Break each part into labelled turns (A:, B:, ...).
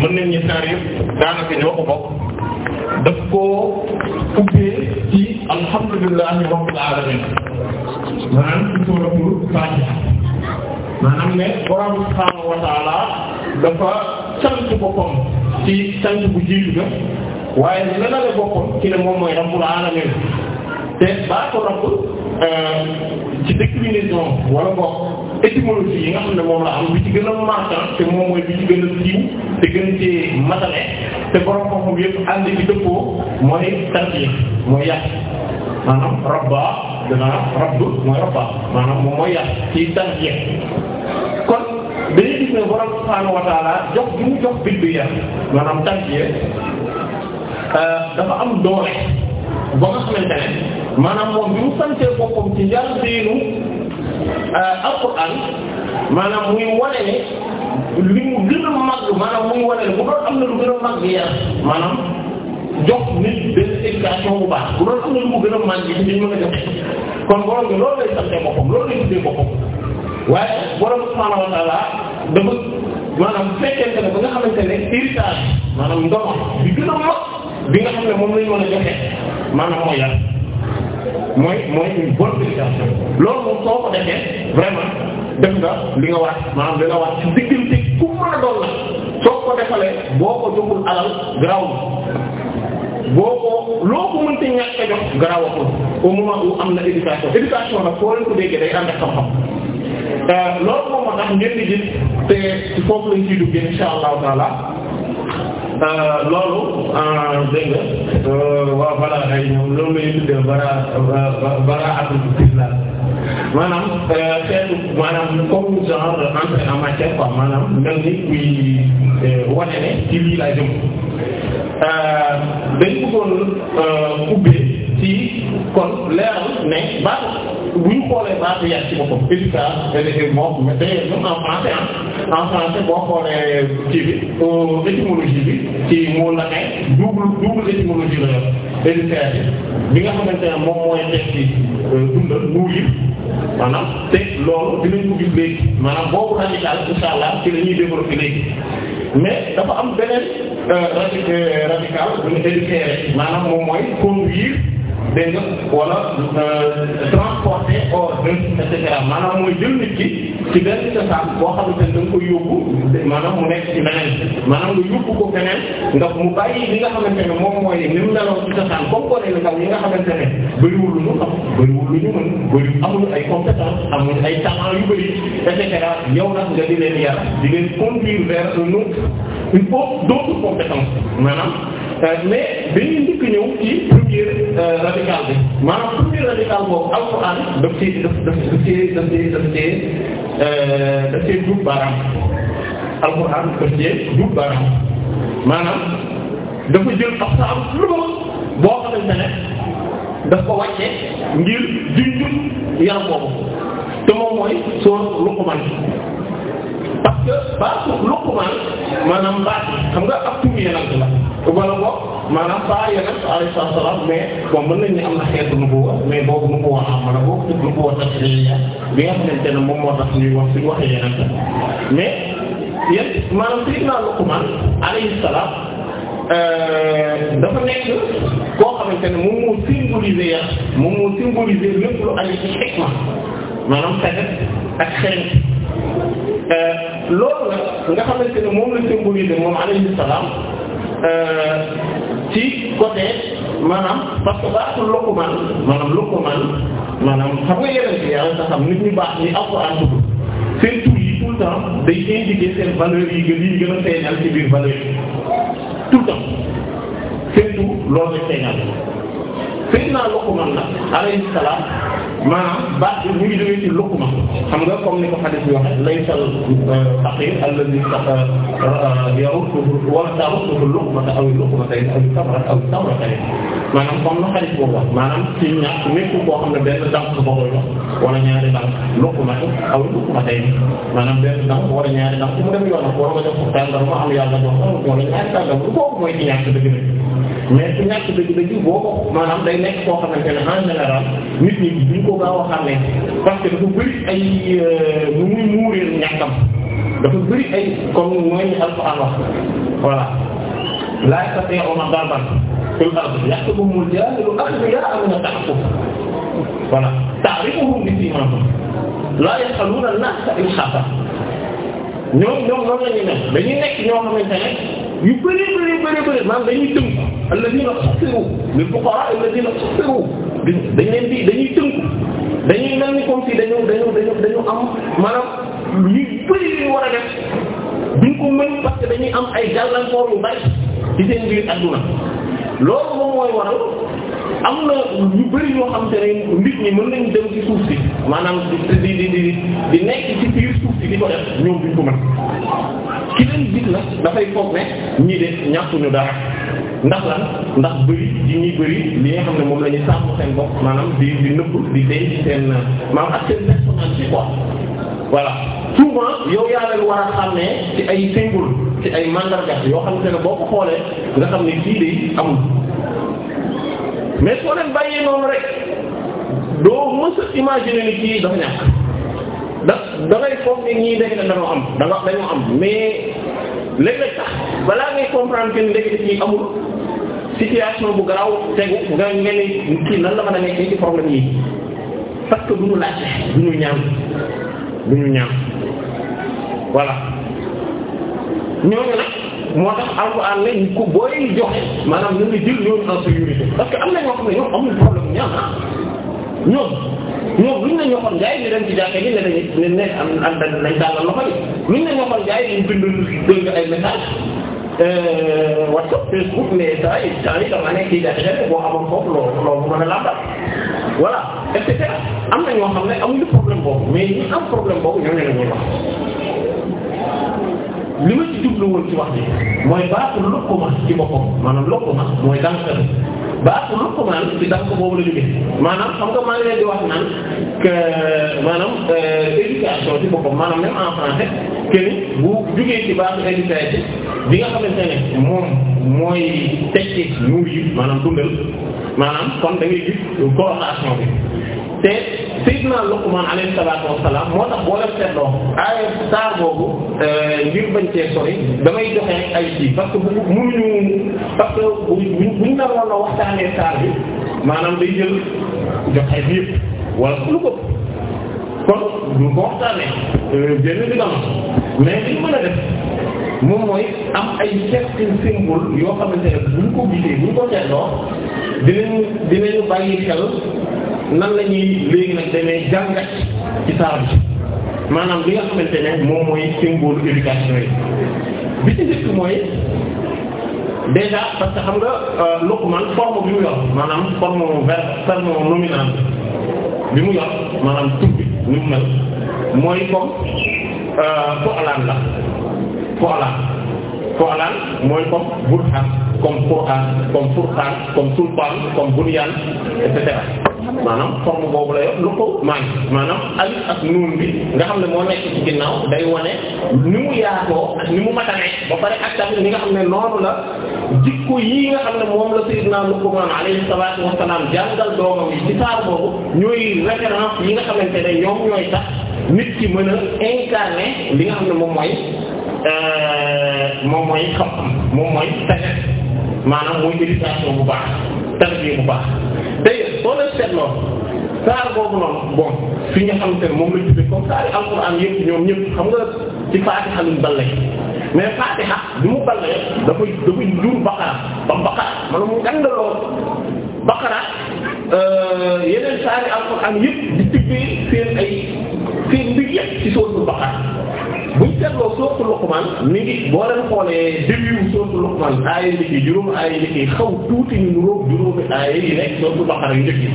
A: mën nañ ñu taarif daanaka ñoo ko daf koo ubbee ci alhamdulillahi rabbil alamin maanaam ci suuratul Faatiha maanaam ne borom subhaanahu wa ta'ala dafa sant boppam cant bu jiitu ga waaye dina la la bokkoon ci ne moom mooy rabbul alamin te baatu rabb euh, ci déclinaison wala boog étymologie yi nga ne moom la ci gën a marquant te moom mooy bi ci gën a siiw te gën cee matale te borom xam-xam yëpp ànd ci dëppoo mooy tarbiya mooy yàq maanaam rabba dana rabb mooy rabba maanaam moom mooy yàq ci tarbiya dañuy gis ne borom subhaanahu wa jox bi mu jox biddiya maanaam tarbiya euh, dafa am doole ba nga xamante ne maanaam moom bi mu santee boppam ci yàlla deenu euh, alquran maanaam muy wane li mu gën a mag muy wane ne bu am na gën a mag yar maanaam jox nit benn éducation bu baax bu am na lu mu gën a mag yi ci mën a jox kon borom bi loolu lay santee boppam loolu lay tuddee boppam waaye borom subhaanahu wa dafa maanaam bu fekkente ne ba nga xamante ne héritage maanaam ndono bi gën a xam ne moom lañu mën a joxe maanaam mooy yar mooy mooy une bonne éducation loolu moom
B: soo ko defee vraiment
A: def nga li nga war maanaam li nga war ci diggante ku mën a doon la soo ko defalee boo ko joxul alal garaaw boo ko loo ko mënti ñàkk a jox garaawul au moment où am na éducation éducation nag foo leen ko déggee day ànd ak xam Euh, loolu moom moo tax ngeen di gis te ci foofu lañ ciy duggee insha allahu euh, loolu euh, dégg nga waaw balaa ay ñoom loolu la ñuy tuddee bara bara atul islam maanaam xeetu maanaam comme genre entrée en matière quoi maanaam ni kuy wane ne ci lii laa jëm dañ bëggoon kon leeral ne ba bu ñu xoolee matriarche ci boppam éducation et moom d'ailleurs même en français en français boo xoolee kii bi euh, étymologie bi ci moo la ne double double étymologie la yor bi nga xamante ne moom mooy tekki euh, dundal nuyu maanaam te loolu dinañ ko gis léegi maanaam boobu radical insha Allah ci la ñuy développer léegi mais dafa am beneen euh, radical bu ñu éduquer maanaam moom mooy dégg nga wala euh, transporté or et cetera maanaam mooy jël nit ki ci benn cosaan boo xamante ne da nga koy yóbbu maanaam mu nekk ci beneen maanaam nga yóbbu ko feneen ndax mu bàyyi li nga xamante ne moom ni mu daloo ci cosaan comme ko ne ndaw yi nga xamante ne bëriwul lu ñu xam bëriwul lu ñu mën bëri amul ay compétence amul ay talent yu bëri et cetera yow nag nga di leen yar di leen conduire vers un autre il faut d'autres compétences maanaam. Euh, mais dañuy njëkk ñëw ci premier euh, radical bi maanaam premier radical boobu alxuraan daf cee daf daf cee daf cee daf cee daf cee dugg euh, baaraam daf cee dugg baaraam maanaam dafa jël tax sa am lu
C: boo
A: xamante ne daf ko wàcce ngir junjul yar boobu te moom mooy soo Luqman parce que baatu Luqmaan maanaam baat xam nga ab tur yeneen la wala boog maanaam ba yeneen alayhi salaam mais bon mën nañ ne am na xeetu nubuwa mais boobu nubuwa am na boobu ci nubuwa tashri'iyya bi nga xamante ne moom moo tax ñuy wax suñu waxee yeneen mais yéen maanaam Sayyidina Luqmaan alayhi salaam euh, dafa nekk koo xamante ne moom moo symbolisé ya moom moo symbolisé lépp lu aju ci xikma maanaam xeex ak xeex euh, loolu nag nga xamante ne moom la symbolisé moom alayhi salaam euh, ci côté maanaam parce que baaxul Luqmaan maanaam Luqmaan maanaam xam nga yeneen yi yàlla nit ñu baax ñi Alxuraan tudd seen tur yi tout le temps day indiquer seen valeurs yi gën yi gën a feeñal ci biir valeur yi tout le temps seen Seydina Luqman la alayhi salaam maanaam baat bi ñu ngi jógee ci Luqman xam nga comme ni ko hadith bi waxee laysa al-faqir euh, alladhi euh, yarudduhu wa tarudduhu luqmatu aw luqmatayn aw tamratan aw tamratayn maanaam comme na hadith boobu wax maanaam ci ñaar nekk koo xam ne benn dànk boo koy wax wala ñaari dànk luqmatu aw luqmatayn maanaam benn dànk wala ñaari dànk mu dem yoonam war nga def ko tàngal ma am yàlla jox wala ñaari tàngal bu kooku mooy ci ñàkk dëgg-dëgg mais ci ñàkk dëgg-dëgg boo ko maanaam day nekk koo xamante ne en général nit ñi duñ ko gaaw a xàmmee parce que dafa bëri ay euh, nu muy muureel ñàkkam dafa ay comme mooy ñu Alxuraan wax voilà laa yastatii'uuna darban fil ardi yahsabuhumul jaahilu aghniyaa'a mina at-ta'affuf voilà ta'rifuhum bi siimaahum laa yas'aluuna an-naasa ilhaafaa ñoom ñoom noonu la nekk ñoo xamante ne yu bëri bëri bëri bëri maanaam dañuy tënk alladina xasiru lil fuqara alladina xasiru dañ leen di dañuy tënk dañuy mel ni comme si dañu dañu dañu dañu am maanaam yu bëri yu war a def duñ ko mën parce dañuy am ay gàllankoor yu bari ci seen biir adduna loolu moom mooy waral. am na ñu bari ñoo xam te ne nit mën nañ dem ci suuf si maanaam di di di di nekk ci biir suuf si di ko def ñoom duñ ki leen dig la dafay foog de ñàkkuñu dara ndax lan ndax bëri yi ñuy bëri li nga xam ne moom la ñuy sàmm seen bopp maanaam di di nëbb di denc seen maanaam ak seen personnage bi quoi voilà souvent yow yaa leen war a xàmmee ci ay symbole ci ay mandarga yoo xam ne boo ko xoolee nga xam ne kii de amul. mais soo leen bàyyee noonu rek doo mës a imaginer ni kii dafa ñàkk da da ngay foog ñii dañ ne dañoo am da nga dañoo am mais léeg-léeg sax amul situation bu garaaw tegu nga mel ni kii nan la mën a nekkee ci problème yi parce que du ñu laajte du ñu ñaan du ñu ñooñu nag. moo tax alxuraan ne ku booy joxe maanaam na nga jël ñoom parce que am na ñoo xam ne ñoom amul problème ñaar ñoom ñoom luñ la ñu waxoon jaay ñu dem ci jàkkee gi ne dañuy ne am am dañ dañ daal la loxo yi luñ la ñu waxoon jaay euh, WhatsApp Facebook ne saa yi saa yi dafa nekk ci jafe-jafe boo amoon foofu loolu loolu mën a laata voilà et cetera am na ñoo xam ne amuñu problème boobu mais ñi am problème boobu ñoo ne la ñuy wax. li ma ci jublu ci wax ni mooy baatu luquma ci boppam maanaam luquma mooy dànk baatu luquma ci dànk boobu la jógee maanaam xam nga maa ngi leen di wax naan que maanaam euh, éducation ci boppam maanaam même en français que ni bu jógee ci baatu éducation bi nga xamante moom mooy tekki nuur yi maanaam dundal maanaam kon da ngay gis corrélation bi te. Seydina Luqman alayhi salaatu wassalaam moo tax boo leen seetloo ay saar boobu euh, ngir bañ cee sori damay joxe ay ci parce que bu mënuñu parce que bu buñ naroon a waxtaanee saar bi maanaam day jël joxe bi yëpp wala lu ko kon du ko waxtaanee euh, benn bi dama
B: mais liñ mën def
A: moom mooy am ay certains symboles yoo xamante ne buñ ko gisee buñ ko seetloo dinañu dinañu bàyyi xel. nan la ñuy léegi nag demee jàngat ci saar bi maanaam li nga xamante ne moom mooy symbole éducation yi bi ci njëkk mooy déjà parce que xam nga euh, Luqman forme bi mu yor maanaam forme verbe forme nominal bi mu yor maanaam tur bi ni mu mel mooy comme Fa'lan euh, la Fa'lan Fa'lan mooy comme Burhan comme Qur'an comme Furqan comme Sultan comme Bunyan et maanaam forme boobu la yor lu ko man maanaam alif ak nuun bi nga xam ne moo nekk ci ginnaaw day wane ni mu yaatoo ak ni mu matane ba pare ak tamit ni nga xam ne noonu la jikko yi nga xam ne moom la sayyidna Luqman alayhi salaatu wa salaam jàngal doomam yi ci saar boobu ñooy référence yi nga xamante ne ñoom ñooy tax nit ki mën a li nga xam ne moom mooy Euh, moom mooy xam-xam moom mooy taxe maanaam mooy éducation bu baax tarbiya bu baax d'ailleurs soo leen seetloo saar boobu noonu bon fi nga xamante ne moom la jublu comme saari alxuraan yëpp ñoom ñëpp xam nga ci Faatiha luñ ballay mais Faatiha bi mu ballee dafay dafay jur Baqara ba Baqara man mu gàndaloo Baqara euh, yeneen saari alxuraan yëpp di tibbee seen ay. seen mbir yëpp ci sootu Baqara buñ seetloo mi ngi boo leen xoolee début sootu Luqman aaya yi ci juróom aaya yi xaw tuuti ñu nuróog juróomi aaya yi rek sootu Baqara yu njëkk yi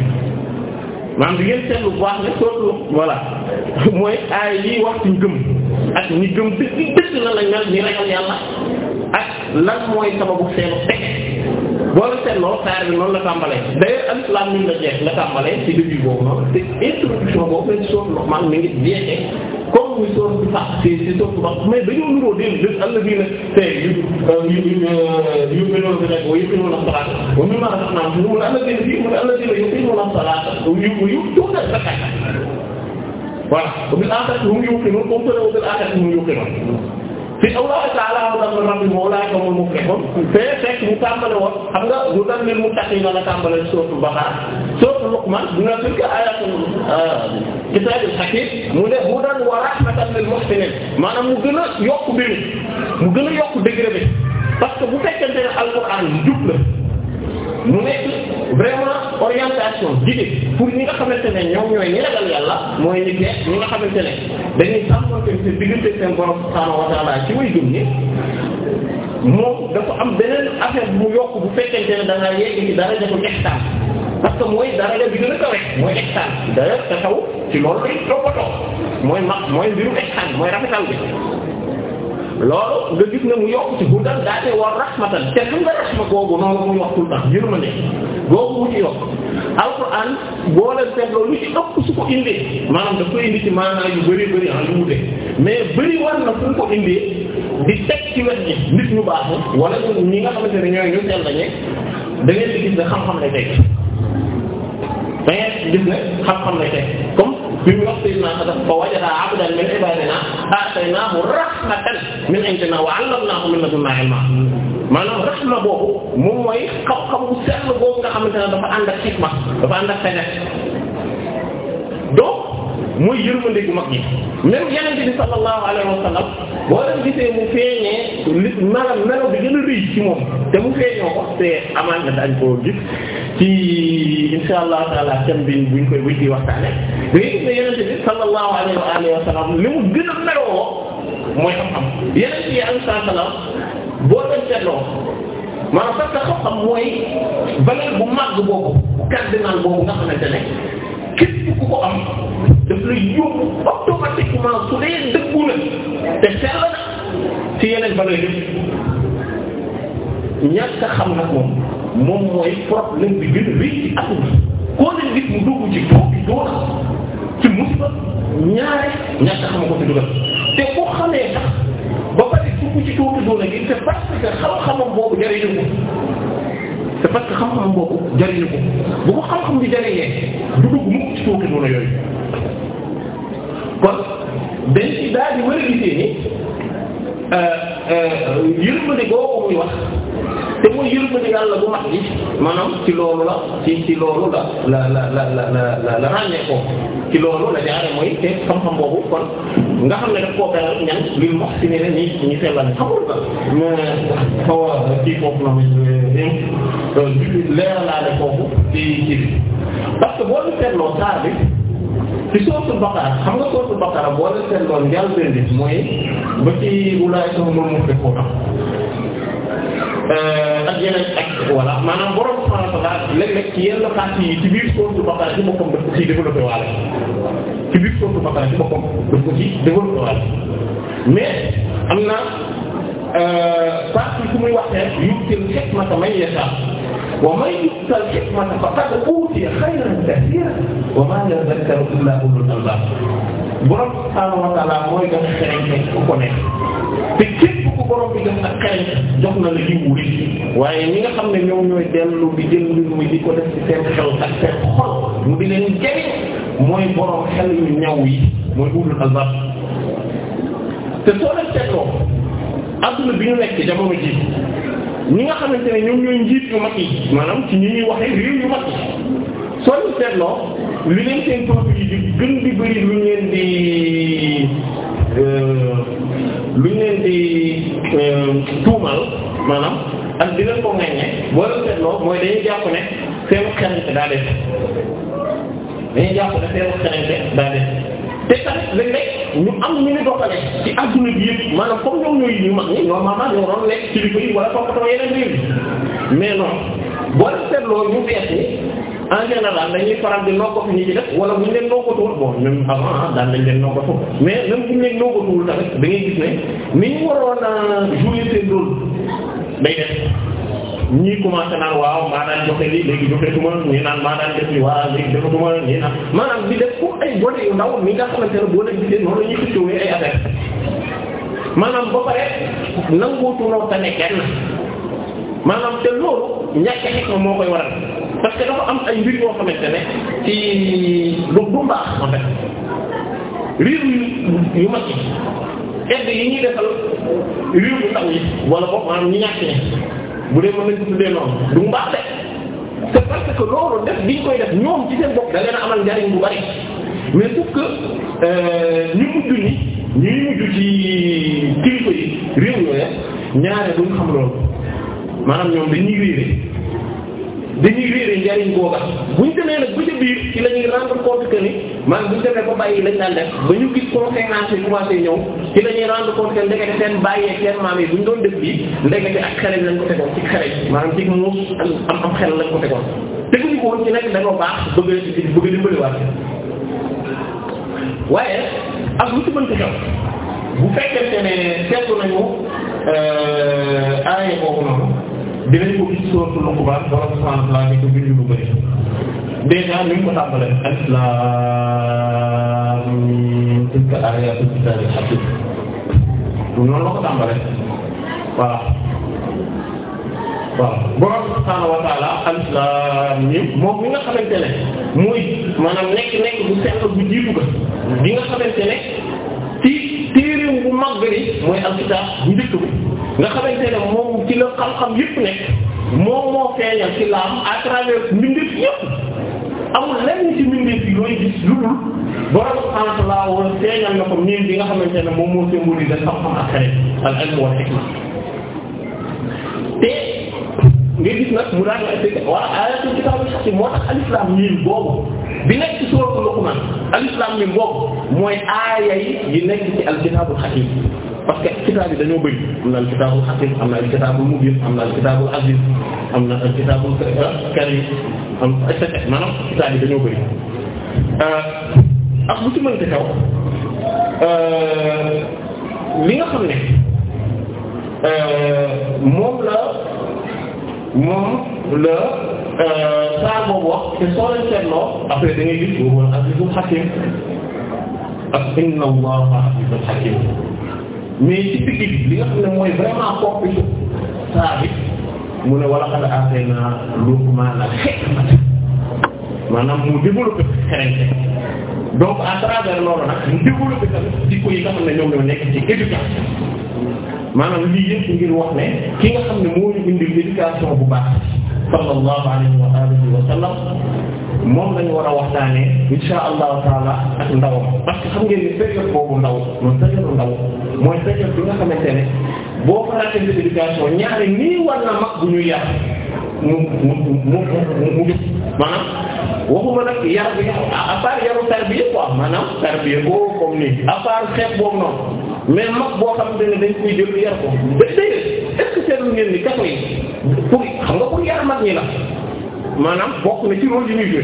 A: maanaam di bu baax ne sootu voilà mooy aaya yi wax ci ngëm ak ñi gëm dëgg dëgg la la ñal ñi ragal yàlla ak lan mooy sababu seenu teg boo la seetloo saar bi noonu la tàmbalee d'ailleurs alif laam miim la jeex la tàmbalee ci début boobu noonu te introduction boobu la ci sourate Luqmaan mi ngi jeexee comme muy sourate bi sax ci ci sourate Luqmaan mais dañoo nuroo dégg dégg àll bii nag te yu yu yu mënoon bi nag wa yuqiimuuna salaata wa mimmaa razaqnaahum mu ne àll bi fii mu ne àll bi yuqiimuuna salaata yu yu tuuta zakat voilà bu bil aaxirati hum yuuqinuun comme que bu bil aaxirati hum yuuqinuun fi awlaka ala hudan rabbi mawlaka humul muflihun te fekk mu tàmbale woon xam nga lu dal ni mu tax yi nga la tàmbale suratul Baqara suratul Luqman dina tilka ayatul ah, kitabil hakim mu ne hudan wa rahmatan lil muhsinin maanaam mu gën a yokk mbir mu gën a yokk degré bi parce que bu fekkente ne alquran jub la mu nekk vraiment orientation jigéen pour ñi nga xamante ne ñoom ñooy ñi ragal mooy ñi te ñi nga xamante ne dañuy sàmmante ci diggante seen borom subhaanahu wa ta'ala ci way gëm ñi dafa am beneen affaire mu yokk bu fekkente ne da ngaa yegg ci dara jafe hectare parce mooy dara bi gën a kawe mooy hectare dara te ci loolu lay toppatoo mooy ma mooy mbiru hectare mooy rafetal bi. loolu nga gis ne mu yokk ci hudan daa te war rahmatan te xam nga rahma googu noonu muy wax tout le temps yërmande googu mu ci yokk alquran boo leen seetloo lu ci ëpp su ko indee maanaam daf indi ci maanaa yu bëri bëri ah lu wute mais bëri war na fu ko indee di teg ci wet ñi nit ñu baax wala ñi nga xamante ne ñooy ñu sell lañu da ngeen gis ne xam-xam lay teg da ngeen gis ne xam-xam lay teg comme bi mu wax sayyidina Adam fa wajada abdan min ibadina ataynaahu rahmatan min indina wa 'allamnaahu min ladunnaa ilma maanaam rahma boobu moom mooy xam-xam bu sell boobu nga xamante ne dafa ànd ak xikma dafa ànd ak sagesse donc mooy yërmande gu mag yi même yonent bi sallallahu alayhi wa sallam boo leen gisee mu feeñee li maanaam melo bi gën a rëy ci moom te mu feeñoo ko te amaan koo gis ci insha allah taala thème bi buñ koy buñ ciy waxtaane da gis ne yonent bi sallallahu alayhi wa alihi wa li mu gën a meloo mooy xam-xam yonent yi alayhi salaam boo leen seetloo maanaam parce que xam-xam mooy valeur bu mag boobu cardinal boobu nga xamante ne képp ku ko am daf lay yóbbu automatiquement su dee na te sell na ci yeneen valeur yi ñàkk a xam nag moom moom mooy problème bi gën a rëy ci àdduna koo leen gis mu dugg ci toog ci door ci musiba ñaare ñàkk a xam ko ci dugal te boo xamee sax ba pare dugg ci toog ci door gi te parce que xam-xamam boobu jariñu ko c'est parce que xam-xam boobu jariñu ko bu ko xam-xam bi jariñee du dugg mukk ci yooyu kon dañ war a gisee Euh, euh, yërmande googu muy wax te muy yërmande yàlla bu mag bi maanaam ci la ci ci loolu la la la la la la la ràññee la jaare mooy te xam-xam boobu kon nga xam ne daf koo beral ñan lil muhsinin ñi ñi sellal xamul ba mais xaw a kii foofu na mu euh, leer laa ne foofu ci ci parce que boo ñu seetloo saa bi ci soosu Baqara xam nga soosu Baqara la leen seetloon yàlla benn mooy ba ci wulaay sama mën mu fekkoon euh, ak yeneen ak voilà maanaam borom subhaanahu wa ta'aala léeg ci yenn parties yi ci biir soosu Baqara ci boppam daf ko ciy développé waale ci biir soosu Baqara ci boppam daf ko ciy développé waale mais am na euh, partie su muy waxee yu teel xet ma may yeesaa. ومن يؤت الحكمة فقد أوتي خيرا كثيرا وما يذكر إلا أولو الألباب borom subhaanahu wa taala mooy def xereñte ku ko nekk te képp ku borom bi def ak xereñte jox na la yiw wi waaye ñi nga xam ne ñoom ñooy dellu bi jël mbir mi di ko def ci seen xel ak seen xol mu di leen jëriñ mooy borom xel yu ñaw yi mooy ulul albab te soo leen seetloo adduna bi ñu nekk jamono ji ñi nga xamante ne ñoom ñooy njiit yu mag yi maanaam ci ñi ñuy waxee réew yu mag yi soo ñu seetloo li leen seen peuple yi gën di bëri lu ñu leen di euh, lu ñu leen di euh, tuumal maanaam ak di leen ko ŋaññee boo leen seetloo mooy dañuy jàpp ne seen xeetu daa def dañuy jàpp ne seen xeetu daa def. te tamit léeg-léeg ñu am ñu ni doxale ci adduna bi yëpp maanaam comme ñoom ñooy ñu mag ñi normalement ñoo doon nekk ci li yi wala toppatoo yeneen réew mais non boo seetloo ñu bees ni en général def wala bu leen noggatuwul bon même avant ah daan dañ leen noggatu mais même bu ñu leen noggatuwul tamit da ngay gis ne ni ñu waroon a jouer seen rôle day def. ñii commencé na waaw maa daan joxe li léegi joxetuma ñii naan maa daan def li waaw léegi defatuma ñii naan maanaam di def ko ay gone yu ndaw mi nga xamante ne boo leen gisee noonu la ñuy xëccoo ay affaire maanaam ba pare nanguutunoo tane kenn maanaam te loolu ñàkk xikma moo koy waral parce que dafa am ay mbir yoo xamante ne ci du du mbaax en fait réew yu yu mag yi aide yi ñuy defal réew yu ndaw wala boog maanaam ñu ñàkk ne bu dee mën nañ ko tuddee noonu du mbaax de c'est parce que loolu def biñ koy def ñoom ci seen bopp da leen amal njariñ bu bari mais sauf que euh, ñu mujj ni ñuy mujj ci kilifa yi réew yooyu ñaare duñ xam loolu maanaam ñoom dañuy réere dañuy réere njariñ booba buñ demee nag ba ca biir ci la ñuy rendre compte que ni man buñ demee ba bàyyi lañ daan def ba ñu gis conséquences yi commencé ñëw ci la ñuy rendre compte que ndekete seen bàyyee seen maam yi buñ doon def bi ndekete ak xel lañ ko tegoon ci xel maanaam ci muus am am xel lañ ko tegoon teguñu ko woon ci nekk dañoo baax bëgg a bëgg a dimbaliwaat waaye ak lu ci mën xew bu dinañ ko gis suratul Luqman borom subhanahu wa ta'ala di ko bind lu bari déjà ni mu ko tàmbalee alif laam miim tilka aayatul kitaabil hakiim noonu la ko tàmbalee voilà waaw borom subhanahu wa ta'ala alif laam miim moom mi nga xamante ne muy maanaam nekk nekk bu sell bu jiitu ba bi nga xamante ne ci téereem bu mag bi mooy alkitaab bu njëkk bi. nga xamante ne moom ci la xam-xam yëpp nekk moom moo feeñal ci laam à travers mbindeef yëpp amul lenn ci mbindeef yi looy gis lu dul borom sant laa feeñal na ko miin bi nga xamante ne moom moo symbolise xam-xam ak al ilm wal hikma te nga gis nag mu daan la wala ayatul kitab al-hakim moo tax al miin boobu bi nekk ci suratul luqman al-islam miin boobu mooy aaya yi nekk ci al-kitab parce que kitaab yi bëri am na al kitaabul hakiim am na al kitaabul mubiin am na al kitaabul aziz am na al kitaabul kariim am et cetera maanaam kitaab yi dañoo bëri euh, ak lu ci mënti xew euh, euh, la moom la saa boobu wax te soo leen seetloo après da ngay gis wala azizul hakiim ak inna allaha azizul hakiim mais ci digg li nga xam ne mooy vraiment koppi saa bi mu ne wala xad atayna Luqmaana maanaam mu développé xereñte donc à travers loolu nag mu développé tamit jikko yi nga xam ne ñoom ñoo nekk ci éducation maanaam lii yëpp ngir wax ne ki nga xam ne moo ñu bu baax sallallahu alayhi wa moom lañu war a waxtaanee insha allahu taala ak ndawam parce que xam ngeen ni période boobu ndaw loolu période ndaw mooy période bi nga xamante ne boo farate de éducation ñaari nii war na mag bu ñuy yar mu mu mu mu mu jub maanaam waxuma mais mag boo xam ne dañ koy jël yar ko ba tey est ngeen ni kaso yi pour xam nga pour yar mag ñi la maanaam bokk na ci rôle yi ñuy joué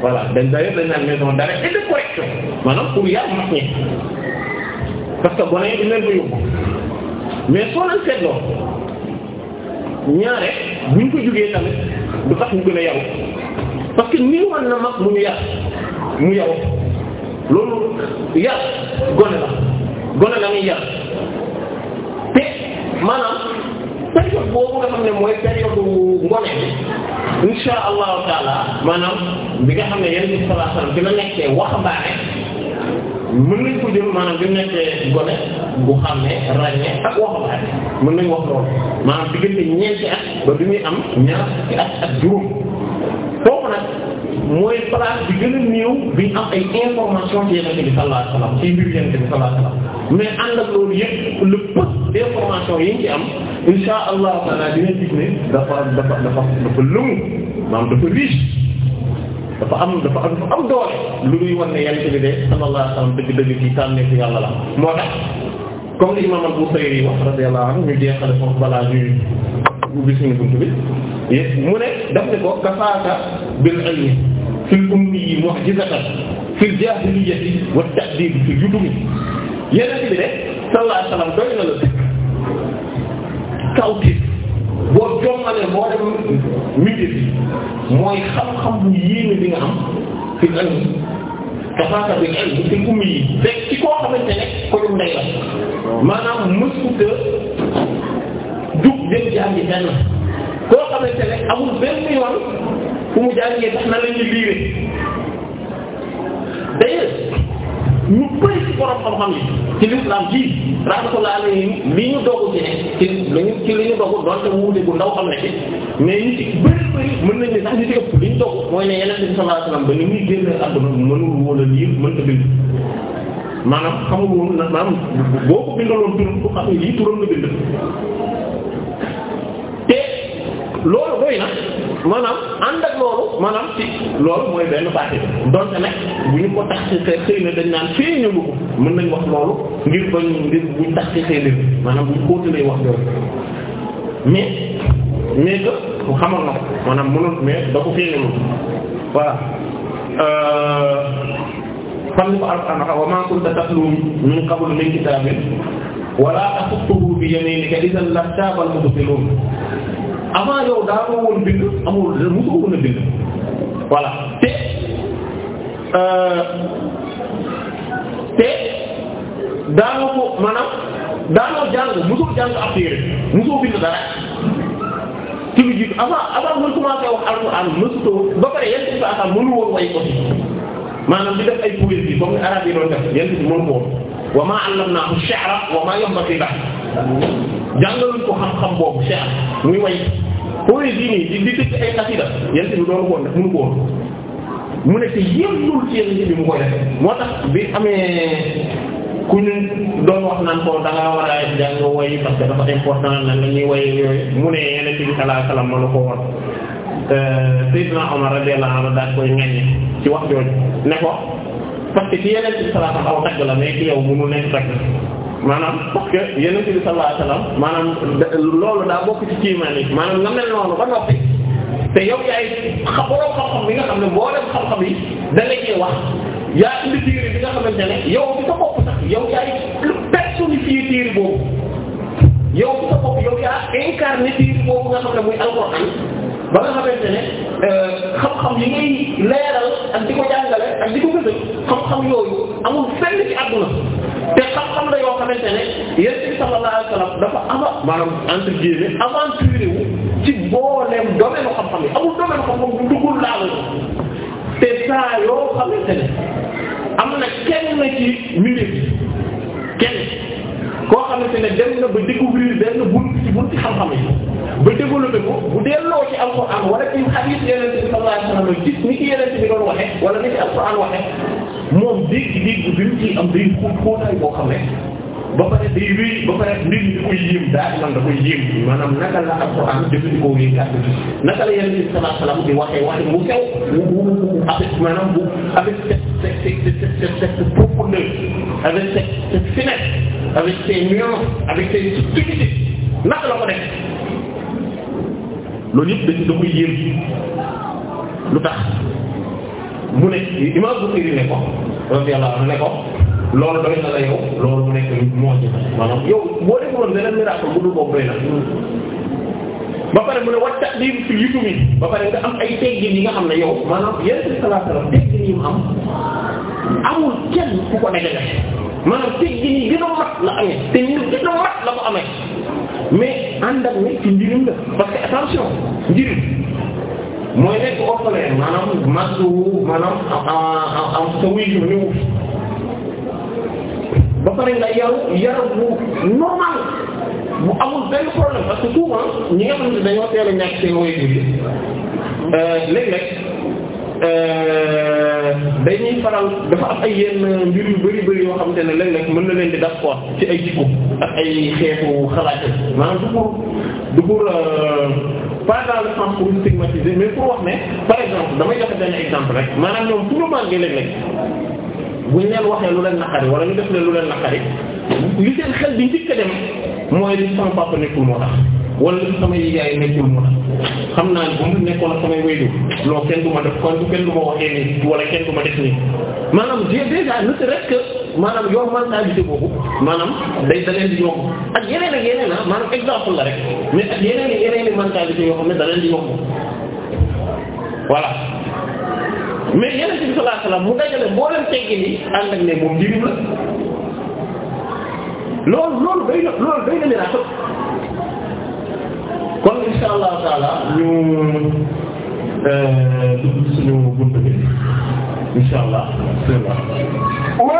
A: voilà dañ d'ailleurs dañ naan maison d'arrêt et de correction maanaam pour yar mag ñi parce que gone yi dañ leen ko mais soo leen seetloo ñaare buñ ko jugee tamit du tax ñu gën a yaru parce que nii wan na mag mu yar mu yaru loolu yar gone la. gone la ñuy yar
C: te maanaam
A: période boobu nga xam ne mooy période ngone insha allahu taala maanaam bi nga xam ne yéen bi sallallahu alayhi wasallam dina nekkee nañ ko jël maanaam bi nekkee gone bu xam ràññee ak waxambaane mën nañ wax loolu maanaam diggante ñeenti at ba bi am ñaar ci at ak juróom foofu nag mooy place bi gën a néew bi am ay information ci yonent bi sallallahu alayhi wasallam ci mbir yonent bi sallallahu alayhi wasallam mais ànd ak loolu yëpp le peu d'information yi ñu ci am insha allah taala dina gis ne dafa dafa dafa dafa lëmu maanaam dafa riche dafa am dafa am dafa lu luy wan ne yàlla bi de sallallahu alayhi wa sallam dëgg-dëgg ci tànnee fi yàlla la moo tax comme li imam al-Bukhari wax radiyallahu anhu ñu jeexale foofu balaa ñuy ubbi suñu buntu bi mu ne daf ne ko kafaaka bil ilmi fil ummi mu'jizatan fil jaahiliyyati wa ta'dib fil yutumi yeneen bi ne sallallahu alayhi doy na la dëkk kawtif boo jommale moo dem midi bi mooy xam-xam bu yéeme bi nga am fi mu ëllëg bi nga ëllëg fi ummi yi fekk ci koo xamante ne ko ñu ndey la maanaam mësut koo xamante ne amul benn yoon fu mu jàngee tax na la ñu liire d'ailleurs ñu bëri ci borom xam-xam yi ci l'islam ji rahmatullahi alayhi li ñu dogu ci ne ci li ñu ci li ñu dogu donte wuute bu ndaw xam ne ci mais ñu ci bëri bëri mën nañ ne sax ñu ci ëpp li ñu dogu mooy ne yeneen bi sallallahu alayhi ba ni muy génn àdduna mënul woon a lire mënta bind maanaam xamul woon boo ko bindaloon turam bu xam ne lii turam la bind te loolu doy na maanaam ànd ak loolu maanaam ci loolu mooy benn partie donte nag bu ñu ko tax ci na dañ naan fii ñu ko mën nañ wax loolu ngir bañ ngir buñ tax ci na maanaam buñ xóotalee wax loolu mais mais que xamal na ko maanaam mënul mais da ko feeñalu voilà xam euh, ni ko alxuraan wa maa kunta tatlu min qablu min kitaabin wala tasuttuhu bi yaminika idan lartaaba avant yow daanoo woon bind te euh, te daanoo ko maanaam daanoo jàng mosoo jàng ab téere mosoo bind dara ci lu jiitu avant avant muy commencé wax alxuraan mosutoo ba pare yan ci sa way ko ci maanaam di ay poésie comme ni arab yi doon def yan wa maa allamnaahu shi'ra wa maa yanbaghi lahu jàngaluñ ko xam-xam boobu cher muy way poésie nii di di dëkk ay xasida yent bi doonu koon def mënu ko woon mu nekk yëllul ci yent bi mu koy def moo tax bi amee ku ñu doon wax naan ko da ngaa war jàng way parce que dafa important na la ñuy way yooyu mu ne yeneen ci bi sallallahu alayhi wasallam ma la ko woon euh, Seydina Omar radiyallahu anhu daal koy ŋaññi ci wax jooju ne ko parce que ci yeneen ci sallallahu alayhi wasallam la mais ci yow mënu nekk tagg maanaam parce que yonent bi sallallahu alayhi wasallam loolu daa bokk ci kiimaan yi maanaam nga mel noonu ba noppi te yow yaay xa borom xam-xam bi nga xam ne boo dem xam-xam yi da la ñuy wax yaa indi téere bi nga xamante ne yow bi sa bopp sax yow yaay personnifié téere boobu yow bi sa bopp yow yaa incarné téere boobu nga xam ba nga xamante ne euh, xam-xam yi ngay leeral ak di ko jàngale ak di ko gëstu xam-xam yooyu amul fenn ci àdduna te xam-xam la yoo xamante ne yonent xam-xam yi amul domaine xam-xam bu duggul laal te saa yoo xamante ne am na kenn ci minute kenn. koo xamante ne dem na ba découvrir benn bunt ci bunt xam-xam yi ba développé ko bu delloo ci alxuraan wala ci hadith yeneen bi sallallahu alayhi wasallam gis ni ci yeneen bi doon waxe wala ni ci alxuraan waxe moom dégg-dégg bi mu ciy am day xóot xóotaay boo xam ne ba pare day wéy ba pare mbir mi da koy yéem daa iman da koy yéem maanaam naka la alxuraan jëfandikoo yi kàddu gi naka la yenn bi sallallahu alayhi wasallam di waxee waxee mu sew mu avec maanaam bu avec cette cette cette cette profondeur avec cette cette finesse avec ces nuances avec ces subtilités naka la ko def loolu yëpp dañ da koy yéem lu tax mu ne imam Bukhari ne ko radiyallahu anhu ne ko loolu doy na la yow loolu mu nekk moo ci maanaam yow boo def woon leneen miracle na ba pare mu ne wàcc lii fi yitu nga am ay teggin yi nga xam ne yow si sallallahu alayhi wasallam teggin yi mu am amul kenn ku ko dajale maanaam teggin yi gën a mat la amee te ñu gën a mat la ko amee mais ànd ak ne ci njirim la parce que attention njirim mooy nekk offre masu maanaam am sa wuyu ni ba pare nga yaru yaram bu normal bu amul benn problème parce que souvent ñi nga xam ne dañoo teel a ñàkk seen wéy bi
B: euh,
A: léeg-léeg euh, dañuy faral dafa am ay yenn mbir yu bari bari yoo xamante ne léeg-léeg mën na leen di daf quoi ci ay jikko ak ay xeetu xalaat maanaam du pour du pour euh, pas dans le pour stigmatiser mais pour wax ne par exemple damay joxe benn exemple rek maanaam ñoom pour le manqué léeg-léeg buñ leen waxee lu leen naqari wala ñu def leen lu leen naqari li seen xel bi njëkk a dem mooy li sama papa nekkul moo tax wala li sama yaay nekkul moo tax xam naa ne bu mu nekkoon ak samay wéydu non kenn du ma def kon kenn du ma waxee nii wala kenn du ma def nii maanaam j'ai déjà ne serait-ce maanaam yow mentalité boobu maanaam day da leen di yomb ak yeneen ak yeneen ah maanaam exemple la rek mais ak yeneen ak yeneen i mentalité yoo xam ne di mais yeneen bi sallallahu alayhi wasallam mu dajale boo leen teggi ni ànd ak ne moom njëriñ la loolu loolu day loolu day na li rafet kon insha allah taala ñu
B: euh, dugg suñu bunt bi insha allah wa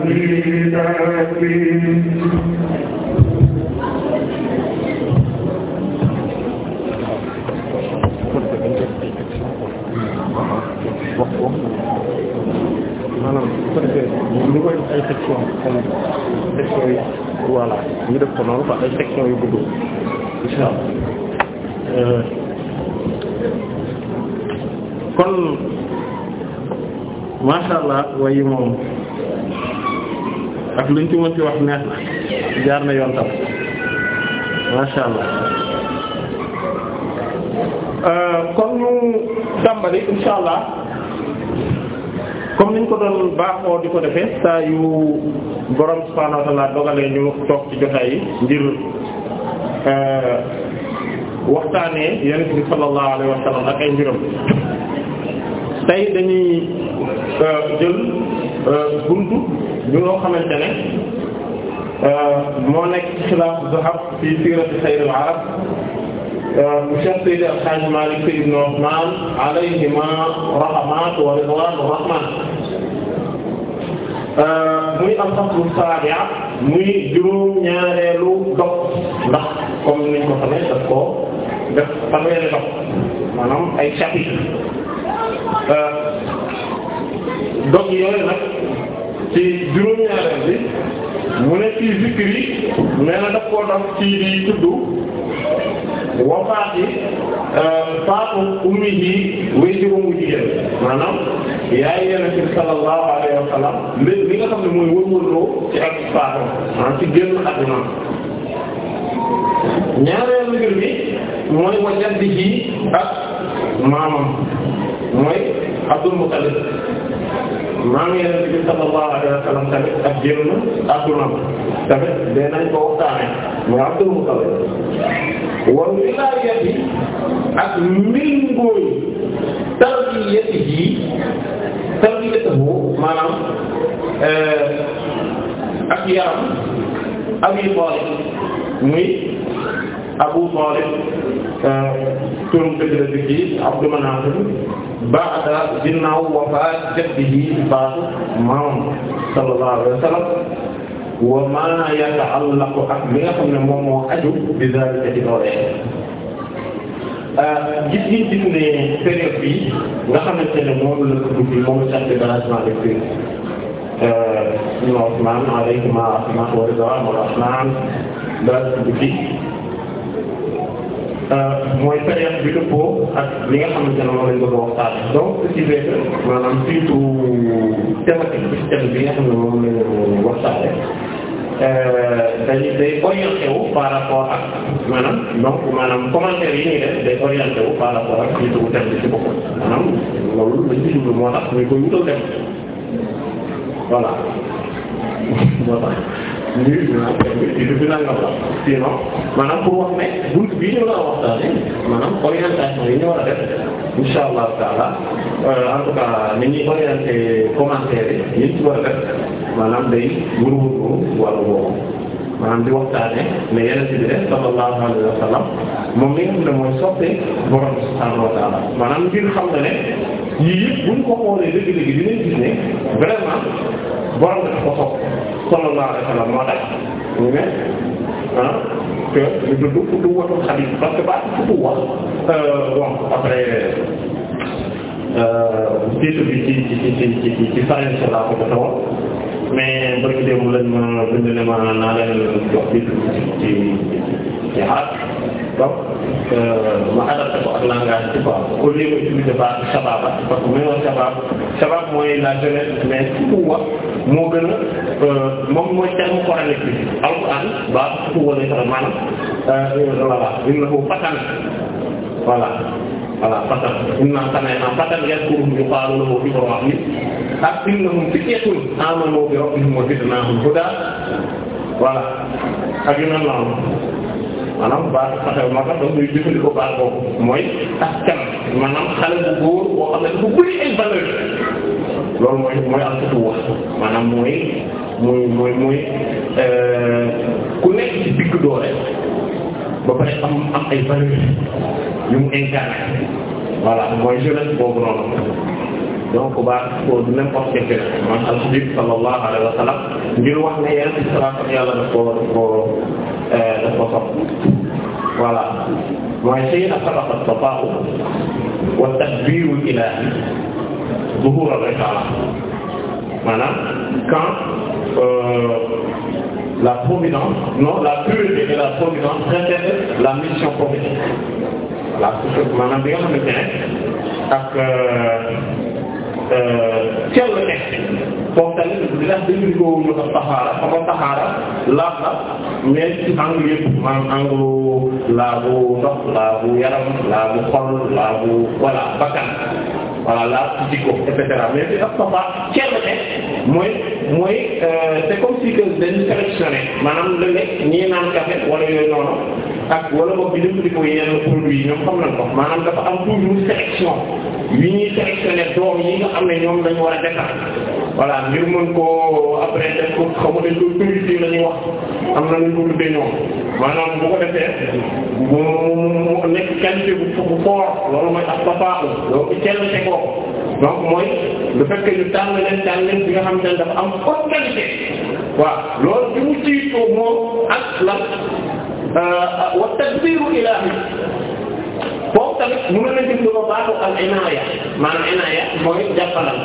D: حميد حميد
A: maanaam ñu koy def ay section xam section yi voilà ñu def ko noonu fa ay section yu gudd insha Allah kon masha Allah wayi moom ak luñ ci mën ci wax neex na jaar na yoon tam masha Allah euh, kon ñu dàmbali insha Allah comme niñ ko doon baaxoo di ko defee saa yu borom subhaanahu wa ta'aala dogalee ñu toog ci jotaay yi ngir euh, waxtaanee yonent bi sallallahu alayhi wa ak ay mbiram tey dañuy euh, jël buntu. du loo xamante ne euh, moo nekk ci xilaafu zahab fi siirati xayril arab euh, bu Cheikh Seydi El Hadji Malick Sy ibn Usman alayhima rahmatu wa ridwaanu rahmaan euh, muy am sax bu muy juróom-ñaareelu dox ndax comme niñ ko xamee daf koo def fanweeri dox maanaam ay chapitre dox yooyu nag. ci juróom-ñaareel bi mu ne ci zikr yi nee na daf koo daf ci di tudd wafaati euh, faatu ummi ji way juróom bu jigéen maanaam yaay yeneen ci sallallahu alayhi wa sallam mbir li nga xam ne mooy wërwërloo ci ak faatu maanaam ci génn àdduna ñaareel mbir bi mooy wa jaddi ji ak maamam mooy Abdul Muttalib maam Yonent bi sallallahu alayhi wa sallam tamit ak génn adduna tamit dinañ ko waxtaane mu Abdul Muttalib wa wilaayati ak mbingooy tarbiyati yi tarbiyatahu maanaam eh, ak yaram Abi Talib muy Abu Talib euh, turam dëgg la dëgg yi Abdu Manaf ba'da ginnaaw wafaat jaddihi faatu maam sallallahu alayhi wa sallam wa ma yata'allaqu ak li nga moo aju bi zalika ci loolee euh, gis giñ gis ne période bi nga xamante ne moom la tudd bi moom la carte d'arrangement de prix Usmaan alayhima rahmatu wa ridwaan wa Euh, mooy période bi dëppoo ak li nga xamante ne moom lañ bëgg a waxtaan donc ce qui fait que maanaam surtout thématique bi thème bi nga xam ne moom lañ waxtaane euh, dañuy day orienté wu par rapport ak maanaam donc maanaam commentaire yi ñuy def day orienté wu par rapport ak surtout thème bi ci boppam maanaam
B: loolu
A: lii dina dina nga wax sinon maanaam pour wax ne buntu bii ñu war a waxtaanee maanaam orientation yi ñu war a def insha Allah taala en tout cas ni ñuy orienté commentaire yi ñu ci maanaam day maanaam di waxtaane ne yeneen bi def sallallahu alayhi wa sallam moom li mooy soppe borom subhaanahu wa ta'ala maanaam xam ne ne yii yëpp buñ ko xoolee ne vraiment borom dafa ko sopp sallallahu alayhi wa sallam moo tax ñu ne ah que ñu dudd futu watu xadis parce que baa futu wax euh, bon après euh, titre bi ci ci ci ci ko tawoon mais bëri démb lañ ma bindale ma naa jox bi ci ci xarab donc euh, ma adapté ko ak langage bi quoi au lieu ma utiliser ba shababa parce que même shabab shabab mooy la jeunesse mais wax moo gën a euh, moom mooy terme coranique bi alquran ba surtout wala sax maanaam euh, voilà innahu fatan voilà fatan inna sami'na fatan yadhkuru yuqalu lahu Ibrahim ak innahum fityatun amanu bi rabbihim wa zidnahum huda voilà ak yu mel noonu maanaam baatu fatan moo tax da ngay jëfandikoo baat boobu mooy askan maanaam xale bu góor boo xam ne bu bëri ay valeur loolu mooy mooy am sutu wax maanaam mooy mooy mooy mooy euh, ku nekk ci digg doole ba pare am am ay valeurs yu mu incarné voilà mooy jeunesse boobu noonu donc baax ko du n'importe quel man alhamdulilah sallallahu alayhi wa sallam ngir wax ne yàlla ci salaam yàlla daf koo daf koo euh, daf ko sopp voilà mooy sayyid xalaqa safaa'u wa tadbiirul ilaahi zuhuur al-risaala maanaam quand euh, la providence non la pureté et la providence précèdent la mission prophétique voilà maanaam bi nga xamante ne ak. sell euh, nekk foofu tamit dinañ déglu ko ñu ko taxaara xam nga taxaara laaf la mais ci angle yëpp maanaam angle laabu ndox laabu yaram laabu xol laabu voilà bakkan voilà laabu jikko et cetera mais ci dafa taxaar sell nekk mooy mooy euh, c'est comme si que dañu sélectionné maanaam lu nekk ñii naan café wala yooyu noonu. ak wala boog ñu jëfandikoo yenn produits ñoom xam nañ ko maanaam dafa am toujours sélection yi ñuy sélectionné doom yi nga xam ne ñoom dañu war a defar voilà ngir mën ko xaw ma ko purifier la ñuy wax am na lu ko tuddee ñoom ko defee mu ko donc mooy le fait que ñu tànn leen tànn leen bi nga xam ne dafa am haute qualité waaw loolu bi mu jiitoo moom ak la. wa tadbiru ilaahi foofu tamit mu ne la jëm ba baatu al inaaya maanaam inaaya mooy jàppalal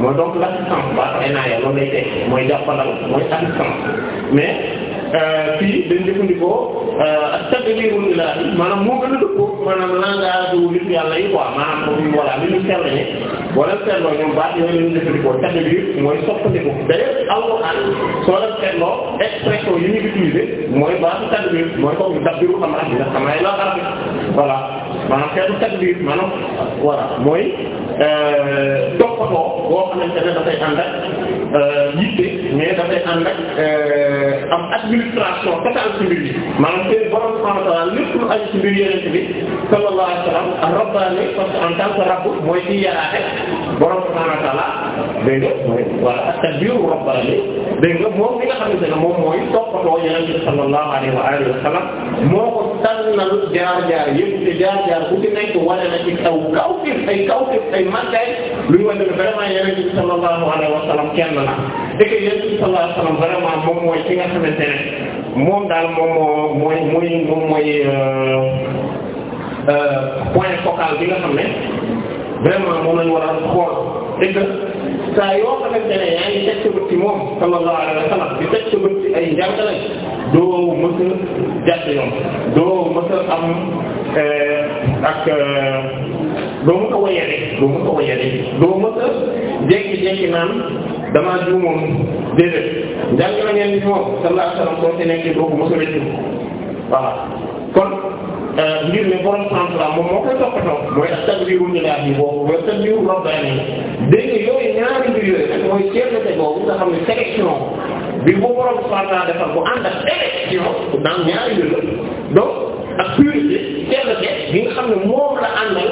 A: mooy donc l'assistance baatu inaaya loolu lay teg mooy jàppalal mooy assistance mais. Euh, fii dañ jëfandikoo euh, at-tadbiirul ilaahi maanaam moo gën a dëppoo maanaam langage wu nit yàlla yi quoi maanaam voilà li ñu seetlu ne wala seetloo ñoom baat yooyu la ñu jëfandikoo tadbiir mooy soppandiku d'ailleurs alxuraan soo leen seetloo expression yi ñu utiliser mooy baatu tadbiir mooy comme tadbiiru xam-xam yi nga xam ne la voilà maanaam xeetu tadbiir maanaam voilà mooy. Euh, toppatoo boo xamante ne dafay ànd euh, yitte mais dafay ànd euh, am administration totale ci mbir yi maanaam tey borom subhanahu wa ta'ala lépp lu aju ci mbir yeneen bi sallallahu alayhi wa sallam mooy ci yaraate borom subhaanahu wa ta'aala dégg nga mooy voilà at-tadbiir rabbana li dégg nga moom li nga xamante moom mooy toppatoo Yonent bi sallallahu alayhi wa alihi wa sallam moo ko jaar-jaar yëpp te jaar-jaar bu ci nekk wane na ci taw kawtif ay kawtif ay màggaay lu ñu wane ne vraiment Yonent bi sallallahu alayhi wa sallam kenn la dëgg Yonent bi sallallahu alayhi wa moom mooy ki nga xamante moom daal moom moo mooy moom mooy euh, euh, point focal bi xam ne. vraiment moom lañ war a xool dégg saa yoo xamante ne yaa ngi teg sa moom sallallahu alayhi wa sallam di teg ay njàngale doo mës a yoon doo mës a am eh, ak eh, doo mës a wayale doo mës a naan damaa jiw moom déedéet njàngale ngeen ni moom sallallahu alayhi wa sallam soo ci nekkee Euh, ngir ne borom central moom moo koy toppatoo mooy at-tadbiirul ilaahi boobu wa at-tadbiirur rabbaani dégg nga yooyu ñaari mbir yooyu rek mooy ceebate boobu nga xam ne sélection bi bu borom central defal bu ànd ak sélection dans ñaari mbir la donc ak purité ceebate bi nga xam ne moom la àndal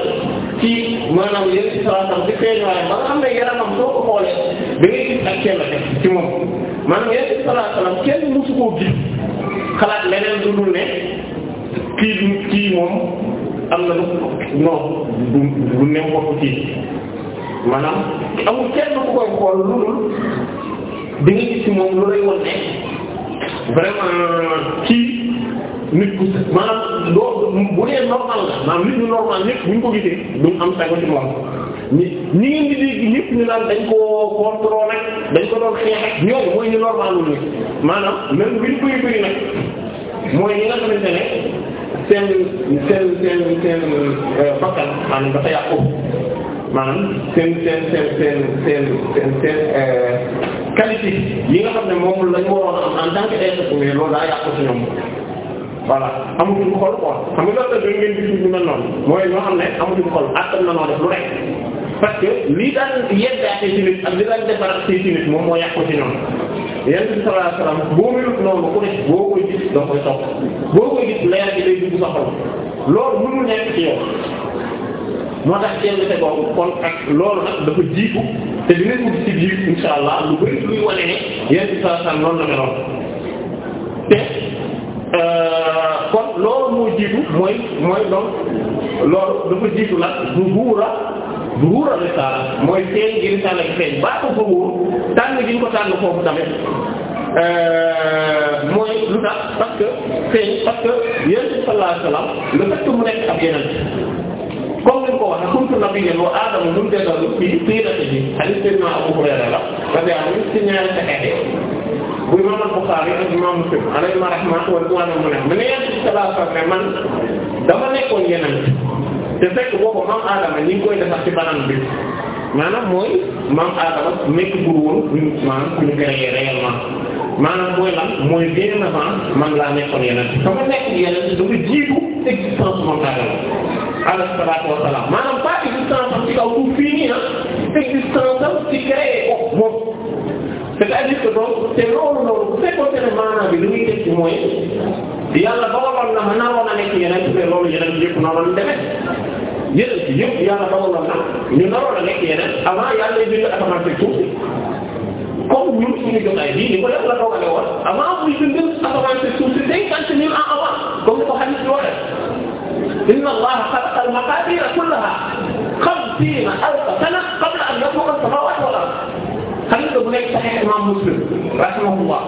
A: ci maanaam yéen ci salaatam ci feeñuwaay ba nga xam ne yaramam soo ko xoolee da ngay gis ak ceebate ci moom maanaam yéen ci salaatam kenn mësu koo gis xalaat leneen lu dul ne. kii du kii moom am na lu non du du n'importe kii maanaam amul kenn ku koy xool lu dul di nga gis ci moom lu lay won ne vraiment kii nit ku maanaam doo bu dee normal la maanaam nit ñu normal ñëpp bu ñu ko gisee duñ am sago ci moom ñi ñi ngeen di dégg ñëpp ñu naan dañ koo contrôle rek dañ ko doon xeex ak ñoom mooy ñu normal lu nit maanaam même buñ koy bëri nag mooy ñi nga xamante ne seen seen seen seen euh, bakkan maanaam dafa yàqu maanaam seen seen seen seen seen seen seen euh, qualité yi nga xam ne moom lañ waroon a am en tant que être humain loolu daa yàqu ci ñoom voilà amatuñu xol quoi xam nga loolu dañ ngeen gis ñu mel noonu mooy ñoo xam ne amatuñu xol attan na noo def lu rek parce que lii daan yeddaate ci nit ak li daan defaraat ci nit moom moo yàqu yonent bi sallallahu alayhi wasallam boo muy noonu ku ne boo koy gis da koy soxla boo koy gis leer gi day dugg soxla loolu mënul nekk ci yow moo tax kenn te boobu kon ak loolu nag dafa jiitu te dinañ ko ci jiit insha allah lu bari luy wane ne yonent bi sallallahu alayhi wasallam meloon te euh, kon loolu moo jiitu mooy mooy donc loolu dafa jiitu nag du buura zuhuural risaala mooy feeñ gi risaala gi feeñ baatu zuhuur tànn gi ñu ko tànn foofu tamit euh, mooy lu tax parce que feeñ parce que yéen sallallahu alayhi wa sallam le fait que mu nekk ab yeneen comme ni ko waxee kuntu nabiyyan wa aadama mun tegalu fii siirati bi hadith sayyidina Abu Hurayra la radiyallahu anhu ci ñaari saxeex bu imam al-Bukhari ak imam Muslim alayhi rahmatu wa ridwanu mu ne man dama nekkoon yeneen te fekk boobu maam Adama ñi ngi koy defar ci banaan bi maanaam mooy maam Adama nekk bur woon maanaam ku ñu créé réellement maanaam mooy lan mooy bien avant man laa nekkoon yeneen sama nekk yeneen dafa jiitu existence maam Adama alayhi salaatu wa salaam maanaam pas existence am ci kaw pour fii nii ah existence am ci créé ko moom c'est-à-dire que donc te loolu loolu bu fekkoon ne maanaam bi li muy tekki mooy. yàlla dogaloon na ma naroon na nekk yeneen mais loolu yeneen yëpp naroon na demee yeneen yëpp yàlla dogaloon na ñu naroon na nekk yeneen avant yàlla lay bind asamaan si suuf comme ñun suñu jotaay bii ni ko yàlla dogale woon avant muy bind asamaan si suuf si cinquante mille ans avant comme ni ko xam si waxee. inna allaha khalaqa al-maqadira kullaha khamsina alfa sana qabla an yakhluqa as-samawati wal ard bu nekk Sahih imam Muslim rahimahullah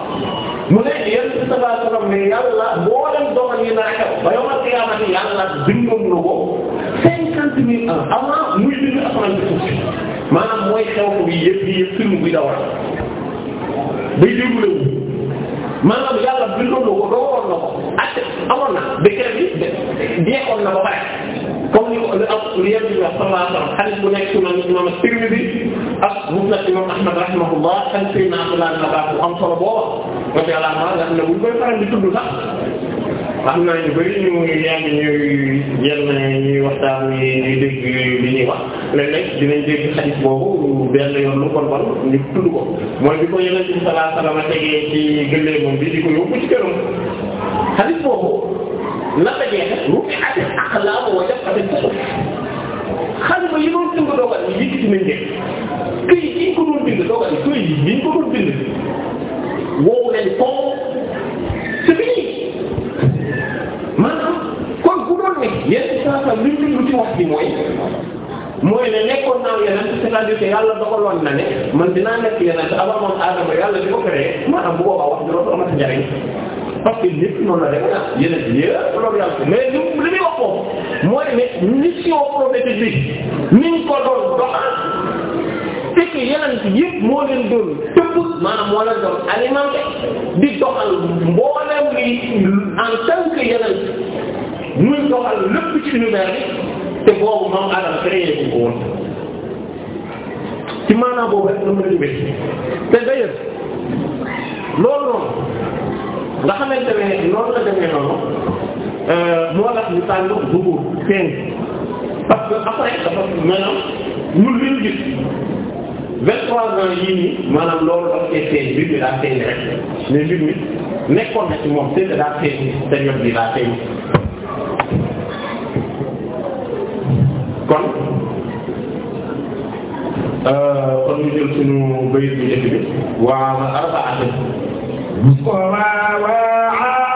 A: mu ne yéen si sallallahu alayhi wasallam ne yàlla boo yi naa xew ba yawmal qiyaamati yàlla bindoon na ko
B: cinquante mille
A: ans avant muy bind asamaan ci suuf si maanaam xew bi yëpp yëpp film bi dawal day déroulé wu maanaam yàlla bindoon na ko dogal na ko ak amoon na béykat bi deexoon na ba comme ni li am li yéen di wax sallallahu alayhi wa sallam hadith bu nekk ci man imam Tirmidhi ak musnad imam Ahmad ak Sayyidina Abdullah ibn Abbas bu am solo booba radiyallahu anhu nga xam ne bu koy faral di tudd sax am na ñu bari ñu yaa ngi ñuy yenn ñuy waxtaan ñuy dégg li ñuy wax léeg-léeg dinañ dégg hadith boobu benn yoon lu kon mooy bi ko Yonent bi sallallahu alayhi wa sallam tegee ci gëléemam bi di ko yóbbu ci këram lan la jeexee ruubi ati ak laa wa def ati ko xalima yi doon tënk dogal yi yëkkati nañ leen këy yi ko doon bind dogal yi këy yi ñu ko doon bind woowu leen foofu c'est fini maanaam kon ku doon ne yenn saa saa luñ lu ci wax bi mooy mooy ne nekkoon naa yeneen c'est-à-dire que yàlla na man dinaa nekk yeneen avant moom Adama yàlla di ko créé maanaam bu boobaa wax dëgg la amati njariñ. parce que ñépp noonu la demee ah yeneen yëpp loolu yàlla mais li li muy wax foofu mooy ne mission prophétique bi niñ ko doon doxal c'est que yeneen yëpp moo leen doon tëbb moo leen doon alimenté di doxal mboolem li en tant que yeneen muy doxal lépp ci univers bi te boobu moom Adam créé bu ko woon ci maanaam boobu rek la mën te d'ailleurs loolu noonu. nga xamante ne noonu la demee noonu euh, moo tax ñu tànn dugg feeñ parce que après dafa maanaam ñun li ñu gis vingt-trois ans yii nii maanaam loolu dafa koy feeñ mbir mi daa feeñ rek mais mbir mi nekkoon na ci moom te daa feeñ période bi daa feeñ kon euh, kon ñu jël suñu bayit bi njëkk bi waa arbaate
D: wa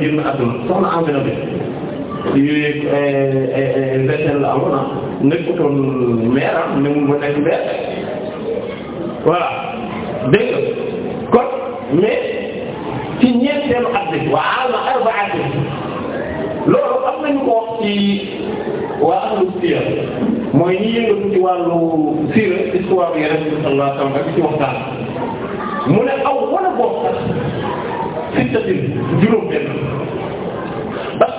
A: génn àdduna soxna Amina bi yooyu vingtaine la amoon nekkutoon maire ne mu ma nekk maire voilà dégg kon mais ci ñeenteelu at bi waa al na arbaati loolu am nañu ko wax ci waa ahlu mooy ñi yëngatu ci wàllu sira histoire bi Yonent bi sallallahu alayhi wa sallam ak ci waxtaan
B: mu ne aw wala boobu sax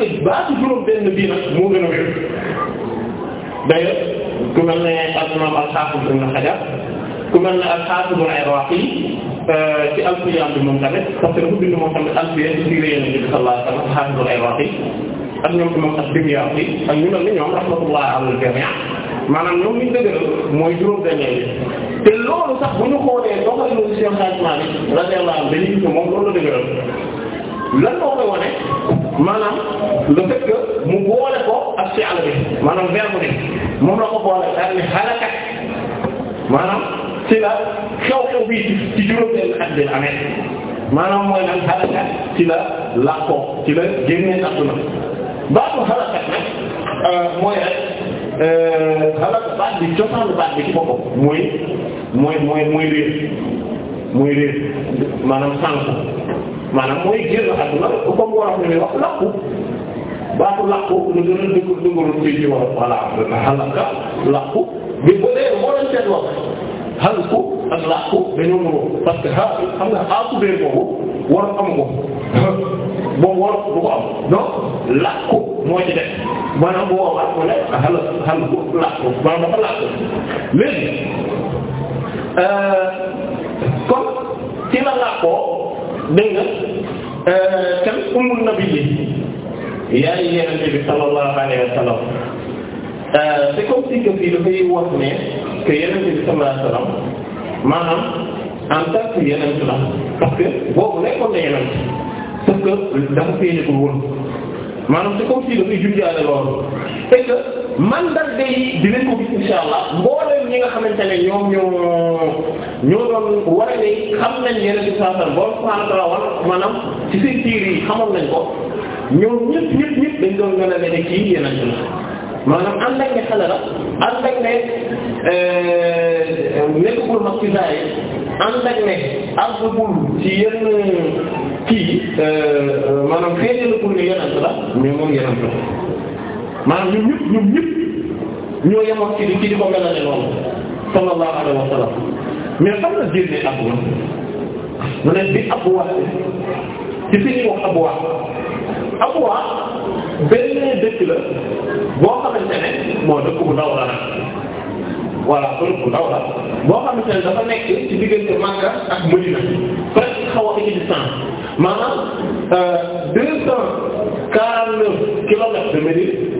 A: que baatu juróom-benn bii nag moo gën a wér d'ailleurs ku mel ne al-imam al-Hafiz ibn Hajar ku mel ne al-Hafiz al-Iraqi euh, ci alfiya bi moom tamit parce que dafa bind moom tamit alfiya ci siira Yonent bi sallallahu alayhi wa sallam al-Hafiz al-Iraqi ak ñoom moom ad-Dimyati ak ñu mel ni ñoom rahmatullah ala al-jami' maanaam ñoom ñu dëgëral mooy juróom-benneel yi te loolu sax bu ñu xoolee doxalinu Cheikh Hadj Malick radiyallahu anhu dañuy gis moom loolu la dëgëral lan moo koy wane. maanaam le fait que mu boole ko ak fi'l bi maanaam verbe bi moom la ko boole daal ni halakat maanaam ci xew-xew bi ci juróom-benn at bi amee maanaam mooy lan halakat ci la làqoo ci la génnee àdduna baatu halakat nag euh, mooy rek halak euh, baat bi cosaanu baat bi mooy mooy mooy mooy réer mooy réer maanaam sànku maanaam mooy génn àdduna comme waroon nañu wax làqu baatu làqu lu gën a dëgër dëgëru fii ci wala voilà xalaka làqu bi bu dee moo leen seen wax xalku ak làqu dañoo mënoo parce que xaar xam nga xaasu bee boobu war am ko boobu war du ko am donc làqu moo ci def maanaam bu boobaa mu ne xal xalku làqu maanaam dafa làqu léegi euh, kon ci la làqoo dégg nga euh, tamit ummul nabiyyi yaay yonent bi sallallahu alayhi wa sallam euh, c'est comme si que fii dafay wax ne que yonent bi sallallahu alayhi wa sallam maanaam en tant que yonent la parce que boobu nekkoon na yonent parce que dafa feeñagul woon maanaam c'est comme si dafay junjaale loolu c'est que. man dal de yi dinañ ko gis insha allah mboolem ñi nga xamante ne ñoom ñoo ñoo doon war a ne xam nañ yeneen ci saa sàn boobu subhaanahu wa maanaam ci seen tiir xamoon nañ ko ñoom ñëpp ñëpp ñëpp dañ doon gën a ne kii yeneen ci maanaam ànd ak ne xale la ànd ak ne euh, nekkul mag ci saa yi ànd ak ne àggagul ci yenn kii euh, maanaam feeñalagul ne yeneen la mais moom yeneen la. maanaam ñun ñëpp ñun ñëpp ñoo yemoon ci di ci di ko melale noonu sallallahu alayhi wa sallam mais fan la génnee abwa mu ne bi abwa ci fi ñuy wax abwa abwa benn dëkk la boo xamante ne moo dëkk bu ndaw la nag voilà dëkk bu ndaw la boo xamante ne dafa nekk ci diggante Makka ak Madina presque xaw a existence maanaam euh,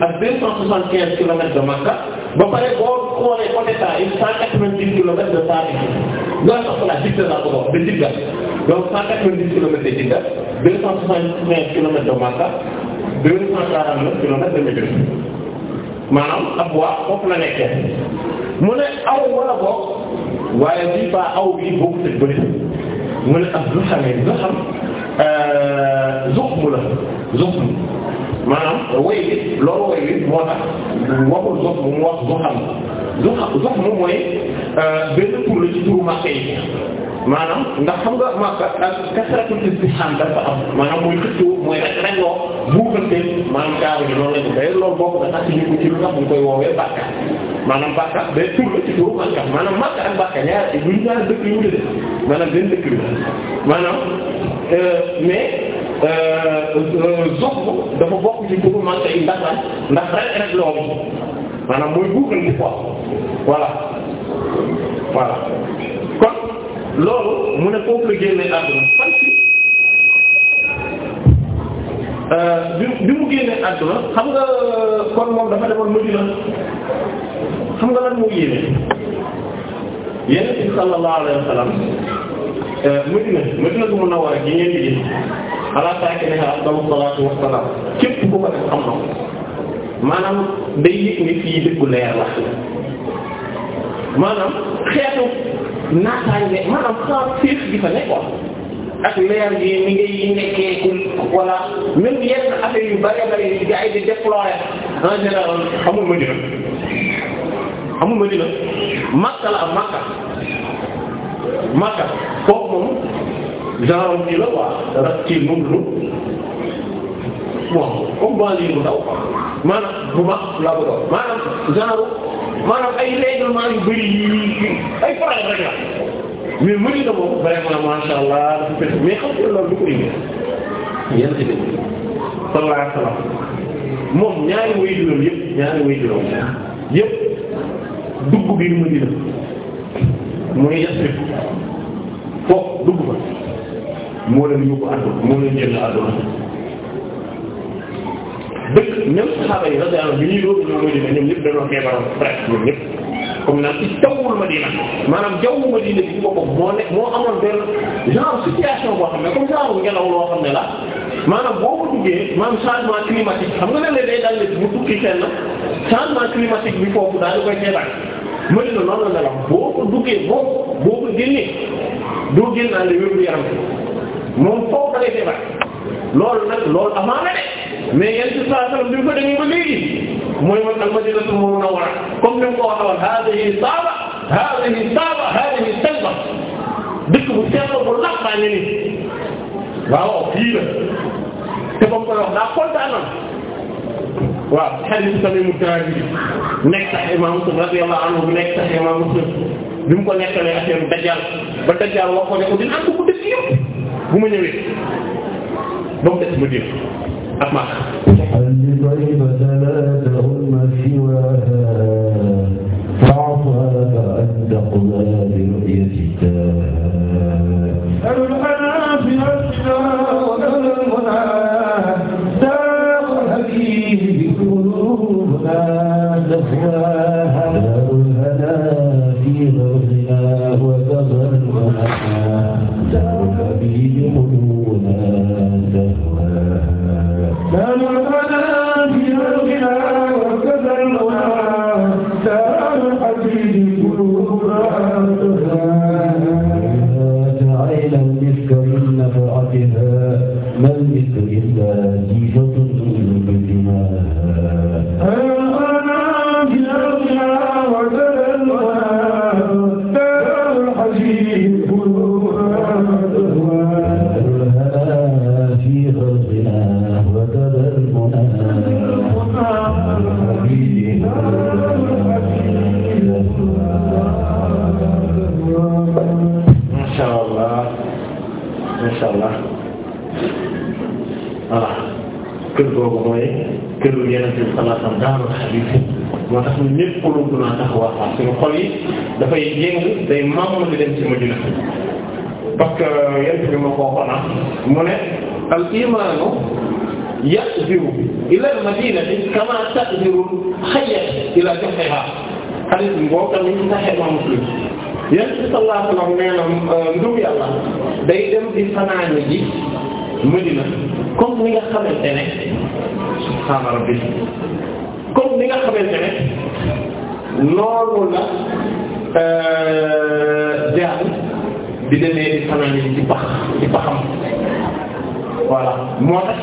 A: ak deux cent soixante Makka ba pare boo xoolee côté Taif cent quatre vingt dix kilomètres de Taif loolu sax la Jidda laa ko wax de Makka deux cent quarante maanaam ab waa foofu la mu ne aw wala boog waaye bii ba aw bi boo ko tëj mu ne ab lu xamee lu xam zuxmu la zuxmu maanaam way bi loolu way bi moo tax waxul zox bu mu wax zoxam zox zox moom mooy euh, benn tur la ci turu Makka yi maanaam ndax xam nga Makka ak euh, kasratul izdiham dafa am maanaam mooy xëccu mooy rek rek loo buukante maanaam kaaru bi loolu la ñu day loolu bokk na ci ñu ci lu tax ñu koy woowee Bakka maanaam Bakka day tur la ci turu Makka maanaam Makka ak Bakka ñaar ñu ñaar dëkk yu wute maanaam benn dëkk bi maanaam euh, mais. Euh, euh, zox dafa bokk ci dugub man tey ndax ndax rek rek loolu maanaam mooy buuxal di quoi voilà voilà kon loolu mu ne foofu la génnee àdduna fan ci euh, bi bi mu génnee àdduna xam nga kon moom dafa demoon Madina xam nga lan moo yéene yéen sallallahu alayhi wa sallam Madina Madina du Munawwara gi ngeen di gis ala saakinihaa afdalu salaatu wa salaam képp ku ko def xam na maanaam day yëg ni fii dëkku leer la maanaam xeetu naataange maanaam saa fiif gi fa nekkoon ak leer gi ni ngay nekkee wala même yenn affaire yu bari bari yi gars yi di déployer en général amul Madina amul Madina Makka la Makka. Makka foofu moom genre kii la quoi dara kii moom lu bon comme banlieue bu ndaw maanaam bu mag laa ko doon maanaam genre maanaam ay règlement yu bari yi ay problème rek la mais mëni na moom vraiment masha Allah mais xam nga loolu du ko indi yéen ci dégg sallallahu alayhi wasallam moom ñaari way juróom yëpp ñaari way juróom yëpp dugg bi mu Madina muy Yasrib foofu dugg fa moo leen yóbbu àdduna moo leen jënd àdduna dëkk ñoom saxaaba yi radiyallahu bi ñuy dóoru ñoo Madina ñoom ñëpp dañoo feebaroon presque ñoom ñëpp comme naan ci tawul Madina maanaam jawwu Madina bi ci boppam moo ne moo amoon benn genre situation boo xam ne comme genre ngelaw loo xam ne la maanaam boo ko duggee maanaam changement climatique xam nga ne léeg day daal la mu tukki fenn changement climatique bi foofu daal di koy seetaan mën na noonu la mel boo ko duggee boo boo ko génnee doo génn àll wéru yaram moom foofu lay defar loolu nag loolu amaana de mais yenn ci saa salaam bi ko demee ba léegi mooy man nag ma dina suma mën a war a comme ni mu ko waxee woon hadihi saaba hadihi saaba hadihi selba dëkk bu seetlu bu lax baa ngi nii waaw fii te ba mu koy wax daa kontaanoon waaw hadith Tamiim ad-Daari bi nekk tax Imaam Muslim radiyallahu anhu bu nekk tax Imaam Muslim bi mu ko nekkalee affaire dajjal ba dajjal wax ko ne ko dina ànd ko dëkk yëpp bu ma ñëwee ba mu des
B: ma dégg ak maa xam.
A: bi sallallahu alayhi wa sallam daarul xadiis moo tax ñun ñëpp xooloo gën a taxawal waaw suñu xol yi dafay yëngu day maamu di dem ci Madina parce que yéen bi ma ko waxoon ah, mu ne al imaanu ya'ziru ila al madinati kama ta'ziru xayyat ila juhriha xadiis bi boo tamit saxee ma Muslim yéen bi sallallahu alayhi nee na euh, ndum yàlla day dem di fanaani ji Madina comme ni nga xamante ne. subhaana rabbi comme ni nga xamante ne noonu la euh, jaar di demee di fanaan yi ci pax ci paxam voilà moo tax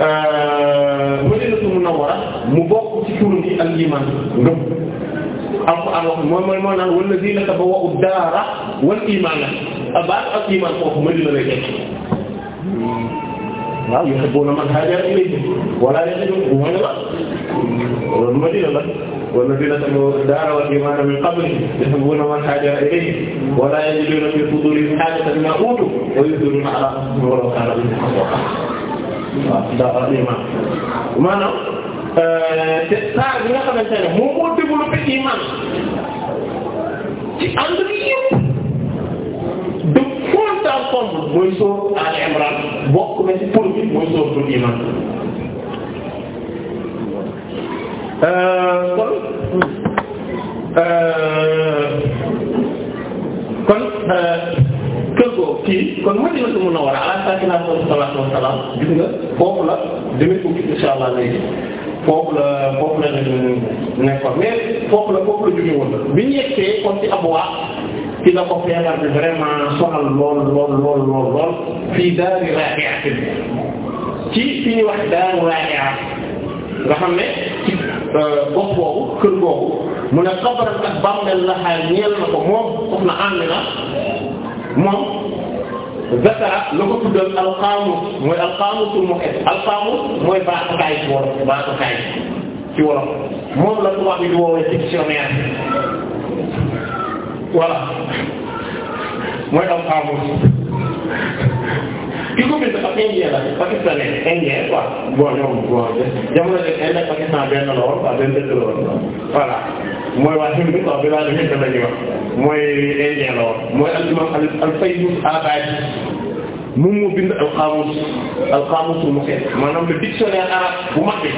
A: euh, mu bokk ci turam yi al iman ngëm alquran wax mooy mooy moo naan wallaziina tabawwa'u daara wal imaana abaat ak iman foofu Madina lay waaw yuhibbuuna man haajara ilayhim wala yajiduuna mooy la loolu Madina la walladhiina tabawwa'u ad-daara wal iimaana min qablihim yuhibbuuna man haajara ilayhim wala yajiduuna fii suduurihim haajatan mimmaa uutuu wa yu'thiruuna 'alaa anfusihim wa law kaana bihim khasaasa waaw daara iimaan maanaam euh, te saa bi nga xamante ne moom moo développé iimaan
D: ci ànd bi yëpp
A: tout ensemble mooy sourate Al Imran bokk na ci produit mooy sourate Iman kon kon kër goo kii kon Madinatu Munawwara ala saakinihaa salaatu wa salaam gis nga foofu la demee ko gis insha Allah léegi foofu la foofu la nekkoon mais foofu la foofu la jóge woon bi ñu yegsee kon ci Abwa ci la ko feebar bi vraiment sonal lool lool lool lool lool fii daari raqi'atin ci fi ñuy wax daari raqi'a nga xam ne ci euh, gox boobu kër boobu mu ne xabaral ak bàmmeel la xaar ñeel na ko moom soxna Amina moom zakara la ko tuddal alqaamus mooy alqaamusul muhit alqaamus mooy baatukaay ci wolof baatukaay ci wolof moom la tubaab bi di woowee dictionnaire voilà mooy am xaamul ki ko bind ak indien la pakistanais indien quoi bon ñoom bon jamono jëm Inde Pakistan benn la woon waa benn dëkk la woon voilà mooy waa Hindu quoi bi waa ñett la ñuy wax mooy indien la woon mooy al imam al Fayruz Abadi moom moo bind al qaamus al qaamus mu xeet maanaam le dictionnaire arabe bu mag bi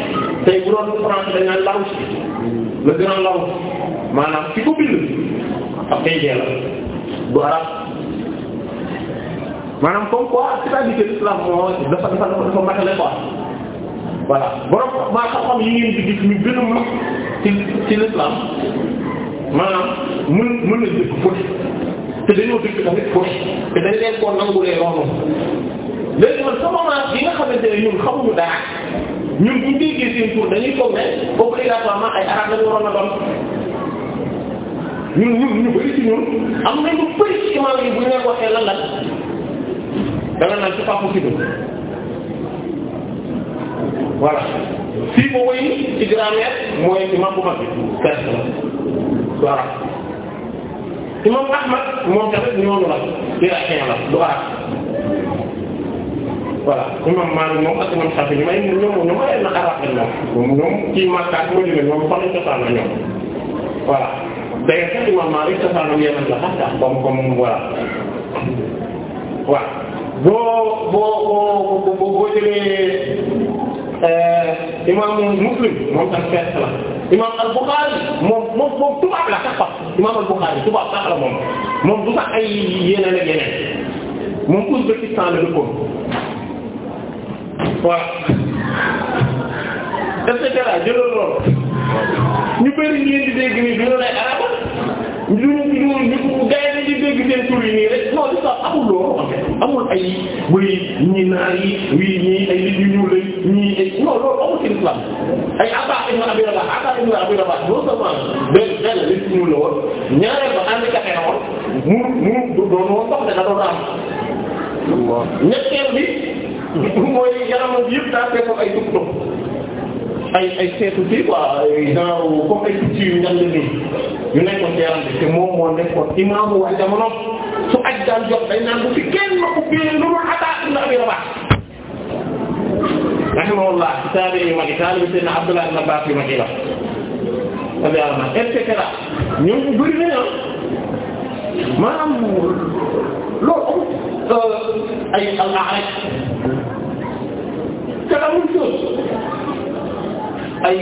A: tey bu doon français dañ naan larousse la gën a law maanaam ci ko bind ab déggee la du arab maanaam comme quoi c'est-à-dire que l'islam moo dafa dafa dafa matale quoi voilà borom maa xam-xam yi ngeen di gis ñu a l'islam maanaam mën mën na dëkk foofu te dañoo dëkk tamit foofu te dañ leen koo nangulee noonu léegi man sama maas yi nga xamante ne ñun xamuñu dara. ñun bu ñu déggee seen tur na foog ne obligatoirement ay arab la ñu waroon a doon ñun ñun ñu bëri ci ñun am nañu bëri ci wàll yi bu ñu leen waxee lan lan da nga naan c'est pas possible voilà fii ba wéy ci grammaire mooy imam bu mag bi perte voilà imam Ahmad moom tamit ñoonu la iraqien la du arab voilà imam Maalik moom ak imam Shafi may ñoom ñoom ay na xaraat la ñoom ñoom ci Makka ak Madina ñoom fa la cosaan la ñoom voilà day sax imam Maalik cosaanam Yemen la sax sax comme comme voilà voilà boo boo boo boo jëlee euh, imam Muslim moom tam Perse la imam al-Bukhari moom moom moom tubaab la sax fa imam al-Bukhari tubaab sax la moom moom du sax ay yeneen ak yeneen moom Ouzbékistan la dëkkoon waaw et cetera jëloon lool ñu bëri ñu leen di dégg nii du ñu lay araba ñu ñu ñu gars yi dañuy dégg seen tur yi nii rek non c'est ça amul loolu amul ay buy ñi naar yi wii ñii ay nit yu ñuul lañ ñii ay non loolu amul ci islam ay Ataa ibn Abi Rabah Ataa ibn Abi Rabah non seulement benn benn nit ñuul la woon ñaareel ba handicapé na woon mu mu doon woon soxla da doon am ñetteel bi. mooy yaramam yëpp daa feesoo ay dugub doom ay ay seetu bi quoi genre comme ay picc yu njàng nii yu nekkoon ci yaram bi te moom moo nekkoon imaamu waa jamono su aj daan jot day naan bu fi kenn ma ubbee lu dul Ataa ibn Abi Rabaah rahimahullah kitaabe yu mag yi taalibe seen Abdullah ibn Abbas yu mag yi la abi alama et cetera ñoom ñu bëri nañu ah. maanaam loolu ay al-A'raj
B: te amul chose
A: ay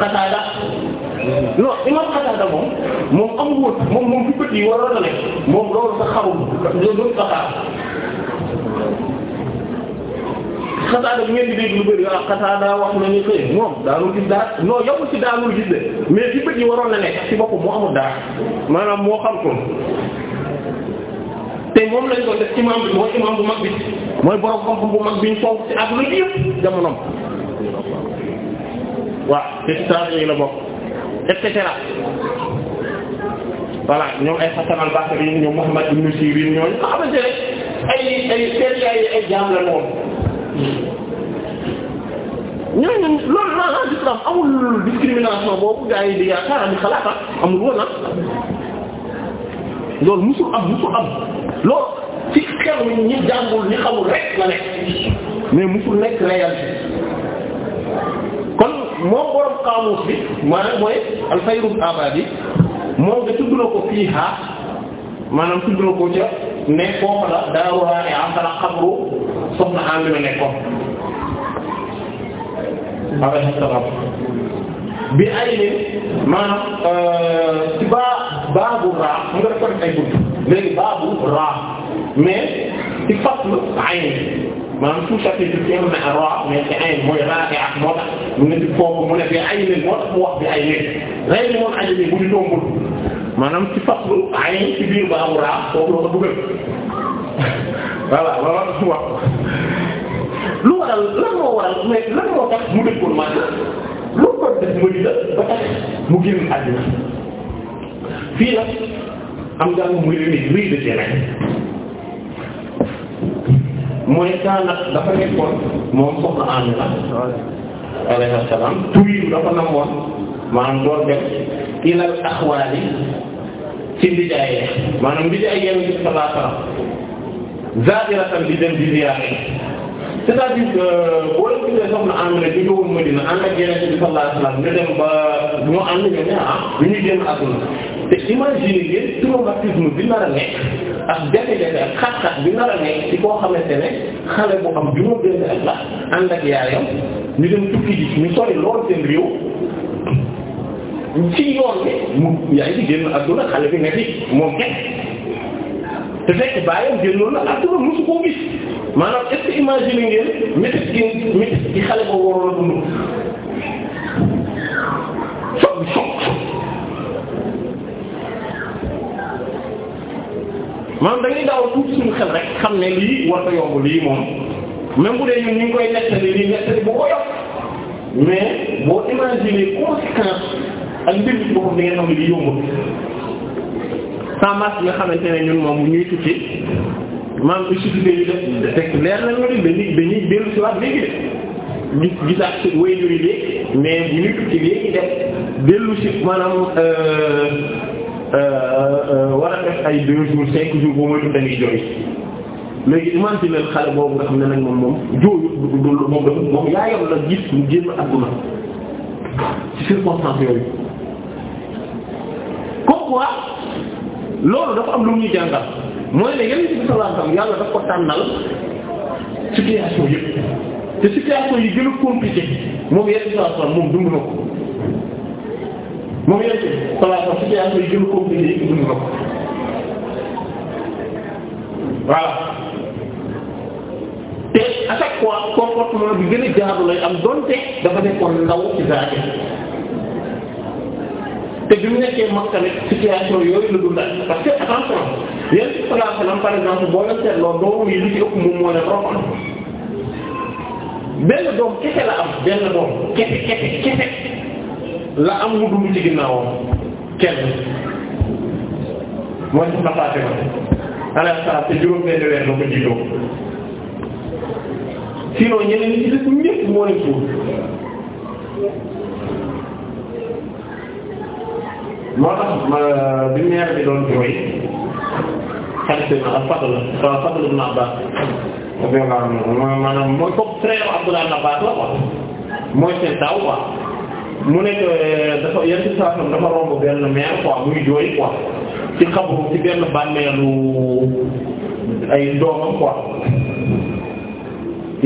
A: Qatada eh, non imam Qatada moom moom amul woon moom moom fi bët yi waroon a nekk moom loolu sax xamul loolu sax ngeen di dégg lu bëri ah Qatada wax na ni xëy moom daanul gis dara non yow ci daanul gis de yi waroon na nekk ci boppam moo amul dara maanaam moo xam ko. te moom lañ doon def imam bi mooy imam bu mag bi mooy borom xam bu mag bi ñu fonk ci àdduna bi yëpp jamonoom waaw te ci tabi'i la bokk et cetera voilà ñoom ay Hasan al-Basri ñoom Muhammad ibn Sirin ñooñu nga xamante ne ay ay seen yaay ay jaam la moom ñooñu loolu la l'islam amul discrimination boobu gaa yi di yaakaar amul xalaat amul woon ah. loolu musul am musul am loolu ci xel ñi jàngul ñi xamul rek la nekk mais musul nekk réalité kon moom borom qaamuus bi maanaam mooy alfayrul abadi moom da tudd na ko fii haa maanaam tudd na ko ca ne foofu la daaruhaa e antala xabru soxna ànd na nekkoon. bi ay ni maanaam euh, ci baabu raa mu nga ko def ay bunt léegi baabu raa mais ci faslu ay maanaam tout chapitre bi ci am na raa mais ci ay mooy raa ak moo ay ni moo ay ni rey ni moom ay ni bu di ay ci biir baabu raa foofu la ko dugal voilà loolu su wax lu waral lan moo waral mais lan moo tax mu lu ko def Madina ba tax mu génn àddina fii nag am nga mu réer réer de terrain mooy kaanat dafa nekkoon moom soxna Amina alayhi salaam tuuti dafa namoon maanaam doon dem ilal axwaali ci ndijaay maanaam ndijaay yéen a ngi ko laataam zaahiratan di dem di ziyaare Ah, te imaginer leen traumatisme bi a nekk bi nar xamante ne xale bu am juróom-benn at la ànd ak yaayam ñu dem tukki seen réew ci yoon bi mu yaay ci génn àdduna xale bi nekk moom kenn. te fekk bàyyam génnoon na àdduna musu koo gis maanaam est ce que imaginer ngeen métis gi métis gi xale boobu waroon a dund maanaam dañuy daaw tuuti suñu xel rek xam ne lii war a yomb lii moom même bu dee ñun ñu ngi koy nettali lii nettali bu ko yokk mais boo imaginer conséquence ak mbir mi boo xam ngeen xam lii yombul sans masque yi nga xamante ne ñun moom bu ñuy tukki maanaam ussitité yi def fekk leer na loolu dañuy dañuy dellu ci waat léegi de gis gisaat si wéyjur yi léegi mais bu ñuy tukki léegi def dellu ci maanaam euh, euh, euh, war a def ay deux jours cinq jours boo moytu dañuy jooy léegi imagine leen xale boobu nga xam ne nag moom moom jooyut du du moom dafa moom yaayam la gis mu génn àdduna ci circonstance yooyu comme quoi loolu dafa am lu mu ñu jàngal mooy ne yenn ci bi sallallahu yàlla daf ko tànnal
B: situation yëpp
A: te situation yi gën a compliqué moom yenn ci sallallahu alayhi wasallam moom dund na ko moom yenn ci sallallahu alayhi wasallam situation yi gën a compliqué yëpp dund na ko voilà te à chaque fois comportement bi gën a jaadu lay am donte dafa nekkoon ndaw ci zaati te bi mu nekkee mag tamit situation yooyu la dundal parce que attention yéen ci sallallahu alayhi wasallam par exemple boo leen seetloo doomam yi li ci ëpp moom moo leen roxoon benn doom kese la am benn doom
B: kese kese kese
A: la am mu dund ci ginnaawam kenn mooy soxna Fatima alayhi salaam te juróom benn weer la ko jiitoo sinon ñeneen ñi ci des moo tax bi meer bi doon jooy xarit na ak Fadl Fadl ibn Abbas radiyallahu anhu maanaam mooy comme frère Abdullah ibn Abbas la quoi mooy seen taw quoi mu nekk euh, dafa yenn situation dafa romb benn meer quoi muy jooy quoi ci xabu ci benn bànneelu ay doomam quoi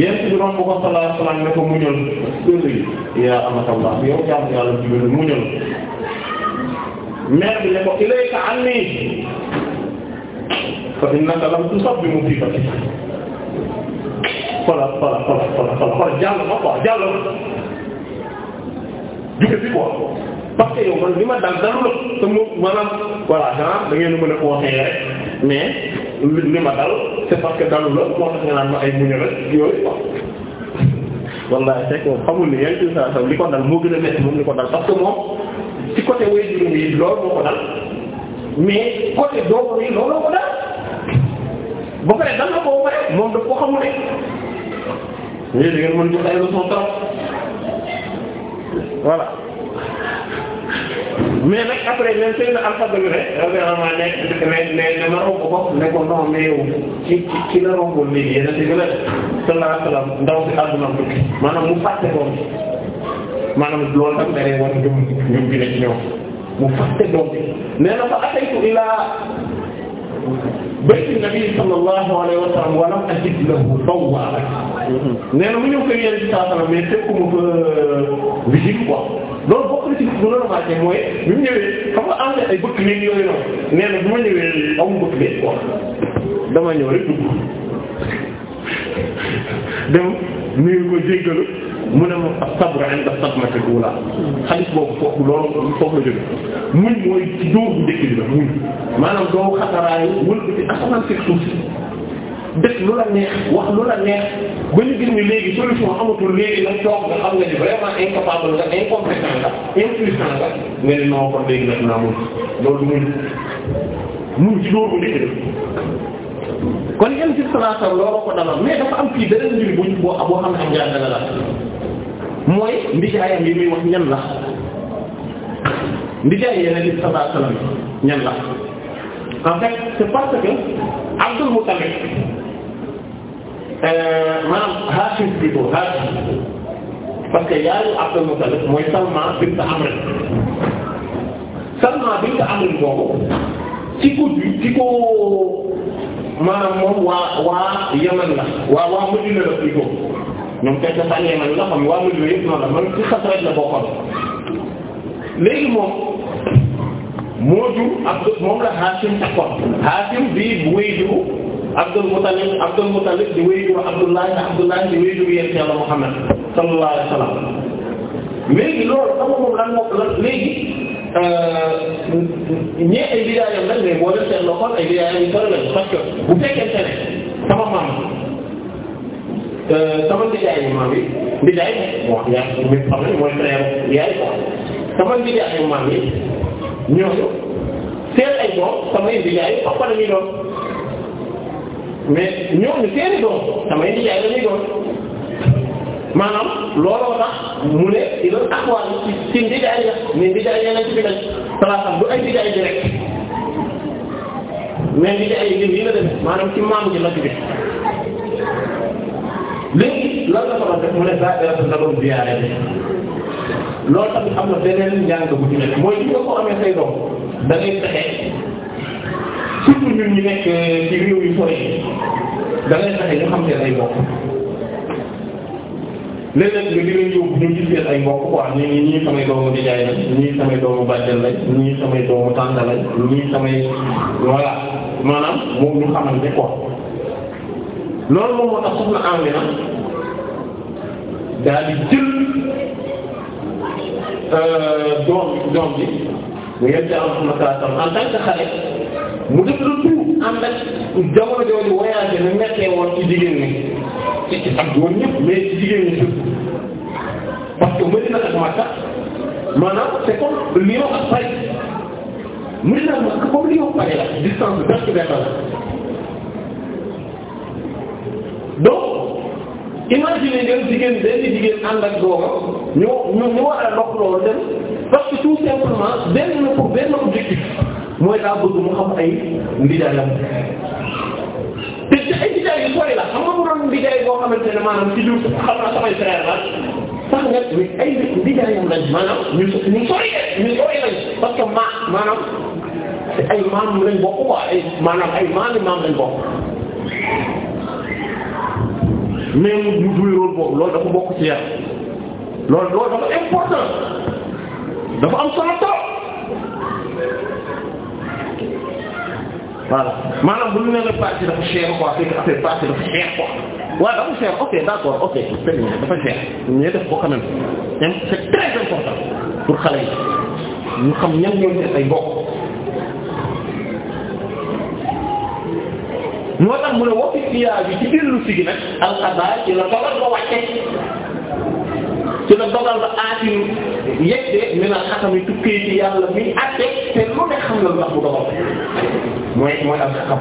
A: yéen si romb ko sallallahu alayhi wasallam ne ko muñal heure yi yaa amatallah yow jàmm yàlla jigéen muñal maire bi ne ko ilayka anni fa innaka lam tusab bi musibati voilà voilà voilà voilà voilà jàll ma quoi jàll ma jóge fi quoi parce que yow man li ma dal dara la te moom maanaam voilà genre da ngeen ko waxee rek li ma dal c'est parce que dalu moo tax nga naan ma ay muñu rek yooyu quoi. wallaay fekk moom xamul ni yan ci saa li ko dal moo gën a métti li ko dal parce que ci côté way juróom yi loolu moo ko dal mais côté doomam yi loolu ko dal ba pare dal na ko ba pare moom daf ko xamul rek mais da ngeen mën jox ay leçons trop voilà mais nag après même seen alphabet bi rek vraiment ne ne ne dama romb ko ne ko non mais yow ci ci la romboon léegi yéen a dégg la sallallahu alayhi wasallam ndaw si àdduna tukki maanaam mu fàtte ko maanaam loolu tam daree woon ñoom ñoom bi ne ci ñoom mu fàtte doom bi nee na fa ataytu ilaa bayti nabi sallallahu alayhi wa sallam wa lam ajid lahu bawwaaban nee na mu ñëw kër yéen ci saa salaam mais fekkuma fa visite quoi loolu bokk na ci bu la remarqué mooy mu ñëwee xam am na ay bëkk néeg yooyu noonu nee na bu ma ñëwee dama ñëw rek dugg dem mu ne moom as-sabru 'inda as-sadmati al-ula xadis boobu foofu loolu foofu la jóge muñ mooy ci dóor bu njëkk bi la muñ maanaam doo xataraayu wël bi ci asamaan fekk suuf si def lu la neex wax lu la neex ba ñu gis ni léegi solution amatul léegi nag toog nga xam nga ni vraiment incapable nga incompétent nga impuissant nga nga ne non kon léegi nag naa muñ loolu muñ muñ ci dóor bu njëkk la kon yéen ci salaatam looloo ko dalal mais dafa am fii beneen mbir bu boo boo xam ne am njàngale la mooy ndijaayam yi muy wax ñan la ndijaay yeneen bi sallallahu alayhi wasallam ñan la en fait c'est parce que Abdul Muttalib euh, maanaam Hashim plutôt Hashim parce que yaayu Abdul Muttalib mooy Salma bint Amr Salma bint Amr boobu ci ko ci ko maanaam moom waa waa Yaman la waa waa Madina la plutôt ñoom fekk sànnee nañ la xam waa milieu yëpp noonu la man ci xas rek la bokkoon léegi moom moo jur moom la Hashim takkoon Hashim bii bu wéy juru Abdul Muttalib Abdul Muttalib di wéy juru Abdullah Abdullah di wéy juru yéen yàlla Muhammad sallallahu alayhi wa sallam léegi loolu sama moom lan moo lan léegi euh, ñee ay bidaayam nag mais boo def seen loxoon ay bidaayam yu sori lañ parce que bu fekkente ne sama maam Euh, sama nijaayu maam yi nijaay bon yaa ngi xam ne mooy frère yaay sama nijaayu maam yi ñooñu seen ay doom samay nijaayu papa la ñuy doon mais ñooñu seeni doom samay nijaay la ñuy doon maanaam looloo tax mu ne il a taxawaat ci ci nijaay la mais nijaay yaa ngi ci biir salaatam du ay nijaay ji rek mais nijaay yi lii la def maanaam ci maam ji la ci biir. léegi lan la ko doon def mu ne saa dara sa doon ziyaare bi loolu tamit am na beneen njàng bu ci nekk mooy li nga ko amee say doom da ngay fexe surtout ñun ñu nekk ci réew yu sori da ngay fexe ñu xam seen ay mbokk léeg-léeg nga dinañ yóbbu ñu gis seen ay mbokk quoi ñu ngi ñii samay doomu nijaay lañ ñii samay doomu bàjjen lañ ñii samay doomu tànta lañ ñii samay voilà maanaam moom ñu xamante quoi. loolu moom moo tax soxna Amina daal di jël euh, doom doom bi mu yem ci am xam en tant que xale
B: mu def lu tuut ànd ak
A: jamono jooju voyagé na mettee woon ci jigéen ñi ci ci ak góor ñëpp mais ci jigéen ñi surtout parce que Medina ak Makka maanaam c'est comme Lyon ak Paris Medina ak Makka comme Lyon Paris la distance bi presque benn la. imagine ngeen jigéen benn jigéen ànd ak doomam ñu ñu ñu war a dox loolu dem parce que tout simplement benn pour benn objectif mooy mu xam ay ndijaayam te ci ay ndijaay yu bari la xam mu doon ndijaay boo xamante ne maanaam ci jur xam naa samay frère la sax nga ay ndijaayam lañ maanaam ñu ñu sori ñu sori lañ parce que ma maanaam ay maam lañ bokk quoi ay maanaam ay mais mu mu joué rôle boobu loolu dafa bokk ci yar loolu loolu important dafa am solo trop voilà maanaam bu ñu nee la partie dafa cher quoi c'est que affaire partie dafa cher quoi waaw dafa cher ok d'accord ok c'est bien dafa cher mais def ko quand même c'est important pour xale yi ñu xam ñan ñoo def ay moo tax mu ne waxi siyaay bi ci dellu si gi nag alxabaar ci la dogal ba wàcce ci la dogal ba aatilu yegte mi naan xatami tukkee ci yàlla mi àtte te lu ne xam nga lu tax mu dogal mooy mooy am xatam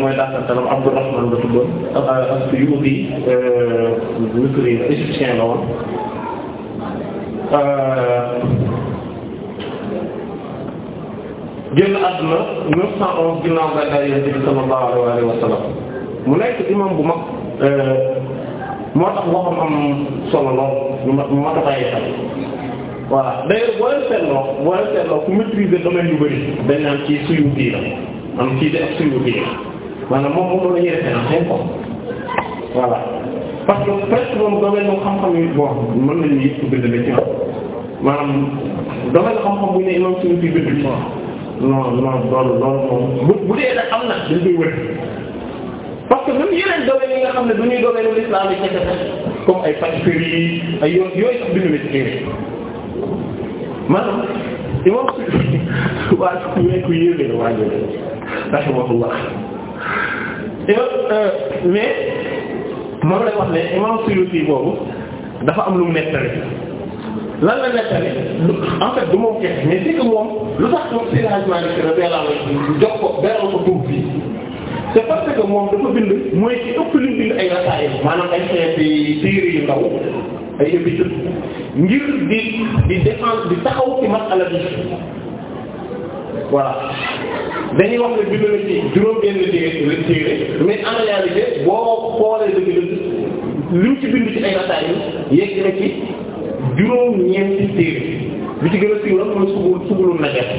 A: mooy daasantalam Abdurrahman la tuddoon euh, as-Suyuti euh, misri égyptien la woon euh, génn àdduna 911 ginnaaw gàddaay Yonent bi sallallahu alayhi wa sallam mu nekk imam bu mag moo tax waxam am solo lool ñu mat mu mat a bàyyi xel voilà d'ailleurs boo leen seetloo boo leen seetloo ku maîtriser domaine yu bari dañ naan ci Suyuti la am ci def Suyuti la maanaam moom moom la ñuy référencé quoi voilà parce que presque moom domaine moom xam-xam yi bon mën nañu yëpp bind la ci maanaam domaine xam-xam bu ñu ne imam Suyuti bind ci non non loolu loolu moom bu bu dee nag am na dañ koy wër parce que même yeneen domaines yi nga xam ne du ñuy domaine l'islam yi ca comme ay pâtisserie ay yoon yooyu sax bind la ci téere maanaam imam Suyuti waa ku yéene waa jooju rahimahullah Euh, mais moom la wax ne imam Suyuti boobu dafa am lu mu nettali lan la nettali en fait du moom kese mais c'est que moom lu tax ñoom si laaj maa ngi si jox ko beral ko dugub bi c'est parce que moom dafa bind mooy ci ëpp lu bind ay rasaay maanaam ay xeeti téere yu ndaw ay épître ngir di di défense di taxaw ci masala bi voilà dañuy wax ne bind na ci juróom-benn téere téere mais en réalité boo xoolee dëgg dëgg li la bind ci ay rataay yi ci juróom-ñeenti téere bi ci gën a siiwal mooy subul subulul najar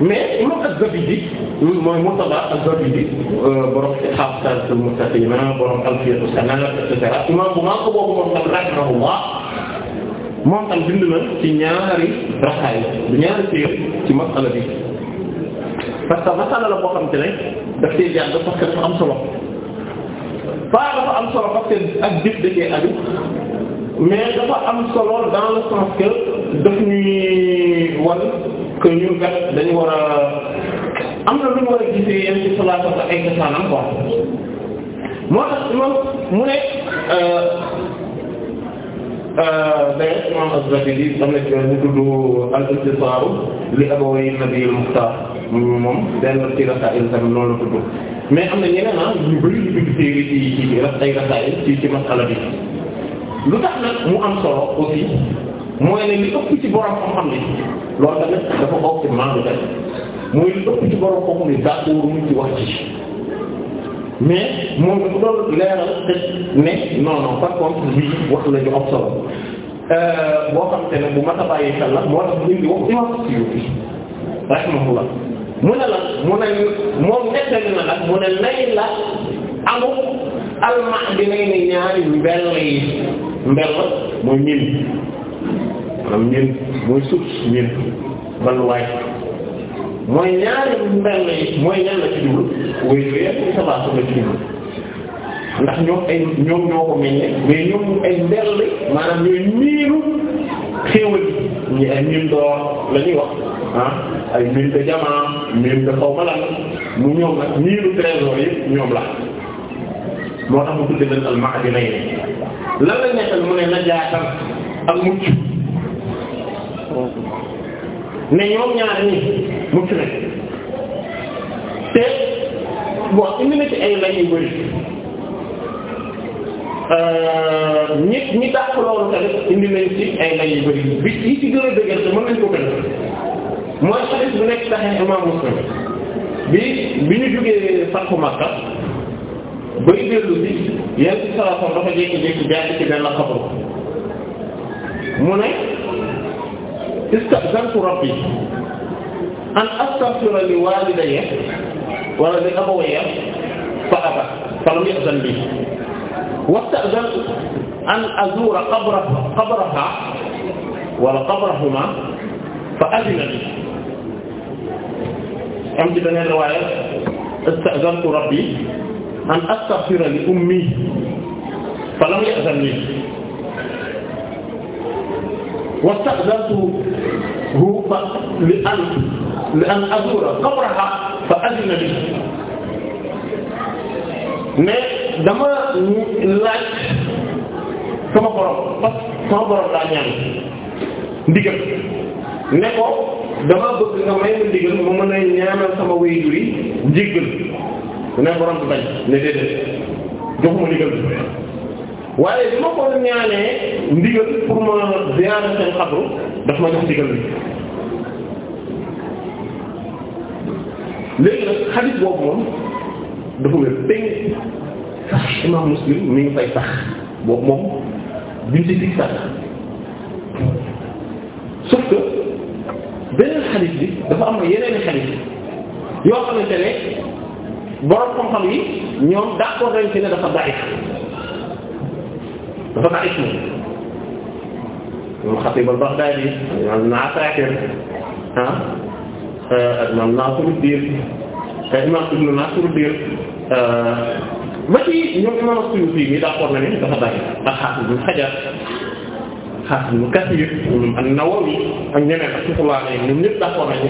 A: mais imam Az-Zabidi mooy Murtada Az-Zabidi euh, borom Ihfaas al-Mustaqiim borom Alfiya as-Sanad et cetera imam bu mag boobu moom tam rahimahullah moom tam bind na ci ñaari raxaay ñaari téer ci masala bi parce que masala la boo xam te ne daf cee jàng parce am solo faa dafa am solo parce ak jëf da cee aju mais dafa am solo dans le sens que daf ñuy wan que ñun kat dañu war a am na lu ñu war a gisee yéen ci salaat ak ay kasaanam quoi moo tax moom mu ne euh, day euh, imam Az-Zabidi am na ci ñu tudd al-Intisar li abawayhi an-Nabiy al-Mukhtar moom benn ci rasaa'il tamit loolu la tudd mais am na ñeneen ah ñu bari ñu bind téere ci ci ci ci masala lu
C: tax nag mu
A: am solo aussi mooy li ëpp ci borom xam-xam ni loolu tamit dafa bokk ci maandu tey mooy li ëpp ci borom xam-xam ni d'accord mu ci wax ci mais moom bu doon leeral ne non non par wax la ñu am solo euh, boo xam te ne bu mat a bàyyi xel la moo tax ñu ngi wax imam Suyuti rahimahullah mu ne la mu ne moom nettali na nag mu ne nay la amu alma bi nay ne ñaari mbell yi mbell mooy ñin maanaam ñin mooy suuf ñin mooy ñaari mbell yi mooy ñan la ci jublu way yooyu sabaasu la ci jublu ndax ñoom ay ñoom ñoo maanaam ñooy miinu xéewal ñi ay miin door la wax ah ay miin de jamaa miin de xaw ma lan mu ñoom nag miinu trésor yi ñoom la moo tax mu tudde leen al-ma'dinayni lan la nekkal mu ne najaatan ak mucc ne ñoom ñaar ñi mucc na te bon indi na ci ay lay yu bari euh, ñi ñi dàq loolu tamit indi nañ ci ay lay yu bari bi yi ci gën a dëgër te mën nañ ko gën mooy hadith bu nekk Sahih Imam Muslim bi bi ñu jógee Fathu Makka bay dellu bi yéen ci salaam dafa jékki-jékki jaay ci benn xabru mu ne. istazantu rabbi an astaghfira li walidayya wala li abawayya fa aba fa lam ya'zan bi wastazantu an azura qabra qabraha wala qabrahuma fa adina li am ci beneen riwaaya istazantu rabbi an astaghfira li ummi fa lam ya'zan li wasta'zantuhu li an li an azura qabraha fa adina li mais dama laaj sama borom sama borom daa ñaan ndigal ne ko dama bëgg nga may ma ma mën a ñaanal sama waajur yi jéggal ne borom bi bañ ne déedéet joxuma ndigal bi waaye bi ma ko ñaanee ndigal pour ma ziyaara seen xabru daf ma jox ndigal bi léegi nag xadiis boobu moom dafa wér tëng imam muslim mi ngi fay sax boobu moom duñ ci dig sax sauf que beneen xadiis bi dafa am na yeneen xadiis yoo xamante ne borom xam-xam yi ñoom d'accord nañ ci ne dafa daif dafa naaj moom moom Xatib al-Baghdadi imaam Ibn Asakir ah eh, imaam Nasiruddin eh, imaam Ibn Nasiruddin eh, ba ci ñoom imaam Suyuti mi d'accord na ni dafa bari ak Hafiz Ibn Hajar Hafiz Ibn Kathir ñoom an-Nawawi ak ñeneen ak rahmatullah alayhim ñoom ñëpp d'accord nañu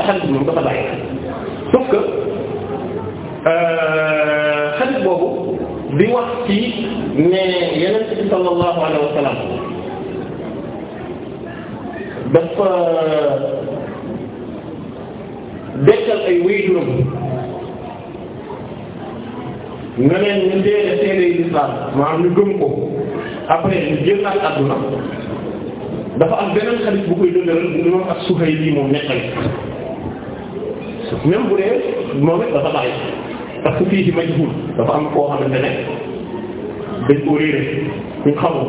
A: hadith moom dafa bari sauf que hadith boobu. di wax ci ne yeneen bi sallallahu alayhi wa sallam dafa dekkal ay waajuram nga leen ñu dee seede l'islam maanaam ñu gëm ko après ñu jël ak adduna dafa am beneen xarit bu koy dëgëral bu moom ak Suhayli moom nekkal même bu dee moom it dafa bàyyi. parce di fii ci majhul dafa am koo xamante ne dañ koo réere ñu xamul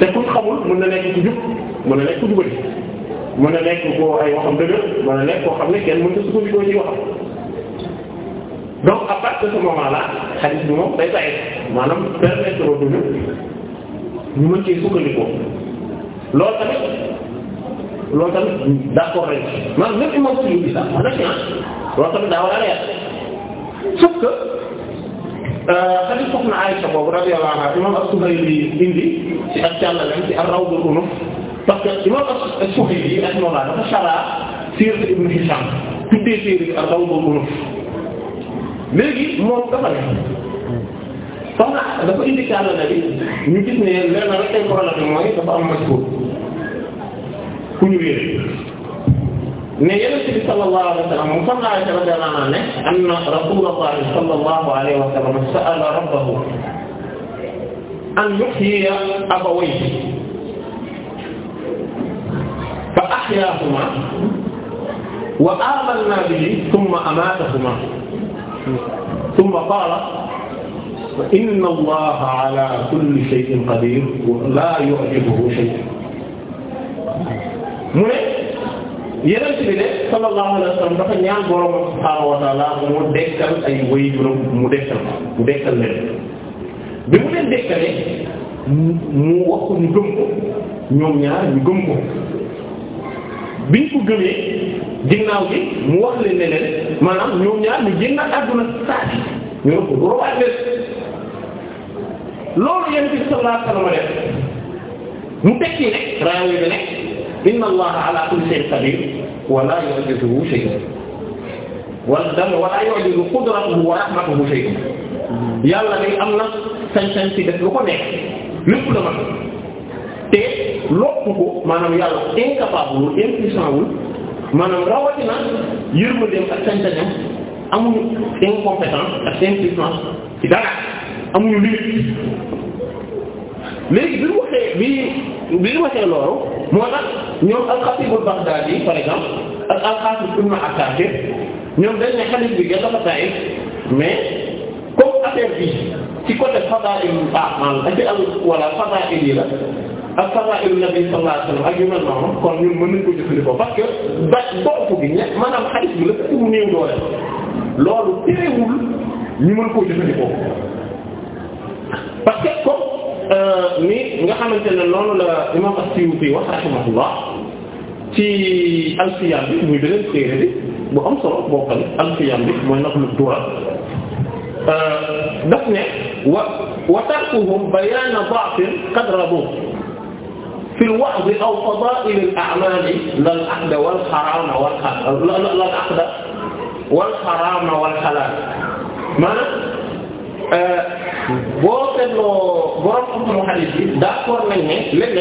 A: te kuñ xamul mën na nekk ci jub mën na nekk ci jubali mën na nekk koo ay waxam dëgg mën na nekk koo xam ne kenn mën na sukkandikoo ci waxam donc à partir de ce moment là hadith bi moom day saye maanaam permettre o duñu ñu mën cee sukkandikoo loolu tamit loolu tamit d'accord rek maanaam lépp imam Suyuti sax ma na ci loolu tamit daa war a sauf que euh, xali soxna Aysa boobu radiyallahu anha imam as-Suhayli indi ci ak càllalen ci ar-Rawdul Unuf parce que imam as-Suhayli rahimahullah dafa sara Siiratu Ibn Hisham tuddee séeré bi ar-Rawdul Unuf léegi moom dafa ne soxna dafa indi càllale bi ñu gis ne lenn rek ay problème mooy dafa am majhul ku ñu wéer ne yonent bi sallallahu alayhi wa sallam moom soxna Aysa radiyallahu anha ne anna rasulullah sallallahu alayhi wa sallam sa'ala rabbahu an yuhyiya abawayhi fa ahyaahuma wa aamanna bihi thumma amaatahuma thumma qaala inna allaha ala kulli shay'in qadir wa la yu'jibuhu shay'un mu ne yeneen bi ne sallallahu alayhi wa sallam dafa ñaan borom subhaanahu wa ta'ala mu dekkal ay waajuram mu dekkal mu dekkal leen
B: bi mu leen dekkale
A: mu wax ko ñu gëm ko ñoom ñaar ñu gëm ko biñ ko gëmee ginnaaw gi mu wax leen ne maanaam ñoom ñaar ñu génnaat àdduna saa si ñu ne ko droit loolu yéen bi sallallahu alayhi wa sallam mu tekki ne raawi bi ne inna allaha ala kulli shay'in qadir wa la yu'jizuhu shay'un wala dama wa qudratuhu wa rahmatuhu shay'un yàlla ni am na sañ-sañ ci def lu ko nekk lépp la mën te loppu ko maanaam yàlla incapable wul impuissant wul maanaam rawatina yërmandeem ak sañ-sañam amuñu incompétence ak impuissance ci dara amuñu limite léegi bi waxee bi bi waxee loolu. moo tax ñoom al-Khatib al-Baghdadi par exemple ak al-Hafiz Ibn Asakir ñoom dañ ne hadith bi gën dafa taayif mais comme affaire bi ci côté fadaa'il a'maal ak al wala fadaa'il yi la ak fadaa'il nabi sallallahu alayhi wa sallam ak yu mel noonu kon ñun mën nañ ko jëfandikoo parce que loolu téewul ñu mën parce que comme ni euh, nga xamante ne loolu la imam as-Suyuti wax rahimahullah ci alfiyam bi muy beneen téere bi bu am solo boo xam alfiyam bi mooy naqlu durar euh, daf ne wa wa tarkuhum bayan da'fin qad rabu fi al-wa'd aw fada'il al-a'mal lal aqd wal haram wal halal lal aqd wal haram wal halal maanaam Euh, boo seetloo borom xam-xamu hadith bi d'accord nañ ne léeg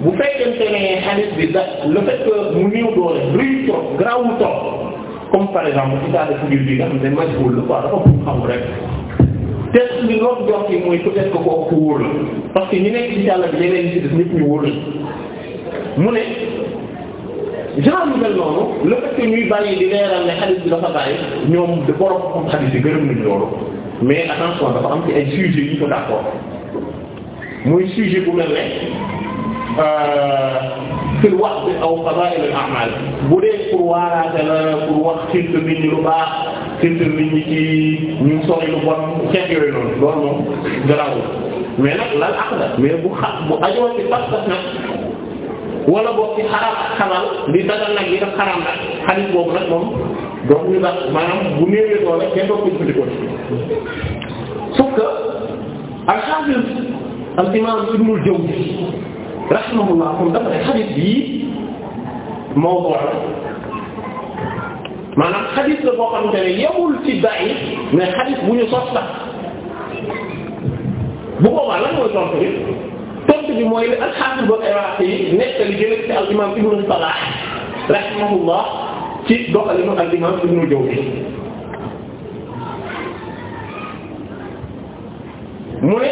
A: bu fekkente ne hadith bi da le fait que mu néew doole luy trop garaawul trop comme par exemple ci cas de figure bi nga xam ne majhul la quoi dafa bëgg xam rek. test bi loolu jox yi mooy peut-être que kooku wóor la ñu nekk ci yàlla bi yeneen ci des ñëpp ñu wóor mu ne genre lu mel noonu le fait que ñuy bàyyi di leeral ne hadith bi dafa bàyyi ñoom de borom xam hadith bi gërëm nañ loolu. mais attention dafa am ci ay sujets yi ko d'accord muy sujet bu mel ne euh, fil wax bi aw fadaa'il al a'mal bu dee pour waaraate la pour wax xirtal nit ñi lu baax xirtal nit ñi ci ñu sori lu bon xeet yooyu noonu loolu moom garaawul mais nag lal aqda mais bu xa bu ajoo ci pas-pas nag wala boog ci xaraam ak xamal li dagal nag li def xaraam nag xalis boobu nag moom donc ñu ndax maanaam bu néewee doole kenn doog ko jëfandikoo sauf al-Hafiz al-Imam Ibnul Jawzi rahimahullah kon dafa ne xadis bii mawdu' la maanaam xadis la boo xamante ne yemul ci da'i mais xadis bu ñu sos la bu boobaa lan mooy tontu bi tontu bi mooy li al-Hafiz ba ay wax yi li gën a al-Imam Ibnu Salah rahimahullah ci doxalinu al imam Ibnu Jawzi mu ne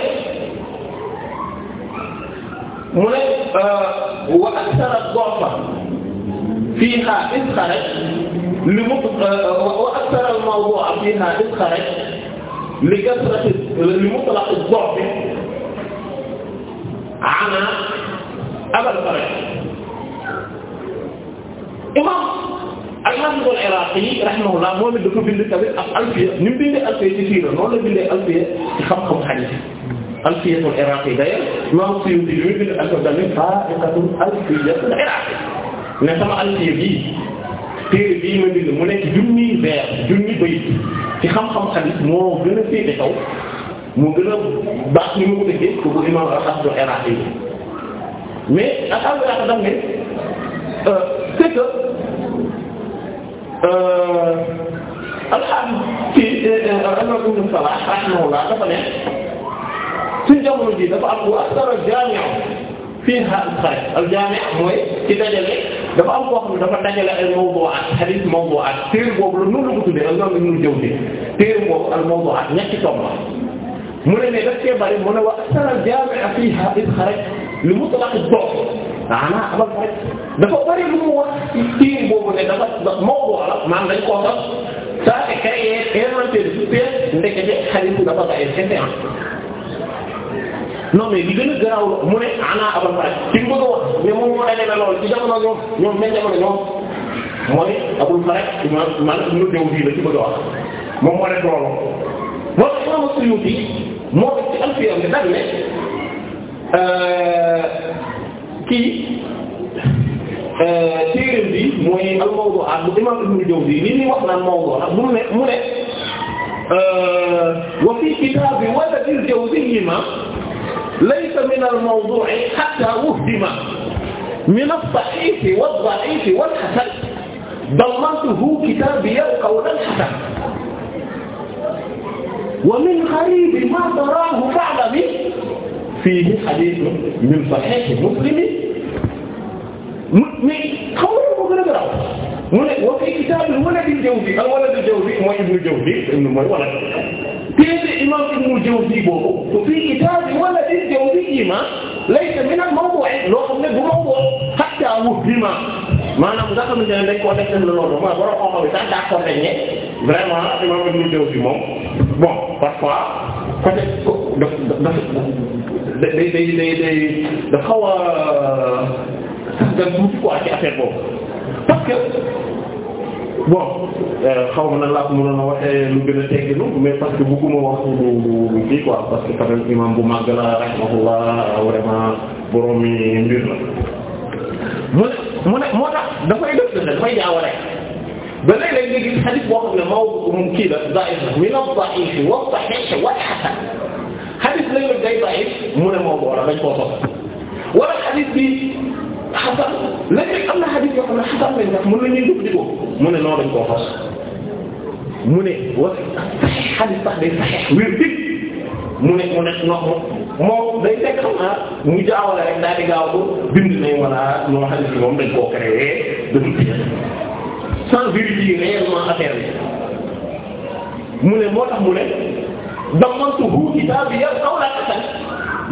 A: mu ne euh, wa akthara ad-du'fa fiha iz kharaj li mu euh, wa akthara al-mawdu'a fiha iz kharaj li kasrati li mutlaq ad-du'f ana abal faraj imam al-Hafiz al-Iraqi rahimahullah moom it dafa bind tamit ak alfiya ni mu bindee alfiya ci siira noonu la bindee alfiya ci xam-xam hadith alfiyatul Iraqi d'ailleurs Imam Suyuti li muy bind alfiya tamit fa'iqatul alfiyatul Iraqi ne sama alfiya bii téere bii ma bind mu nekk junni vers junni bayt ci xam-xam hadith moo gën a féete kaw moo gën a baax ni ma ko déggee ko bu Imam al-Hafiz al-Iraqi mais ak alfiya dafa ne euh, c'est que Euh, alxames ci alal bu ñu Salah rahimahullah dafa ne ci jamono ji dafa am wa akthar al-jaami' fii al-xaraj al-jaami' mooy ci dajale dafa am koo xam ne dafa dajale ay mawdu'aat hadith mawdu'aat téere boobu la noonu la ko tuddee ak noonu la ñu jëw dee téere boobu al mawdu'aat ñetti tomb mu ne ne daf cee bari mu ne wa akthar al-jaami' fiihaa iz xaraj li mu talaqi dox ana abal pare dafa bari lu mu wax ci téere boobu ne dafa moo wax la maanaam dañ koo tax ça c'est créé inventaire du père ndekete xarit dafa bàyyi séquence
B: ah.
A: non mais li gën a garaaw la mu ne ana abal pare ci mu bëgg a wax mais moom moo dajale lool ci jamono ñoom ñoom même jamono ñoom mooy abul pare man man ñu dew fii la ci bëgg a wax moom moo def loolu. moo tax Imam Suyuti moo def ci Alfiya ne Euh, kii euh, téereem bi mooy al-Mawdu'aat bu Imaam Ibnul Jawzi li ñuy wax naan mawdu' nag mu ne mu ne euh, wa fii kitaabi waladil Jawzi ma laysa min al-mawdu'i hattaa wuhdima min as-sahiihi wad-da'iifi wal-hasan dammantuhu kitaabiyan qawlan hasan wa min ghariibi maa taraahu fa'lami fiihi hadiisun min sahiih Muslim mu ne xaw ma ko gën a garaaw mu ne wa fii kitaabil waladil jawzi al waladil jawzi mooy ibnu jawzi mooy walad téere imam ibnu jawzi boobu fii kitaabil waladil jawzi laysa min al mawdu'i loo xam ne du mawdu' hatta wuhima maanaam nga xamante ne dañ koo la loolu mooy borom xooxo bi sax d'accord nañ ne vraiment imam Ibn Jawzi moom bon parfois côté daf daf day day day day da xaw a sax tuuti quoi ci affaire boobu parce que bon euh, xaw ma nan laa ko mënoon a waxee lu gën a tegginu mais parce que wax lu lu kii quoi parce que quand imam bu màgg la rahimahullah vraiment borom mi mbir la mu ne mu ne moo tax dafay def dafay jaawale ba léeg-léeg ne mawdu moom kii la da'if min ad-da'if wa sahih wa hasan xadis lañ la day da'if mu ne mawdu wala dañ koo soxla wala xadis bi hasan léeg-léeg am na xadis yoo xam ne hasan lañ def mën nañu dugg di ko mu ne noonu dañ koo xos mu sax day sahih wér dëgg mu ne moom day fekk xam naa mu jaawale rek daal di gaaw ko bind ne wala ñoo xam ne moom dañ koo créé de toute pièce sans vérifier réellement affaire bi mu ne moo tax mu ne damantuhu kitaabiyan awla tasan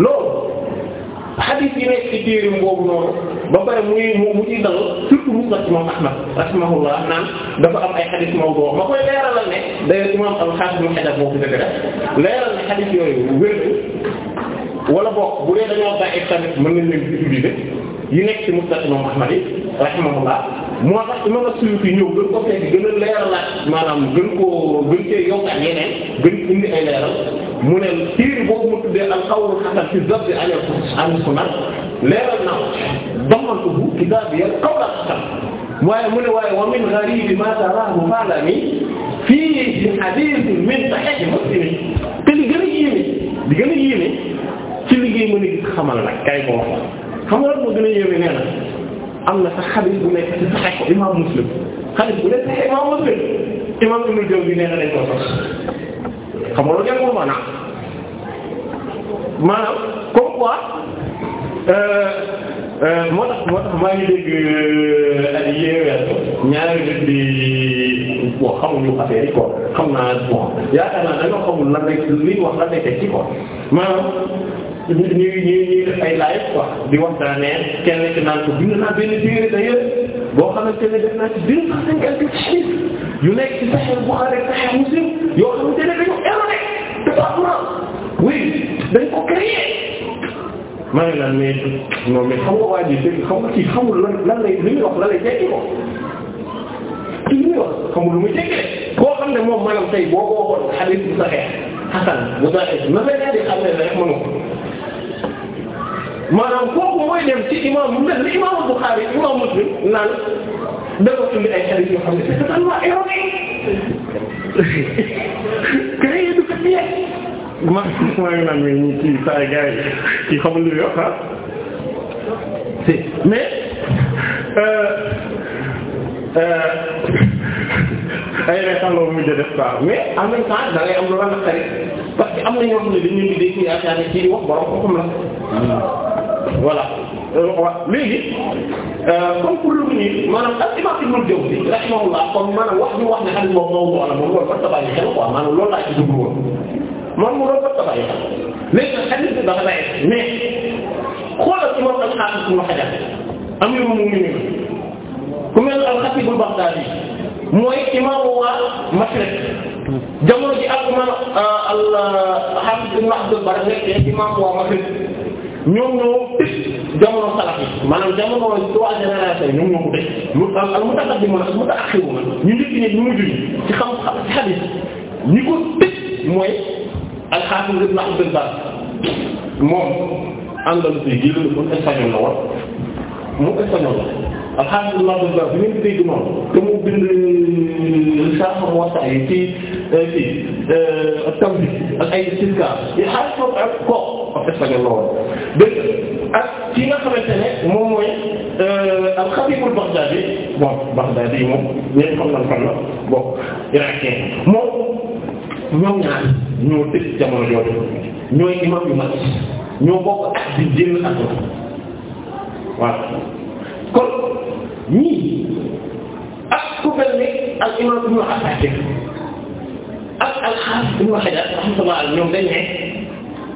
A: loolu xadis yi nekk ci téerim boobu noonu ba pare muy mu mu ci dal surtout musnad ahmad rahimahullah naan dafa am ay xadis mawdu ma koy leeralal ne day imam al-Hafiz ibn Hajar moo ko dëgg leeral ne xadis yooyu wér wala boog bu dee dañoo bàyyi tamit mën nañ leen di utiliser yi nekk ci musnad imam ahmad yi rahimahullah moo tax imam as-Suyuti ñëw gën ko fekk gën a leeralaat maanaam gën koo gën cee yokk ak yeneen gën indi ay leeral mu ne téere boobu mu tuddee al-qawlul hasan fi zabt an sunnah leeral na doxantu kitaab bi al-qawlul hasan waaye mu ne waaye wa min gharibi ma taraahu fa'lami fii hadith min sahih muslim te li gën a yéeme li gën a yéeme ci liggéey mën a gis xamal nag kay ko wax xamal moo gën a yéeme nee na am na sax xadis bu nekk ci saxee ko imam muslim xadis bu nekk saxee imam muslim imam ibnu Jawzi nee na dañ koo sos xam nga lu jël moom maanaam maanaam comme quoi euh, euh, moo tax moo tax maa ngi dégg euh, ay yéewee ñaari nit di boo xamuñu affaire yi quoi xam naa bon yaakaar naa da nga xamul lan la li wax la nekkee ci quoi maanaam ñu ñu ñuy def ay live quoi di wax dara ne kenn ci naan ko bind naa benn téere d'ailleurs boo xamante ne def naa ci deux cent cinquante chiffres yu nekk ci Sahih Bukhari ak Sahih Muslim yoo xamante ne dañu erroné totalement oui dañ ko créé. maa ngi naan mais non mais xam nga waa ji dégg xam nga kii xamul lan lan lay li muy wax lan lay tekki ko kii li muy wax xamul lu muy tekki de koo xam ne moom maanaam tey boo ko waxoon xarit bu saxee xasan bu saxee na fay daal di xam ne rek mënu ko. maanaam kooku mooy dem ci imam mu mel ni imam Bukhari imam Muslim naan dafa indi ay xarit yoo xam ne c'est totalement
B: erroné créé du ko ñeent.
A: maa ngi naan ñu ci saa gars yi ci xamul lu yokk ah si mais. Euh, euh, ay reetaan loolu mujj a def quoi mais en même temps da ngay am lu la naqari parce que am na ñoo xam ne dañu leen di dégg yaakaar ne kii wax borom ko xam la voilà. waaw euh, léegi euh, comme pour lu nii maanaam ak imam Ibn Jawzi rahimahullah kon maanaam wax ñu wax ne moom moom moo moom loolu ba tabaay xel quoi maanaam loolu laa ci dugg woon moom mu doon ba tabaay xel léegi nag xadis bi dafa lay mais xoolal ci moom dafa xaar suñu xajal amirul mu'minin ku mel al-Khatib al mooy imaamu waa Masrek jamono ji ak imaam ah, al-Hamid ibn Abdul Barr nekk imaamu waa Masrek ñoom ñoo tëj jamono salaf yi maanaam jamono trois générations ñoom ñoo ko tëj mu al mutaqaddimun ak mutaakhirun ñu njëkk ne ñu mujj ci xam-xam al-Hafiz gii la defoon espagnol la woon mu espagnol la. alhamdulilah billah bi ngeen dégg noonu te mu bind sax moo tax yi ci euh, ci euh, taw bi ak ay sitka yi xaaral ak kooku ak fekk lool dégg ak ci nga xamante ne moom mooy euh, al-Khatibul Baghdadi bon Baghdadi moom ñeent xam nañ fan la bon moom ñoom ñaar ñoo tëj jamono jooju ñooy imam yu mag ñoo bokk ak di génn àdduna
B: waaw. kon ñii
C: ak ku mel ne al imam ibn Asakir
A: ak al-Hafiz ibn Hajar rahmatullah alayhi ñoom dañ ne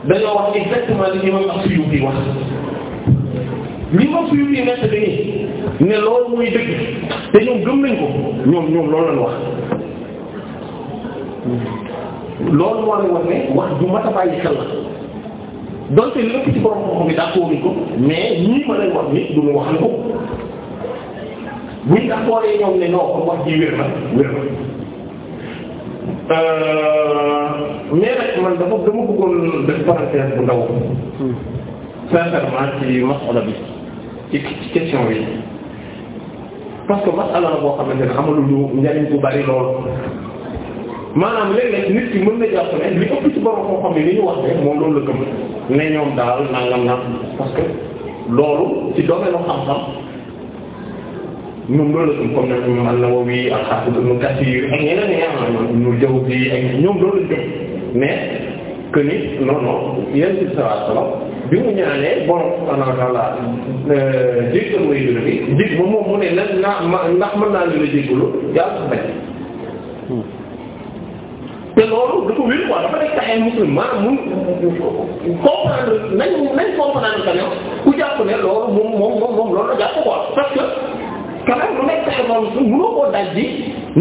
A: dañoo wax exactement li imam as-Suyuti wax li imam as-Suyuti nekk ne loolu muy dëgg te ñoom gëm nañ ko ñoom ñoom loolu lañ wax loolu moo ne wax ne wax du mat a bàyyi la donte lépp ci borom xam-xam bi d'accord ko mais ñii ma lay wax nit du ñu wax ko buñ d'accord ñoom ne non kon wax ji wér na wér na euh, mais nag man dafa dama bëggoon def parenthèse bu ndaw sincèrement ci masala bi ci ci question bi parce que masala la boo xamante ne amaluñu njariñ bu bari maanaam léeg-léeg nit ki mën na jàpp ne li ëpp ci borom koo xam ne li ñu wax rek moom loolu la gëm ne ñoom daal nangam na parce que loolu ci domaine u xam-xam ñoom loolu la gëm comme man na woowu ak xaaral ñu gàtt yi ak ñeneen ñi am na ñu jaww ñoom loolu la gëm mais que ni non non solo bi mu ñaanee borom subhaanahu wa ta'aala jéggal mooy dina bi jég moom mu ne nag ndax mën naa leen a jéggalu yàlla sax bañ. te loolu dafa wér quoi dafa nekk taxee muslim maanaam mun comprendre nañ nañ comprendre que ne ku loolu moom moom loolu la jàpp quoi parce que quand même lu nekk taxee noonu muslim mënoo koo daj di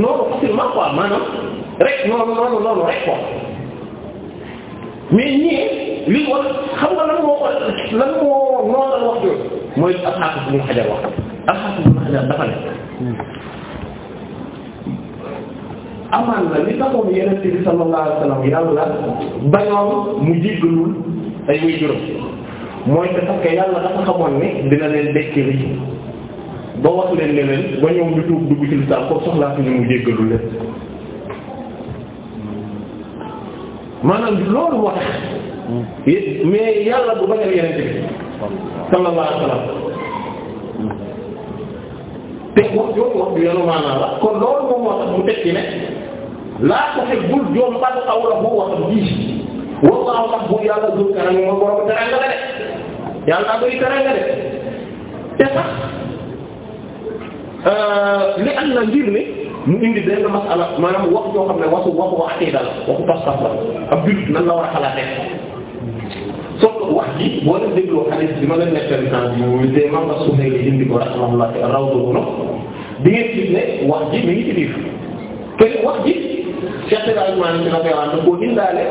A: noonu facilement quoi maanaam rek noonu noonu noonu rek quoi mais ñii li wax xam nga lan moo ko lan moo noonu la wax jooju mooy alxaafis bu mu xajar wax alxaafis bu mu xajar dafa ne amaan la li taxoon yeneen bi sallallahu alayhi wasallam yàlla bañoon mu jéggalul ay way mooy te sax yàlla dafa xamoon ne dina leen dekkee li ba wax leen ne leen ba ñoom ñu tuub dugg ci lislaam ko soxlaa fi ñu mu jéggalul leen maanaam loolu moo tax mais yàlla du bañal yeneen bi sallallahu alayhi wasallam te wax jooju wax bi yenu maanaa la kon loolu moom moo tax mu tekki ne laa ko xëj bul joom ban aw la bu wax bii wallaahu tax bu yàlla dul kanam moom borom teranga la de yàlla doy teranga de te sax euh, li am na ngir ne mu indi benn masala maanaam wax joo xam ne waxu waxu aqiida la waxu pas-pas la ab jullit nan la war a xalaatee soog wax ji boo leen dégloo hadith bi ma leen nettali temps mu te mam nga suufee la indi ko rahmatullah raw dugg na di ngeen gis ne wax ji mi ngi ci biir wax ji Cheikh Ibrahima Malik radiyallahu anhu koo indaale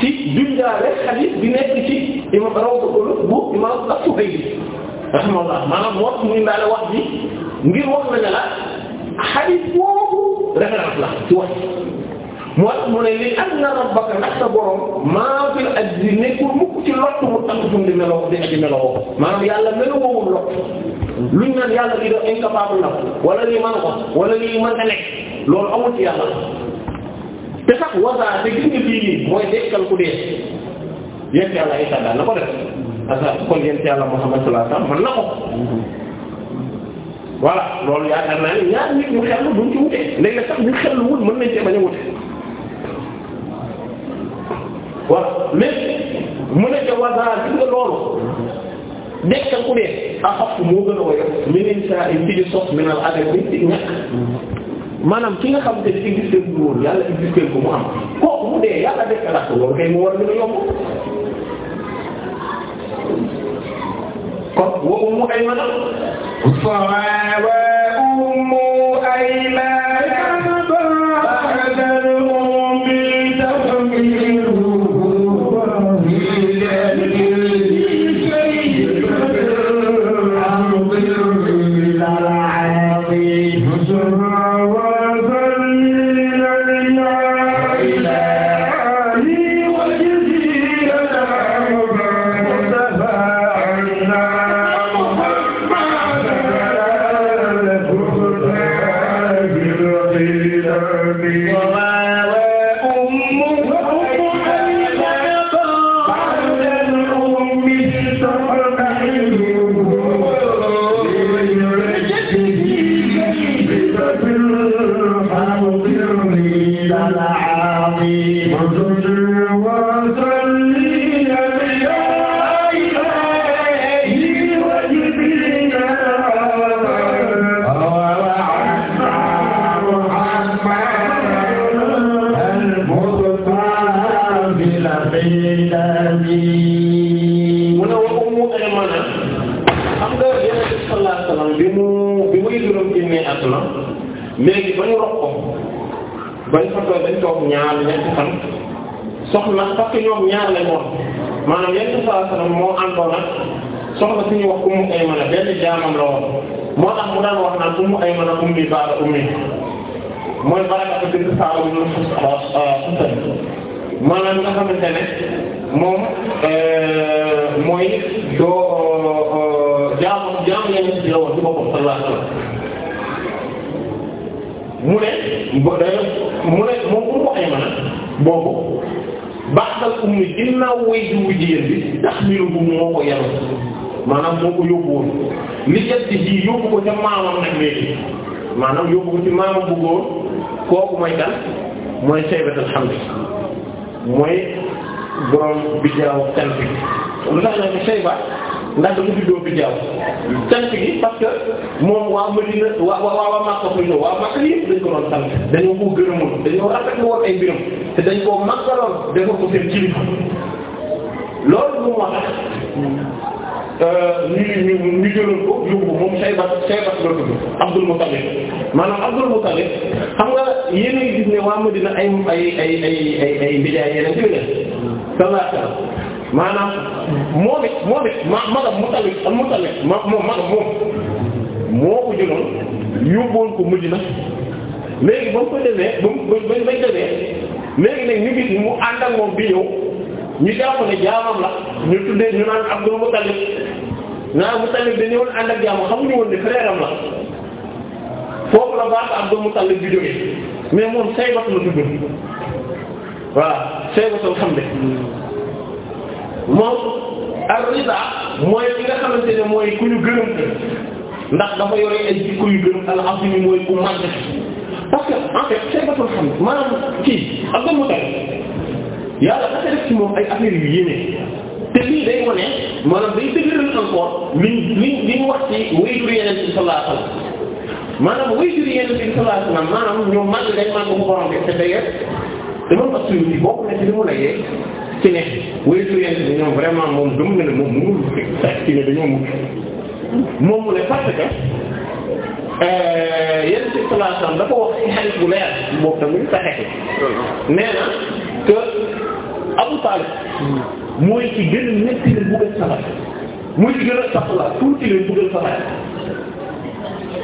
A: ci dundaale hadith bi nekk ci imam rawdu qulub bu imam as-Suhayli rahimahullah maanaam moo tax mu indaale wax bi ngir wax la ne la hadith boobu référence la ci wax moo tax mu ne li anna rabbaka ndax sa borom maa fil ajdi nekkul mukk ci lott mu tànn di meloo di di meloo maanaam yàlla meloowul lott luñ naan yàlla di def incapable la wala lii man ko wala lii man a nekk loolu amul ci yàlla. te sax wasaa te gis nga fii nii mooy dekkal ku dee yent yàlla Isa na ko def asa kon yent yàlla Muhammad sallallahu alayhi wasallam na ko voilà loolu yaakaar naa ne ñaar nit ñu xel duñ ci wute léegi nag sax ñu xel wut mën nañ cee bañ a wute voilà mais mu ne ca wasaa loolu dekkal ku dee a xaf moo gën a woyof mi nin sa i ci di maanaam ki nga xam te ne existé bu woon yàlla ko mu am
B: kooku mu dee yàlla def alax
A: loolu kay mu war a gën a yomb
D: kon wa ummu ayman fa wa ummu ayman
A: maanaam parce que ñoom ñaar lañ woon saa salaam moo àndoon ak soxna suñu wax Ummu Aymana benn jaamam la woon moo tax mu daan wax naan Ummu Aymana ummi baala mooy baraka bi dëgg saa wu ñu ah, ah, maanaam nga xamante ne moom euh, mooy doo euh, jaamu jaamu lañu ci la woon ci boppam sallallahu alayhi wasallam mu ne mu ne moom Ummu Aymana boobu. ba'dal ummi ginnaaw way ji wu jigéen bi tahmiluhu moo ko yenu maanaam moo ko yóbbuwoon li des ko ca maamam nag léegi maanaam yóbbu ko ci maamam bu góor kooku mooy kan mooy saybatul hamd mooy borom bi jaaw kan bi lu tax nag sayba ndax dama juddoo fi jaww sant gi parce que moom waa Madina waa waa waa Makka ko ñëw waa Makka yëpp dañ ko doon sant dañoo ko gërëmoon dañoo rafetlu woon ay mbiram te dañ koo màggaloon defal ko seen kilifa loolu moom wax euh, ñu ñu ñu jëloon ko yóbbu moom Shaybat Shaybat la tudd Abdul Muttalib maanaam Abdul Muttalib xam nga yéen a ngi gis ne waa Madina ay ay ay ay ay ay mbijaay yeneen ci la maanaam moom it moom it ma magam mu tali ak mu tali ma moom magam moom moo ko jëloon yóbboon ko Medina léegi ba mu ko demee ba mu ba mu demee léegi nag ñu gis mu ànd ak moom bi ñëw ñu jàpp ne jaamam la ñu tuddee ñu naan Abdul Muttalib naan Muttalib dañu woon ànd ak jaamam xamuñu woon ne frère am la foofu la baax Abdul Muttalib bi jógee mais moom Saybatu la tudd voilà Saybatul Hamd moom ar-rida mooy li nga xamante ne mooy ku ñu gërëm ndax dafa yore ay jikko yu gërëm al azim mooy ku màgg parce que en fait c'est ba xam maanaam kii Abdul Muttalib yàlla dafa def ay affaires yu yéeme te lii day wane maanaam day dëgëral encore liñ liñ liñ wax ci wéyjur yeneen bi sallallahu alayhi wasallam maanaam wéyjur yeneen bi sallallahu alayhi wasallam maanaam ñoom màgg dañ màgg bu borom bi te d'ailleurs dama fas yéene bokk na ci li mu lay ci ne wéy su yent ñoom vraiment moom gëm na ne moom mënul ci ne dañoo mucc moom mu ne parce que euh, yenn situation dafa wax ci xarit bu leer boobu tamit sa xeex nee na Abu Talib mooy ci gën a métti leen buggal safar mooy ci gën a sax la tuuti leen buggal safar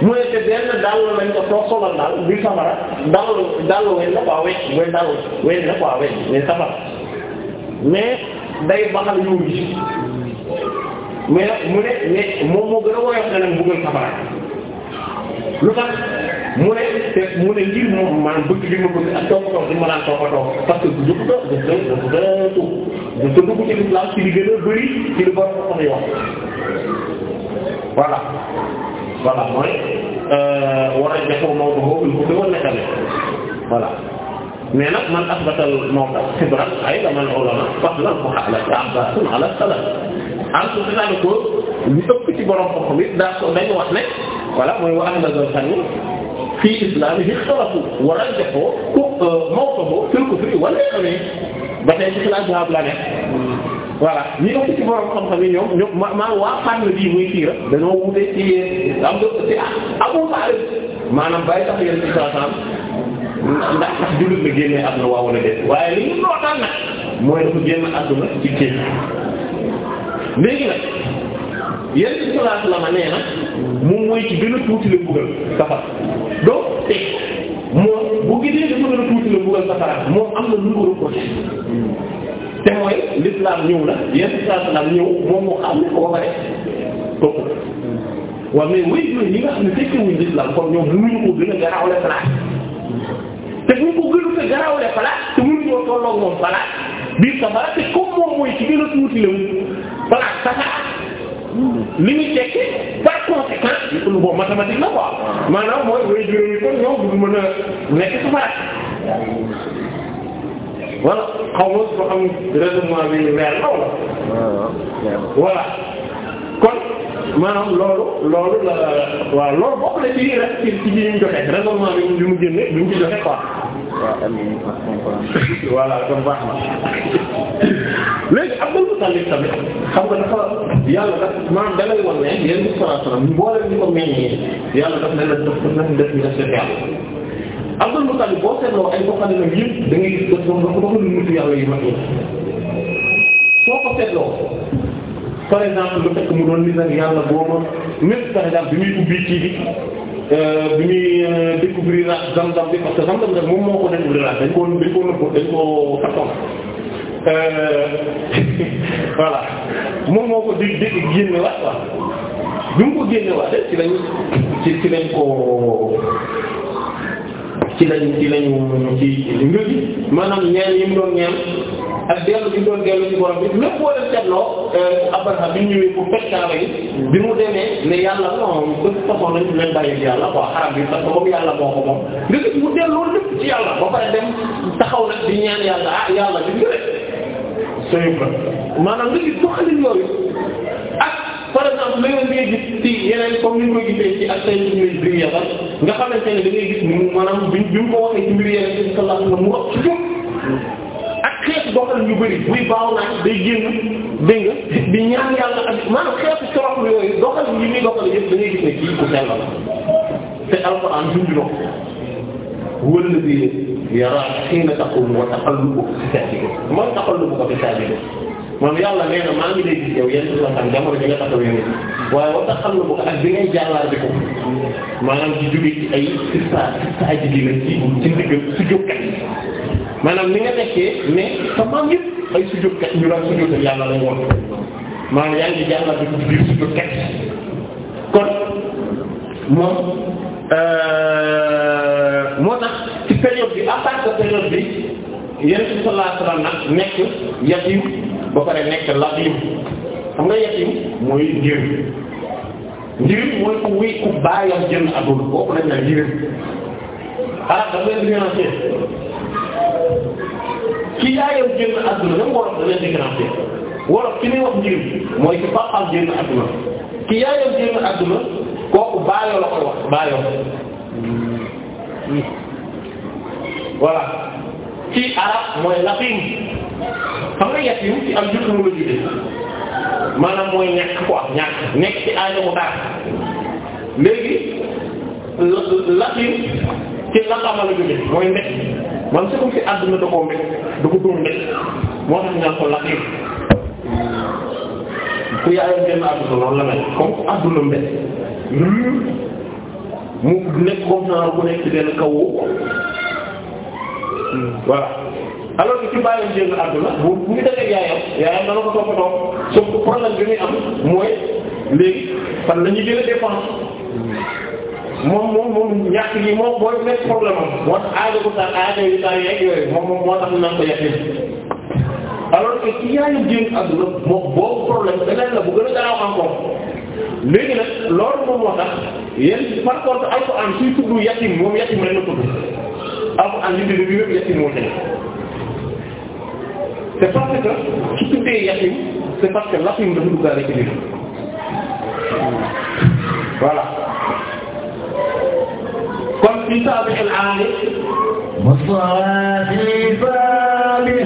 A: mu ne te benn dàll lañ ko soo solal daal bi safara dàll dàll wen la quoi wen wen dàll wen la quoi wen wen safara mais day baxal ñëw ji mais mu ne ne gën a woyof mu ne te mu ne ngir moom maanaam bëgg li ma bëgg ak toppatoo di ma naan toppatoo parce que du ko def da da ko gën a tuub da ko dugg ci l'islam ci li gën a bëri ci li borom ko wax voilà voilà mooy euh, war a jafoo Maodo mais nag man asbatal mawta xibran ay dama ne ulama fadlan ko xaala abbasun ala salam en tout cas ko ñu ëpp ci borom xam-xam it daa dañu wax ne voilà mooy wa ahmad al-Sanni fi islamihi ikhtalafu wa rajjahu euh, mawtahu fil kufri wal iman ba ma waa fànn bii muy fiira dañoo wutee ci am nga ci
B: ah amul
A: maanaam bàyyi tax ndax sax jullit la génnee àdduna waaw wala déet waaye li ñu nootal nag mooy dafa génn àdduna ci géej léegi nag yenn ci sallallahu alayhi wa sallam moom mooy ci gën tuuti la buggal safara donc te moom bu gisee dafa gën a tuuti la buggal safara moom am na lu ko te mooy l'islam ñëw la yenn ci sallallahu alayhi wa sallam moom moo xam ne ko ba topp waaw mais wéy yooyu ñi nga xam ne fekkewuñ l'islam kon ñoom mënuñu ko gën a garawle te buñ ko gënu ko garawle palaat te mënuñu ko tolloog moom palaat biir safara te comme moom mooy ci gën a tuuti la palaat safara li ñu tekki par conséquent lu boobu mathématique la quoi maanaam mooy way juróom yi kon ñoom du mën a nekk safara voilà xaw ma su ko xam raisonnement bi weer la
B: wala ah, ah.
A: kon maanaam loolu loolu la waaw loolu bokk na ci rek ci ci bi ñu joxe raisonnement bi bi mu génne bi mu ci joxe quoi waaw voilà kon baax na léegi Abdul Mutalib tamit xam nga dafa yàlla daf maanaam da lay wan ne yéen bi sallallahu alayhi wasallam mboolem ñu ko meññee yàlla daf ne la daf nañ def ñu def seen yàlla Abdul Mutalib boo seetloo ay bokkane nag yëpp da ngay gis daf doon dafa doxal mutu yàlla yu mag yi soo ko seetloo par exemple lu fekk mu doon misère yàlla boo ma même par exemple bi muy ubbi ci bi euh, bi muy euh, découvrir Zamzam bi parce que Zamzam rek moom moo ko découvrir dañ koo dañ koo nëbbu dañ koo fàttoon euh, voilà moom moo ko dégg dégg génne waat quoi bi mu ko génne waat ci lañ ci ci lañ ko ci lañ ci lañu ci ngir maanaam ñaan yi mu doon ñaan ak dellu bi mu doon dellu ci borom bi lépp boo leen seetloo euh, Abraham bi ñëwee pour fekk Kaaba gi bi mu demee ne yàlla non de toute façon nañ leen bàyyi yàlla quoi xaram bi parce que moom yàlla moo ko moom nga gis mu delloo lépp ci yàlla ba pare dem taxaw nag di ñaan yàlla ah yàlla di nga rek
B: sëñ bi
A: maanaam nga gis doxalin yooyu par exemple léeg-léeg ngay gis ci yeneen comme ni ñu koy gisee ci ak say mbir biir yàlla nga ne da ngay gis mu maanaam bi bi mu ko waxee ci mbir yàlla ci sallallahu alayhi wa sallam mu wax ci ak xeetu doxal yu bëri buy baaw naa day génn dégg nga di ñaan yàlla ak maanaam xeetu corox yooyu doxal yi muy doxal yëpp da ngay gis ne kii ku sell la te alxuraan junj na ko huwa alladhi yaraaka hiina taquumu wa taqallubaka fi saajidin man taqallubaka fi saajidin moom yàlla nee na maa ngi lay gis yow yenn sasam jamono bi nga taxawee ni waaye war tax xam na ko ak bi ngay jàllaar bi ko maanaam ci jóge ci ay sista sista ay jigéen ak ci ci ndiggal sujjóotkat yi maanaam ni nga nekkee ne sa maam yëpp ay sujjóotkat ñu daan yàlla lañ woon maanaam yaa ngi jàllaar bi ko ci biir sujjóotkat kon moom euh, moo tax ci période bi à part que période bi yenn sallallahu alayhi wa nag nekk yat yu ba pare nekk latim xam nga yatim mooy njir njir mooy ku wéy ku baayam jënd adul kooku lañ na njir arab daf leen différencier ki yaayam jënd aduna même wolof da leen différencier wolof ki ñuy wax njir mooy ki papaam jënd aduna ki yaayam jënd aduna kooku baayoo la koy wax baayoo voilà ci arab mooy latin xam nga yàq yu ci am jur mu la juddee maanaam mooy ñàkk quoi ñàkk nekk ci aajo mu dara léegi latin ci laqama la juddee mooy nekk man su ko fi àdduna da koo nekk ko doon moo tax ñaan ko latin ku yaayam benn àdduna loolu la mel comme ku àdduna mbet hmm? mu nekk comme genre ku nekk ci benn kaw voilà alors que ci bàyyam jéem a àdduna bu bu ñu dajee yaayam yaayam dana ko toppatoo sauf que problème bi muy am mooy léegi fan la ñuy gën a dépense moom moom moom ñàkk yi moom mooy nekk problème am moo tax aada ko tax aada yu tax yeeg moom moom tax ñu naan ko yàqee alors que ci yaayam jéem a àdduna moom boobu problème beneen la bu gën a garaaw encore léegi nag loolu moom moo tax yéen par contre alxuraan suy tudd yatim moom yatim rek la tudd. alxuraan li dina bi yëpp yatim moo tey c'est parce que su tuddee yatim c'est parce que latim dafa duggaale ci
D: kon fi saabi al aali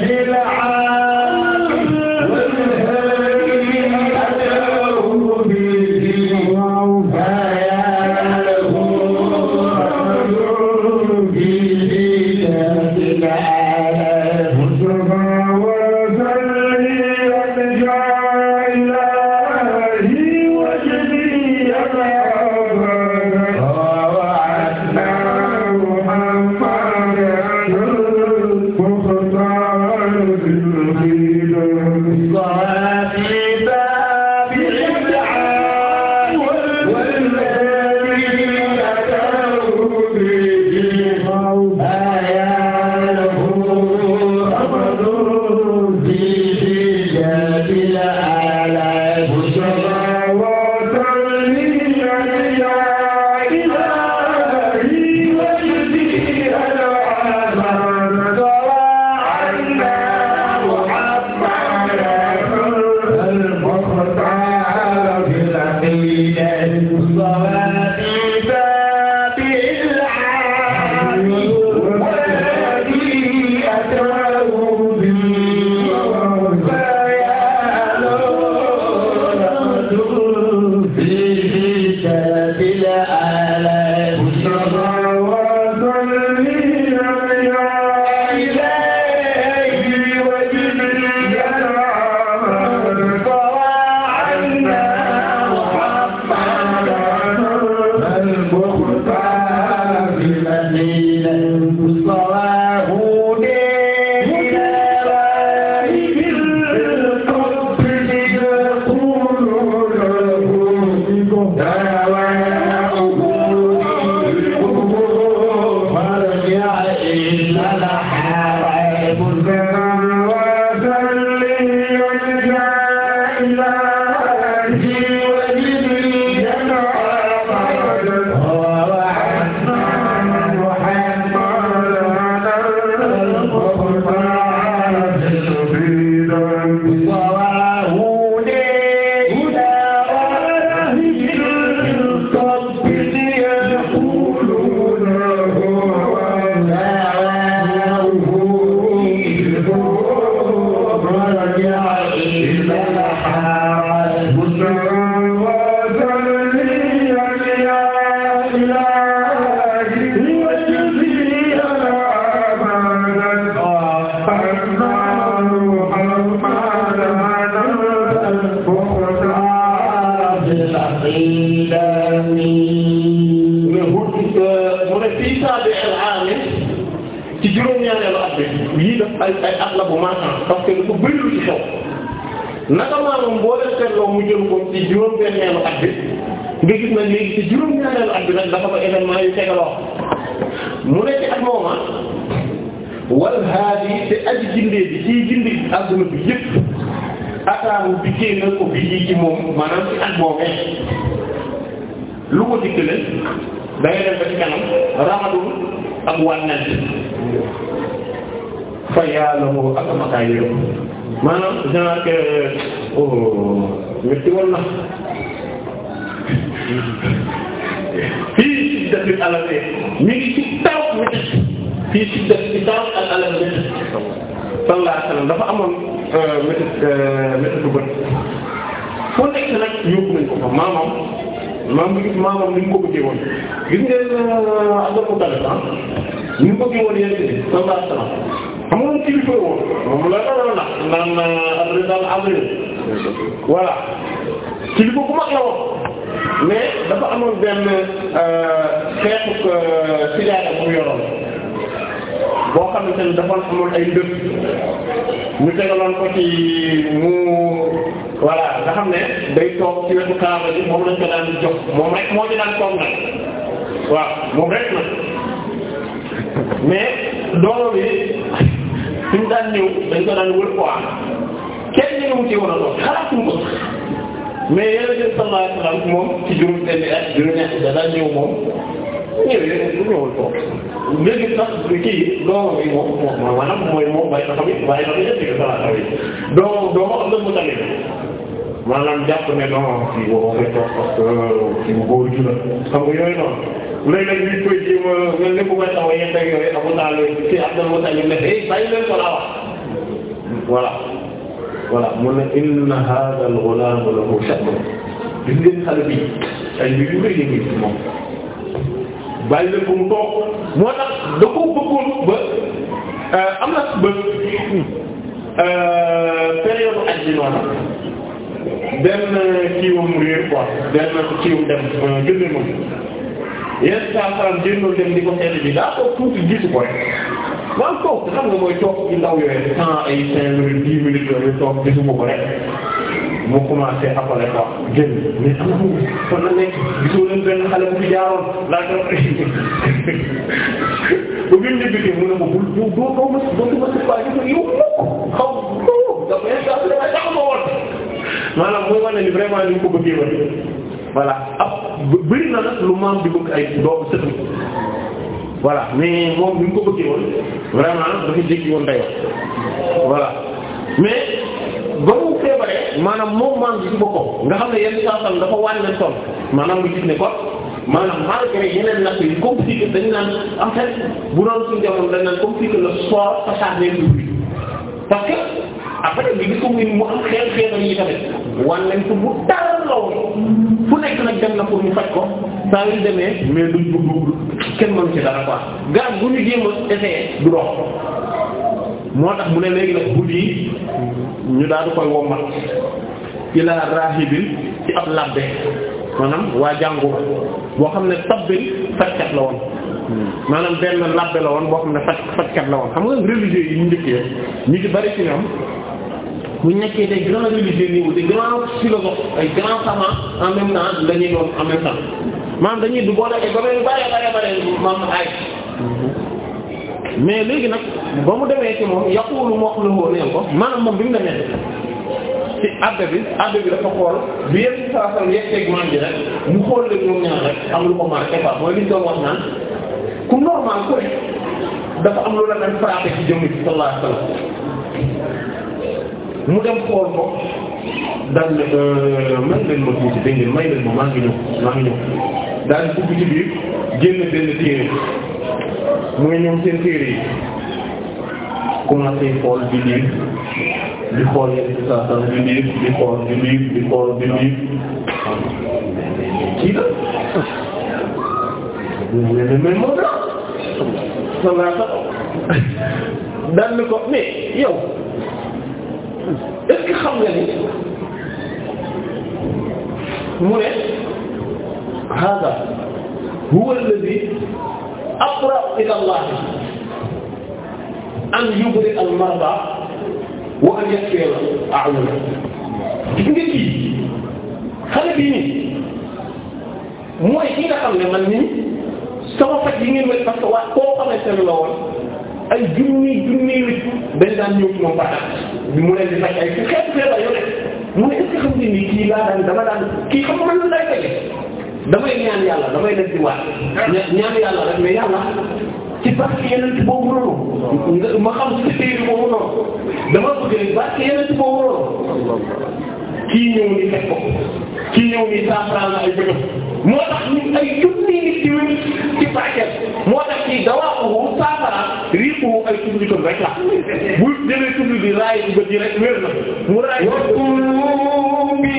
A: quoi kenn ñëwul ci woon a doon xalaatuñ ko mais yéen a jël sallallahu alayhi wa sallam moom ci juróom benni at juróomi at da daa ñëw moom ñëwee du ñëwul ko léegi sax kii doomam yi moom moom maanaam mooy moom bàyyi na ko bi bàyyi na ko yëpp ci sallallahu alayhi wa sallam doomam am na mu tamit maanaam jàpp ne non kii boo koy toog parce que kii bu góor ji la xam nga yooyu noonu léeg-léeg ñu koy ji ma mel ni bu may taw yéen rek yooyu amul naa leen ci Abdul Muttalib ne eh, bàyyi leen ko laa wax voilà voilà mu ne inna hadha al-ghulam lahu sha'nun gis ngeen xale bi ay mbir yu bëri la ñuy moom bàyyi leen ko mu toog moo tax da ko bëggoon ba euh, am na ba euh, période aj bi noonu benn kiiwam réer quoi benn kiiwam dem gën a mën yenn saa salaam jëndoo dem di ko seetlu bi daa ko tuuti gisu ko rek waaw toog xam nga mooy toog ci ndaw yooyu temps ay cinq minutes dix minutes yooyu toog gisuma ko rek mu commencé appelé quoi génn mais am na fan la nekk gisoo leen benn xale bu fi jaaroon laa mu ne ma bul yow doo doo ma doo ma si faa gis yow mukk xaw ko
D: dama yàgg dama yàgg ma woon
A: maanaam mooy wane ni vraiment ni ko bëggee woon voilà ab bëri na voilà mais moom bi ñu ko bëggee woon vraiment dafa jékki woon dayoo voilà mais ba mu feebaree maanaam moom maam bi ci boppam nga xam ne yenn saa dafa wàññi tool maanaam nga gis ne kon maanaam malgré yeneen natt yi comme si dañ naan en fait bu doon suñu jamono dañ naan comme si que le sport façade leen dugg parce que après bi gis ko mu mu am xeer xeer yi tamit wan nañ bu dara
B: lool.
A: ku nekk nag dem na pour mu faj ko saa yu demee mais duñ ko kenn mënu ci dara quoi garab bu ñu jéem a essayé du dox moo tax mu ne léegi nag guddi yi ñu daal koy wommat ila rahibin ci ab labbe maanaam waa jàngu boo xam ne tabbin fajkat la woon maanaam benn labbe la woon boo xam ne faj fajkat la woon xam nga religieux yi ñu njëkkee ñu ci bari ci ñoom bu ñu nekkee des grands religieux ou des grands philosophes ay grands savants en même temps dañuy doon en même temps dañuy du boole ay domaines yu bëree bëree bëri maanaam ay. mais léegi nag ba mu demee ci moom yàquwul moo xam ne woo neen ko maanaam moom bi mu demee ci bi abbe bi bi yéen saa soxna yéen teg maam bi mu xool leen ñoom ñaar rek am lu ko marqué quoi mooy li ñu wax naan ku normal ku ne dafa am lu la leen frappé ci jëmm ci sallallahu alayhi mu dem xool ko daal euh, may leen ma tuuti dégg ngeen may leen ma maa ngi ñëw maa ngi ñëw daal di dugg ci biir génn benn téere mu ngi ñëw seen téere yi commencé xool di liir di xool yenn ci saa saa di liir di xool di liir di xool di liir kii la mais mais moo tax. daal di ko mais yow. xam nga ni mu ne hada huwa alladhi aqrab ila Allah an yubri al wa an yakfi al a'yuna gis xale bii nii mooy ki xam ne man nii sama faj yi ngeen wér parce que waa koo xamante ne ay junni junni wicc dañ daan ñëw ci moom bi mu leen di faj ay ci xeetu feebar yo ne mu ne est-ce que xam ne nii kii laa daan dama daan kii xam man la day faje damay ñaan yàlla damay def di waat ñaan yàlla rek mais yàlla ci barke yeneen boobu noonu ma xam ci téere boobu noonu dama bëgg barke yeneen boobu noonu kii ñëw ni fekk ko kii ñëw ni saafara na ay bëgëm moo tax ñu ay junni nit ci wér ci barke moo tax ci dawaa ko ko ay sumbitam rek la bu jëlee sumbi bi raay bi ba ji rek wér na mu raay bi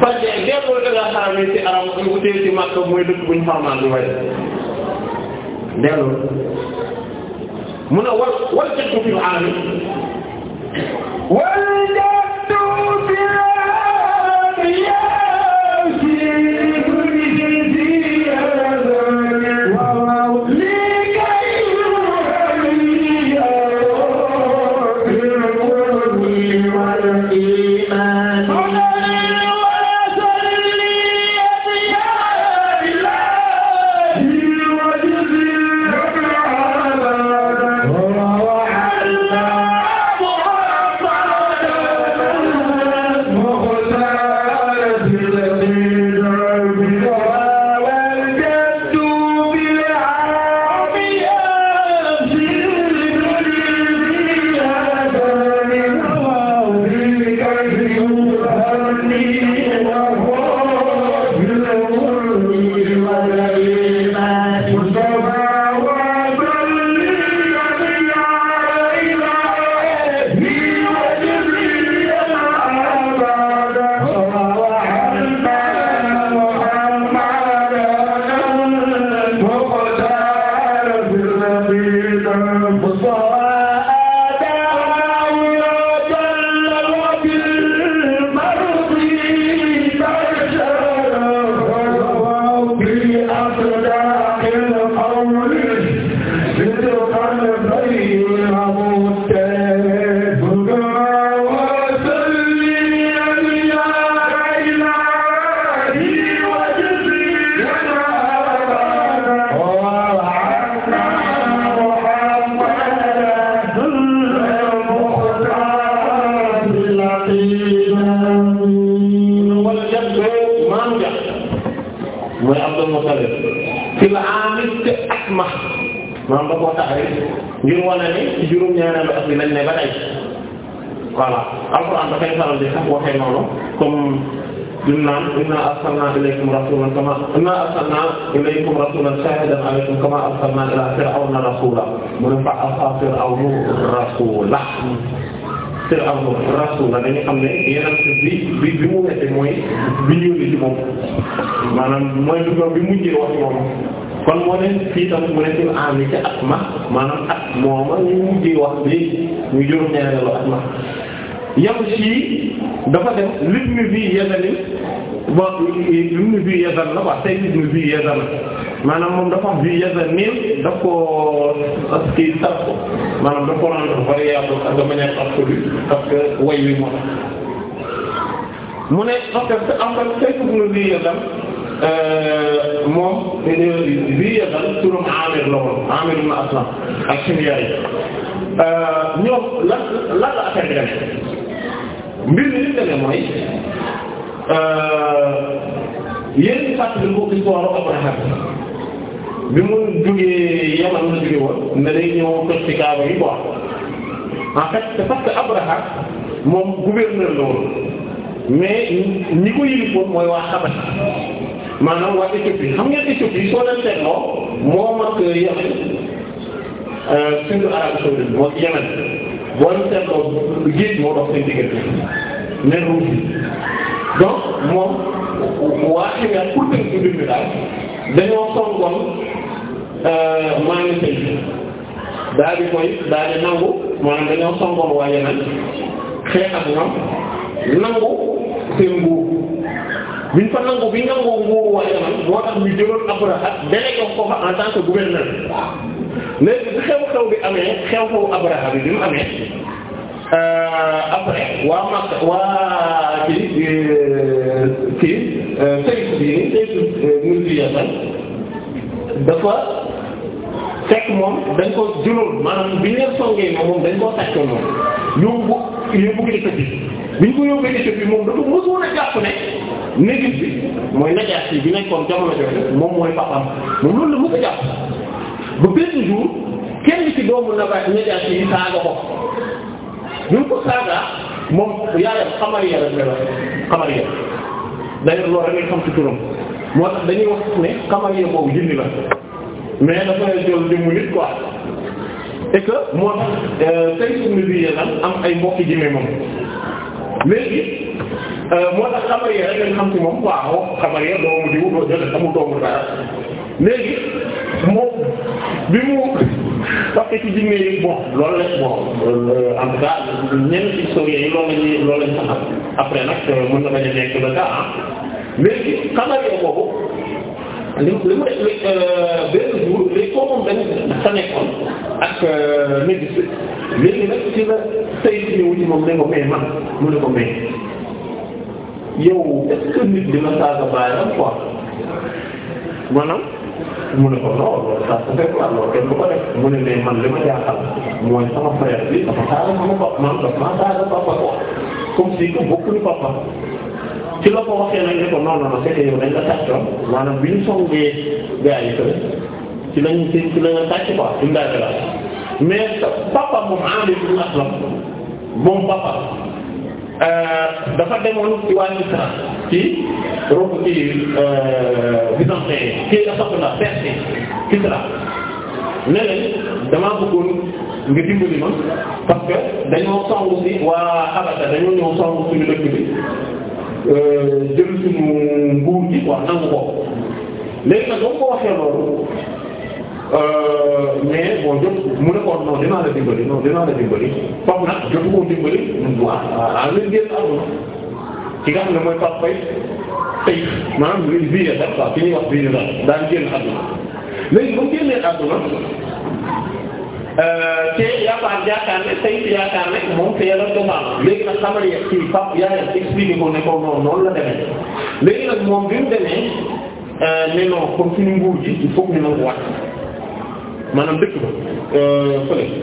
A: parce que delloo ila xaramee ci aram bu tee ci Makka mooy dëkk bu ñu xarmaal lu way delloo mun a war war
B: jëkku fi mu aami
A: arsalnaa ilaykum rasuulan kamaa innaa arsalnaa ilaykum rasuulan shaahidan alaykum kamaa arsalnaa ilaa fir'awna rasuulan mu ne fa arsalnaa fir'awna rasuulan fir'awna rasuulan dañu xam ne yeneen bi bi bi mu wete mooy bi ñëwee ci moom mooy lu bi mujjee wax moom kon moo ne fii mu ne fil aami ci at ma maanaam at mooma wax léegi ñu juróom-ñaareelu at ma yam si dafa def rythme bi yeneen bon ibn Abi Yazan la wax Sayyid ibn Abi Yazan maanaam moom dafa am Abi Yazan nii daf koo kii tas ko maanaam daf ko rendre variable de manière way wi moo mu ne en fait am na Sayyid ibn Abi Yazan moom Abi Yazan turam Amir la woon Amir ibn Aslam ak Shimyari euh, ñoom lan lan la affaire bi demee Euh, yéen si fàttali ko histoire Abraham bi mu jógee Yaman la jóge woon ne day ñëw toj ci Kaaba yi quoi en fait c'est parce que Abraham moom gouverneur la woon mais ñi ko yilifoon mooy waa Xabash maanaam waa Éthiopie xam ngeen Éthiopie soo leen seetloo moom ak Yemen euh, suñu Arabie saoudite moom Yemen boo leen seetloo géej moo dox seen diggante mer Rouge donc moom waa Sénégal pour tey ci mbir mi daal dañoo songoon euh, maa ngi daal di koy daal di nangu maanaam dañoo songoon waa yeneen xeex ak nangu seen nguur biñ fa nangu bi nangu nguuru waa yeneen moo tax ñu jëloon après ak délégué ko fa en tant que gouverneur léegi bi xew-xew bi amee xew-xew Abraha bi bi mu amee. Euh, après waa Makka waa kii euh, kii saytu bi nii saytu ñun fii yaakaar dafa fekk moom dañ ko juróom maanaam bi ñu leen songee moom dañ koo takk moom yóbbu yóbbu ko Éthiopie bi ñu ko yóbbee Éthiopie moom dafa mësoon a jàpp ne néegis bi mooy najaas yi bi nekkoon jamono jooju moom mooy papaam moom loolu la mës a jàpp ba benn jour kenn ci doomu najaas yi saaga ko. bi mu ko saaga moom yaayam xamariya la ñu wax xamariya d'ailleurs loolu da ngay xam ci turam moo tax dañuy wax ne xamariya boobu jinni la mais dafa jël jëmmu nit quoi et que moo tax tey suñu liggéey am ay mbokki jinne moom léegi. Euh, moo tax xamariya rek ngeen xam ci moom waaw xamariya doomu diw doo jël amul doomu dara léegi moom bi mu. parce que ci bon loolu la bon euh, en tout cas ñenn historiens yi loolu lañuy loolu lañ saxal après nag euh, mën na bañ nekk le cas mais ci xamal yow boobu li li ma euh, benn jour léegi foo sa nekkoon ak médis man mu ne ko mu ne ko non loolu ça se fait pas loolu kenn du ko def mu ne mais man li ma jaaxal mooy sama frère bi dafa saaga sama bopp man dafa papa ko comme si que bokkuñu papa ci la ko waxee nag ne ko non non c'est que yow dañ la tàccoon maanaam bi ñu songee gars yi fële ci lañ ci ci lañ la tàcc quoi ci ndaje la mais papa moom en début de la moom papa. Euh, dafa demoon ci wàllu Misra ci Rome ci euh, byzantin kii la soxna Perse Kisra ne leen damaa bëggoon nga dimbali ma parce dañoo songu ci waa Habasha dañoo ñëw songu suñu dëkk bi euh, jël suñu nguur gi quoi nangu ko léegi ko waxee loolu. Euh, mais bon jot mu ne kon non dinaa la dimbali non dinaa la dimbali foofu nag jotu ko dimbali waaw waaw léegi génn àdduna ki nga xam ne mooy Pape Faye tey maanaam léegi biir dafa waaw ki ñuy wax biir dafa daan génn àdduna léegi ba mu génnee àdduna euh, te yaakaar yaakaar ne tey yaakaar ne moom te yàlla doxal léegi nag xamal ya ci Pape yaayam expliqué ko ne ko noonu noonu la demee léegi nag moom bi mu demee euh, ne non comme suñu nguur ji il faut que maanaam dëkk ba euh, fële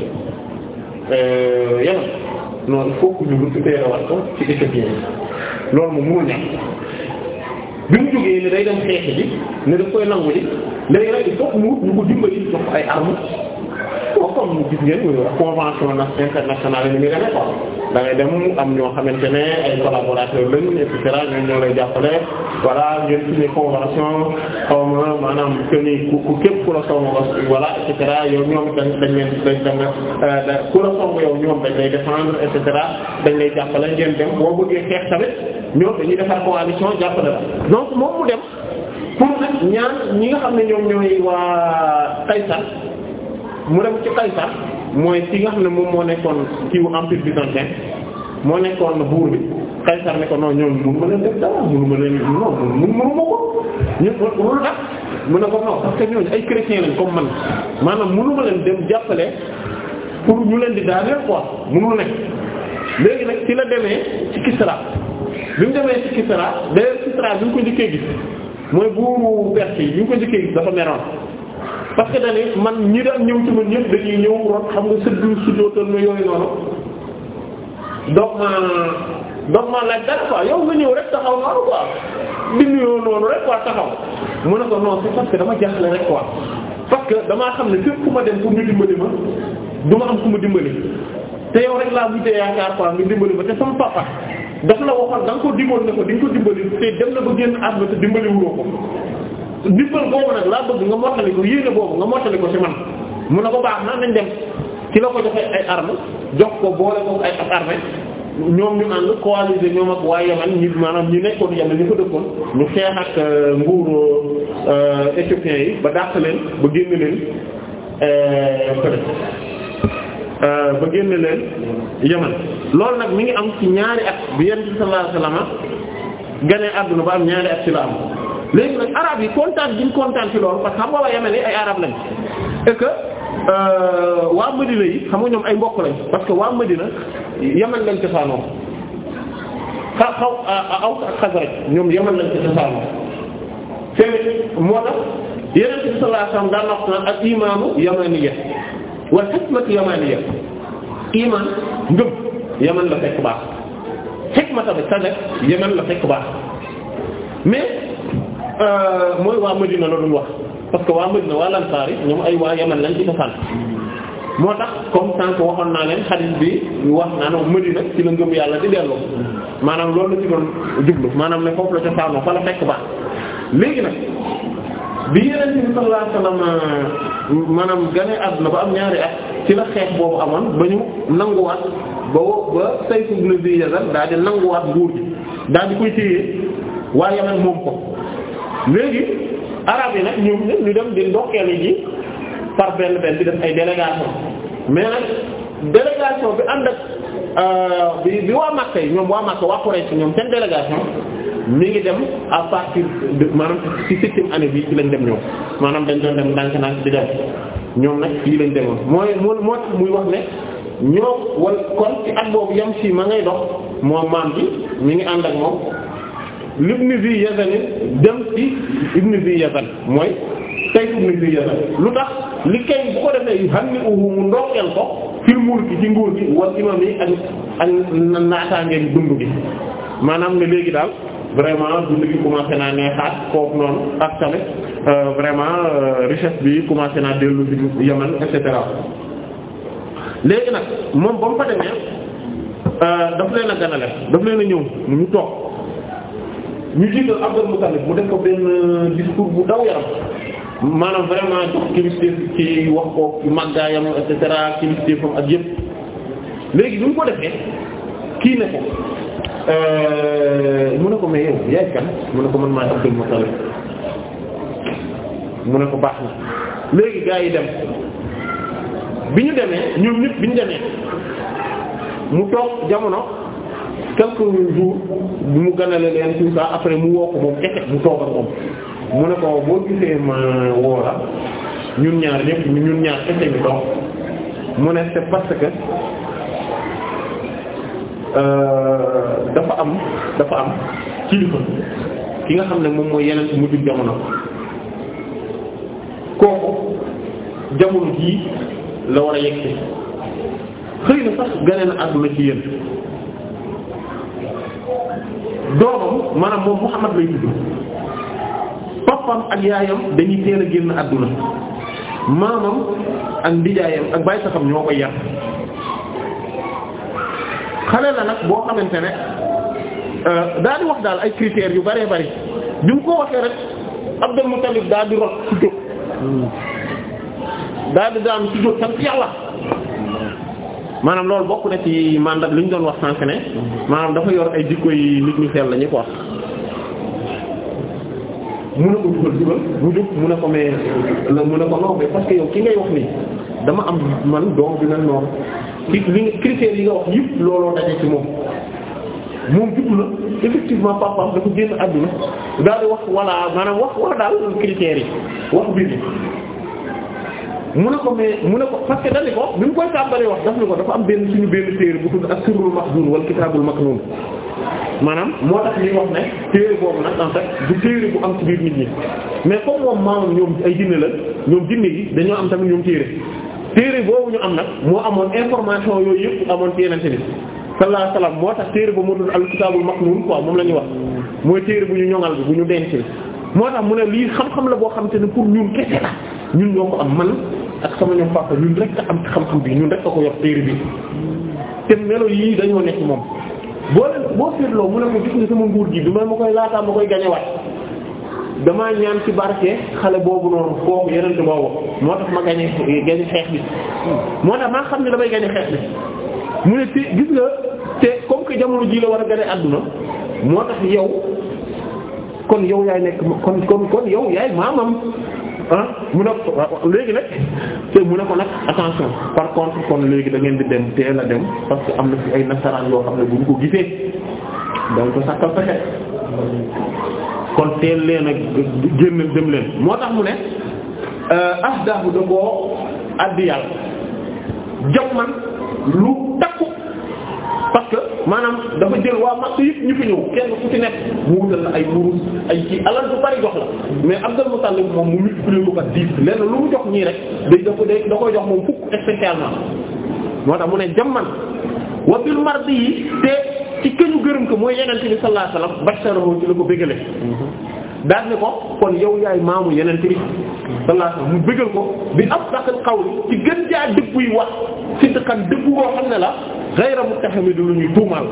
A: euh, yàlla non il faut que ñu récupérer ko ci éthiopien bi loolu moom mënul nekk bi mu jógee ne day dem xeex ji ne daf koy nangu ji léegi nag il faut que mu ñu ko dimbali jox ay armes. ko comme gis ngeen euh, convention internationale ni muy demee quoi da ngay dem am ñoo xamante ne ay collaborateurs lañ et cetera ñoom ñoo lay jàppale voilà ma maanaam que ni ku képp ku la song voilà et cetera yow ñoom dañ euh, da la song yow ñoom dañ lay défendre et cetera dañ lay jàppale ngeen dem boo bëggee xeex tamit ñoom dañuy defar coalition jàppale la donc moom mu dem pour nag ñaan ñi nga xam ne ñoom ñooy waa Kaysar. mu dem ci Qaysar mooy ki nga xam ne moom moo nekkoon kiiwu empire byzantin moo nekkoon buur bi Qaysar ne ko non ñoom mënu ma leen def dara mënu ma leen non mënu ma ko ñëpp loolu tax ko non parce que ay chrétien lañ comme man maanaam mënu ma dem jàppale pour ñu leen di daal daaneel quoi mënul nekk léegi nag ci la demee ci Kisra bi demee ci Kisra de Kisra bi ko njëkkee gis mooy buuru Perse yi ñu ko njëkkee gis dafa meroon parce que dañuy man ñi daan ñëw ci man ñëpp dañuy ñëw rot xam nga sëddu sujjóotal ma yooyu noonu donc ma euh, donc ma laaj dara yow nga ñëw rek taxaw noonu quoi di nuyoo noonu rek quoi taxaw mu ne ko non c'est parce que dama jaaxle rek quoi parce que damaa xam ne fépp ku ma dem pour ñu dimbali ma du ma am ku ma dimbali te yow rek laa mujjee yaakaar quoi nga dimbali ma te sama papa daf la waxoon da nga ko digoon ne ko di ko dimbali te dem na ba génn àdduna te dimbali wuloo ko. ndimbal boobu nag laa bëgg nga mottali ko yéene boobu nga mottali ko ci man mun ne ko baax na nañ dem ci la ko joxe ay arme jox ko boole ko ay ab arme ñoom ñu ànd coalisé ñoom ak waa Yemen ñi maanaam ñi nekkoon Yemen ñu fa dëkkoon ñu xeex ak euh, nguur euh, éthiopiens yi ba dàq leen ba génn leen euh, ba génn leen Yemen loolu nag mi ngi am ci ñaari at bi Yonent bi sallallahu alayhi wasallam àdduna ba am ñaari at ci la am léegi nag araab yi kontaan giñ kontaan ci loolu parce que xam nga waa Yemen ay arab lañ et que euh, waa Medina yi xam nga ñoom ay mbokk lañ parce que waa Medina Yemen lañ cosaanoo xaw xaw Aws ak Xasraj ñoom Yemen lañ cosaanoo te moo tax Yonent bi sallallahu alayhi la fekk baax hikma tamit tamit Yemen la fekk baax mais. Euh, mooy waa Madina la doon wax parce que waa Madina waa Ansaar yi ñoom ay waa Yaman lañ ci cosaan moo tax comme sànq waxoon naa leen hadith bi wax naa naan Madina ci la ngëm yàlla di delloo maanaam loolu la ci doon jublu maanaam ne foofu la cosaanoo fa la fekk baax léegi nag bi Yonent bi sallallahu alayhi wasallam euh, maanaam gane àdduna ba am ñaari at ci la xeex boobu amoon ba ñu nanguwaat ba ba Sayf ibn Yazid daal di nanguwaat nguur gi daal di koy téye waa Yaman moom ko. léegi arab yi nag ñoom ñu dem di ndokkeel yi ji par benn benn di dem ay délégation mais nag délégation bi ànd ak euh, bi bi waa Makka yi ñoom waa Makka waa Quraysh ñoom seen délégation mi ngi dem à partir de maanaam ci septième bi ci lañ dem ñoom maanaam dañ doon dem ndànk ndànk di dem ñoom nag fii lañ demoon mooy moo moo tax muy wax ne ñoom wal kon ci at boobu yam si ma ngay dox moom maam bi mi ngi ànd ak moom ibn zi yazan dem ci ibn zi yazan mooy tey lu tax li kay ko defee xam ni uhu nguur gi wal imam yi ak ak naataangeen dund gi maanaam léegi daal vraiment commencé naa neexaat foofu euh, vraiment euh, richesse bi commencé naa dellu ci Yaman et cetera léegi nag moom ba mu fa demee euh, daf leen a ganale daf leen a ñëw ñu toog ñu jiital am Muttalib mu def ko benn euh, discours bu daw yaram maanaam vraiment jox kilifteef ci wax ko màggaayam et cetera kilifteefam ak yëpp léegi bi mu ko defee kii ne ko euh, mu ne ko mais yow yaay kan mu ne ko man maay Abdul Muttalib mu ne ko baax na léegi gaa yi dem bi ñu demee ñoom ñëpp bi ñu demee mu toog jamono. quelques bi mu ganale leen tout ça après mu woo ko moom kese mu toog ak moom mu ne ko boo gisee ma woo ñun ñaar ñëpp ñun ñaar kese ñu toog mu ne c'est parce que euh, dafa am dafa am kilifa ki nga xam ne moom mooy yeneen ci mujj jamono kooku jamono jii la war a yegg xëy na sax ganee na àdduna ci yéen. doomam maanaam moom Muhammad lay tudd papam ak yaayam dañuy teel génn àdduna maamam ak ndijaayam ak bàyyi saxam ñoo koy yar xale la nag boo xamante ne euh, daa di wax daal ay critères yu bare bëri bi mu ko waxee rek Abdul Muttalib daa di rot ci jóg hmm. daa di daan ci jóg yàlla maanaam loolu bokk na ci mandat li ñu doon wax sànq ne maanaam dafa yor ay jikko yi nit ñu xel la ñu quoi mun na ko dugal dugal mu jóg mun na ko mais mu na ko non mais parce yow ki ngay wax nii dama am man doom bi mel noonu ci li critères yi nga wax yëpp looloo daje ci moom moom juddu na effectivement papa dafa génn àdduna daal di wax walla maanaam wax wax daal critères yi wax bi mun ne ko mais mu ne ko parce que dañu ko bi mu koy tàmbalee wax dafa am benn suñu benn téere bu tudd as-sirrul mahzun wal kitaabul maknun maanaam moo tax ñuy wax boobu nag en fait téere bu am ci biir ñi mais comme moom maamam ñoom ay jinne la ñoom jinne yi dañoo am tamit ñoom téere téere boobu ñu am nag moo amoon information yooyu yëpp amoon ci yeneen bi sallallahu alayhi wasallam moo tax téere ba moo doon al-kitaabul maknun quoi moom la ñuy wax mooy téere bu ñu ñoŋal bi bu ñu denc moo tax mu ne lii xam-xam la boo xam ne pour ñun kese ñun ñoo am man ak sama ñoom papa ñun rek am xam-xam bi ñun rek nga ko yor téere bi te melo yii dañoo nekk moom boo leen boo seetloo mu ne ko gis nga sama nguur gi bi ma ma koy laataa ma koy gañewaat damaa ñaan ci barke xale boobu noonu kooku yeneen boobu moo tax ma gañe xeex bi moo tax maa xam ne damay gañe xeex bi mu ne te gis nga te comme que jamono ji la war a gañe àdduna moo tax yow kon yow yaay nekk kon kon kon yow yaay maamam ah mu ne ko léegi nag te mu ne ko nag attention par contre kon léegi da ngeen di dem teel a dem parce que am na fi ay nasaraan yoo xam ne bu ñu ko gisee dañ ko sàkkal fexe kon teel leen ak génn dem leen moo tax mu ne euh, ah daabu da koo addi yàlla man lu takku Makka maanaam dafa jël waa Makka yëpp ñu fi ñëw kenn ku ci nekk mu wutal la ay wurus ay ci alal bu bari jox la mais Abdul Muttalib moom mu multiplier lu ko dix lenn lu mu jox ñii rek day da ko da koy jox moom fukk spécialement moo tax mu ne jamman wa fil mardi yi te ci këñu gërëm ko mooy yenente bi sallallahu alayhi wasallam basharahu ci la ko bégale daal ne ko kon yow yaay maamu yeneen bi sallallahu alayhi wasallam mu bëggal ko bi asdaqil qawli ci gën jaa dëggu yi wax sidqan dëggu boo xam ne la ghayra muttahamid lu ñuy tuumal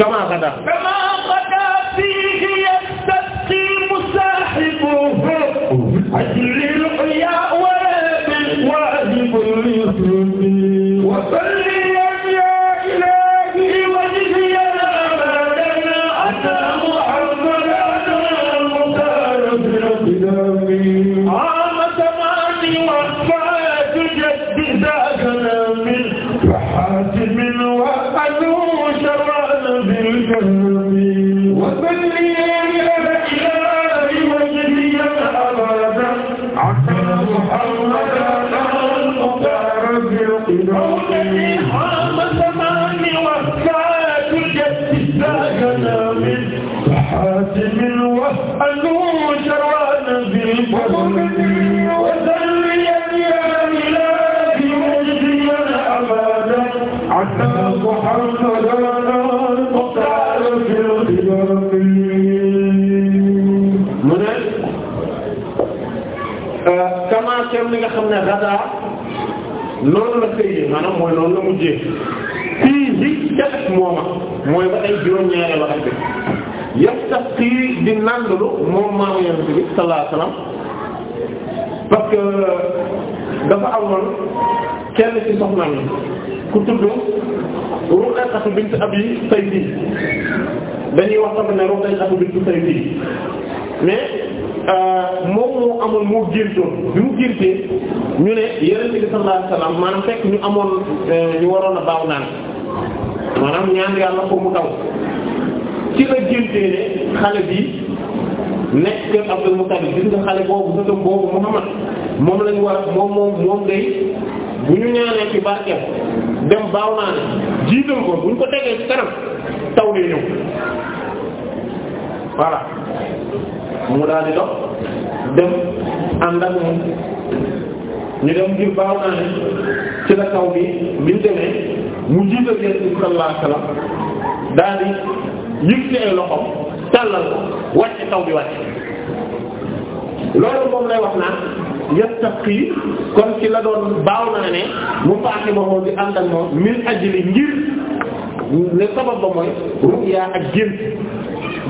A: kama ghada
D: kama ghada fihi yastaqimu sahibuhu
C: ajlil huya
D: wa bil wa'd
A: yi mooy noonu la mujjee fii ji ca mooma mooy ba ay juróom-ñaari wax bi yastasqi di nandalu moom maamu Yonent bi sallallahu alayhi wasallam parce que dafa amoon kenn ci soxnaam yi ku tudd Ruqayyatu bint Abi Saydi dañuy wax sax ne Ruqayyatu bint Saydi mais Euh, moom moo amoon moo géntoon bi mu géntee ñu ne yonent bi sallallahu alayhi maanaam fekk ñu amoon euh, ñu waroon a baaw naan maanaam ñaan yàlla ko mu taw ci la géntee xale bi nekk kër Abdul Muttalib gis nga xale boobu sëtam boobu Muhammad moom lañ war a moom moom moom day bu ñu ñaanee ci barkeem dem baaw naa ne ko bu ñu ko tegee kanam taw day ñëw voilà mu daal di dox dem ànd ak moom ñu dem ngir baaw naa ne ci la kaw bi biñ demee mu jiital Yonent bi sallallahu alayhi wasallam daal di yëkkati ay loxoom tàllal ko wàcc taw bi wàcc loolu moom lay wax naan yastaqi kon ci la doon baaw naa ne mu faaxe di ànd ak moom min ajli ngir le sabab ba mooy ruya ak gént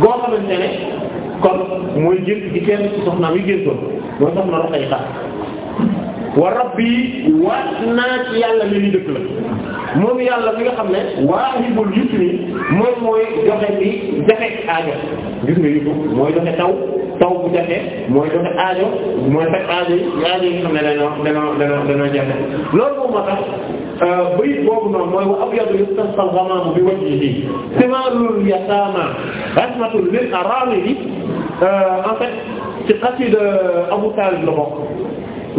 A: goo xamante ne kon mooy gént gi kenn soxnaam yi géntoon mooy soxna Ruqayqa wa rabbi waat naa ci yàlla li ñu dëkk la moom yàlla mi nga xam ne waahibul yusri mooy mooy joxe bi jafe aajo gis nga yëpp mooy joxe taw taw bu jafe mooy joxe aajo mooy faj aajo yi aajo yi nga xam ne dañoo dañoo dañoo dañoo jafe loolu moom moo tax Euh, bayit boobu noonu mooy wa abyadu yastasqa al-ghamamu bi wajhihi simalul yatama rahmatul lil arami ah, euh, en fait ci xasida Abu Talib la bokk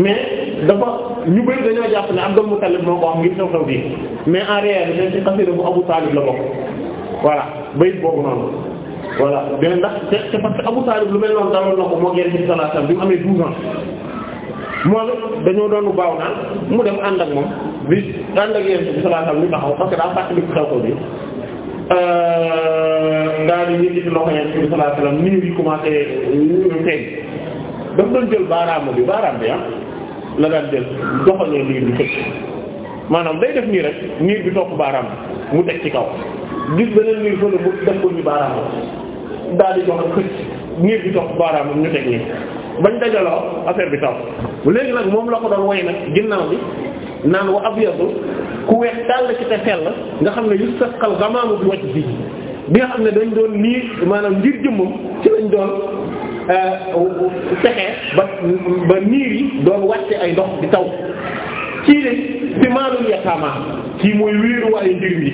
A: mais dafa ñu bëri dañoo jàpp ne Abdul Muttalib moo ko wax ngir xew-xew bi mais en réalité ci xasida bu Abu Talib la bokk voilà bayit boobu noonu. voilà mais ndax c'est parce Abu Talib lu mel noonu daloon ko moo gën ci salaatam bi amee 12 moom dañoo doon baaw naan mu dem ànd ak moom bi ànd ak yéen bi sallallahu alayhi wasallam ñu taxaw parce daa fàtt li bi ndaa euh, di yëkkati loxo yéen bi sallallahu alayhi commencé feeñ dafa doon jël baaraam bi baaraam bi ah la daan jël doxalee niir bi fëkk maanaam day def nii rek niir bi topp baaraam mu teg ci kaw gis beneen niir fële mu def ko ni baaraam daal di joxe fëkk niir bi topp baaraamam ñu teg nii bañ dajaloo affaire bi taw léegi nag moom la ko doon woy nag ginnaaw bi naan wa abyadu ku weex tàll ci te sell nga xam ne yusaqal ghamaamu bi waj bi bi nga xam ne dañ doon nii maanaam ngir jëmmam ci lañ doon fexe euh, ba ba niir yi doon wàcce ay ndox di taw ci lañ ci maalul yataama ci mooy wéeruwaayu njir yi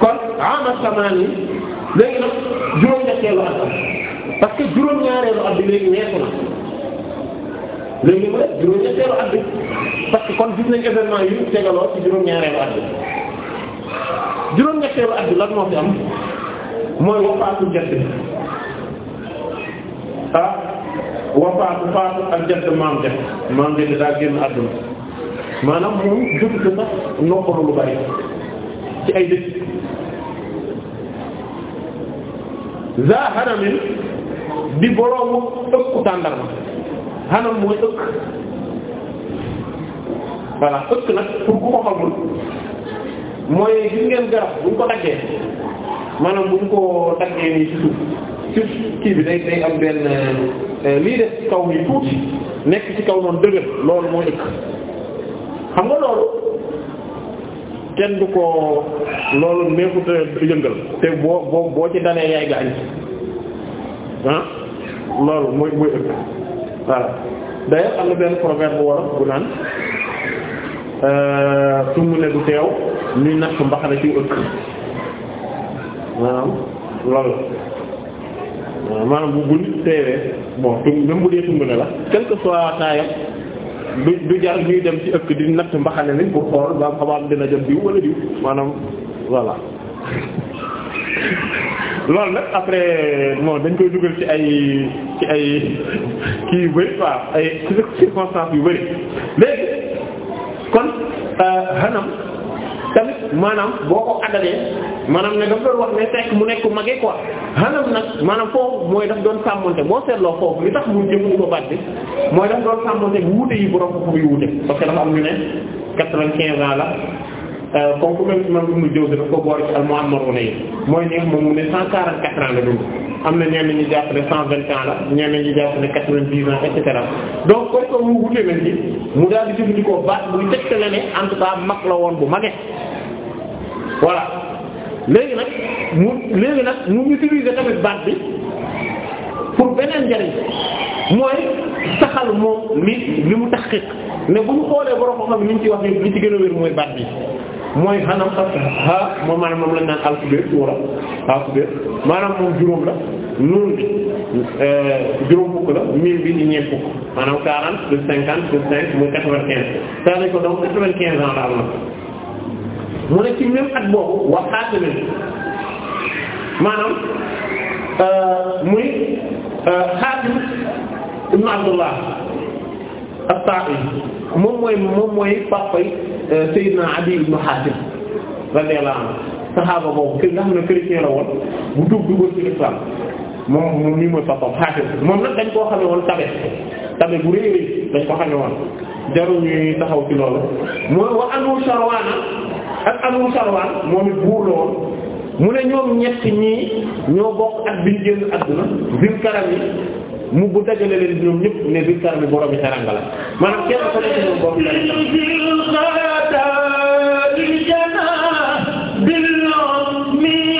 A: kon ama samaan léegi nag juróom-ñetteelu at parce que juróom-ñaareelu at léegi weesu na léegi mu juróom-ñetteelu at parce que kon gis nañ événement yu tegaloo ci juróom-ñaareelu at bi juróom-ñetteelu at bi lan moo fi am mooy wafaatu jadd ah wafaatu faatu ak jadd maam jadd maam jadd daa génn àdduna maanaam moom jëkk sax noppalu lu bari ci ay dëkk za hanamin di boroomu ëkku tàndarma xanam mooy ëkk voilà ëkk nag pour ku ko xamul mooy gis ngeen garab ko daggee maanaam mu ñu ko daggee nii ci suuf suuf kii bi day day am benn euh, lii def ci kaw nii tuuti nekk ci kaw noonu dëgër loolu moo ëkk xam nga loolu kenn du ko loolu neexut a yëngal te boo boo boo ci danee yaay gaañ ah loolu mooy mooy ëpp voilà d'ailleurs am benn proverbe bu wolof bu naan tumb euh, ne du teew ñuy natt mbaxana ci ëkk maanaam loolu maanaam bu bu nit teewee bon tum même bu dee tumb ne la quel que soit taayam du du jar ñuy dem ci ëkk di natt mbaxane ni pour xool ba xam dina jot diw wala diw maanaam voilà loolu nag après moom dañ koy dugal ci ay ci ay kii yu bëri quoi ay circonstances yu bëri léegi kon xanam euh, maanaam boo ko addalee maanaam ne daf doon wax ne fekk mu nekk mage ko xanam nag maanaam foofu mooy daf doon sàmmante boo seetloo foofu li tax mu jëm ko baat bi mooy daf doon yi borom ko muy wuute parce que am ñu ne quatre vingt la comme euh, ku mel ni imam Ibn Jawzi daf ko boole ci yi mooy neex moom mu ne cent quarante-quatre ans la dund am na ñenn ñi jàpp ne cent vingt ans la ñenn ñi jàpp ne quatre-vingt-dix ans et donc comme que mu wute nañ ci mu daal di jëfandikoo baat buy tegtale ne en tout cas mag la woon bu mage léegi nag mu léegi nag mu utiliser tamit baat bi pour beneen njariñ mooy saxal moom li li mu taxqiq ne bu ñu xoolee borom xam ni ñu ci wax ni li ci gën a wér mooy baat bi mooy xanam xam ah moom maanaam moom lañ naan alphabet wala alphabet maanaam moom juróom la noonu bi euh, juróom fukk la mille bi ñeent fukk maanaam quarante plus cinquante plus cinq quatre-vingt-quinze cest à quatre-vingt-quinze ans la na mu ne ci même at boobu wax xaatimin maanaam euh, muy euh, xaatim ibnu abdullah as moom mooy moom mooy papay euh, Seydina Adi ibn Hatim radiyallahu anhu saxaaba boobu kër nga xam ne chrétien la woon bu dugg duggal ci islam moom moom nii mooy papam Hatim moom nag dañ koo xamee woon tabe tabe bu réy réy dañ ko xamee woon jarul ñuy taxaw loolu mooy wa anu Sharwana ak amul sarwaan moom it buur la mu ne ñoom ñett ñii ñoo bokk ak biñ génn adduna zil karam yi mu bu dajale leen ñoom ñëpp ne zil karam yi borom yi teranga la maanaam kenn ko nekk ñoom borom yi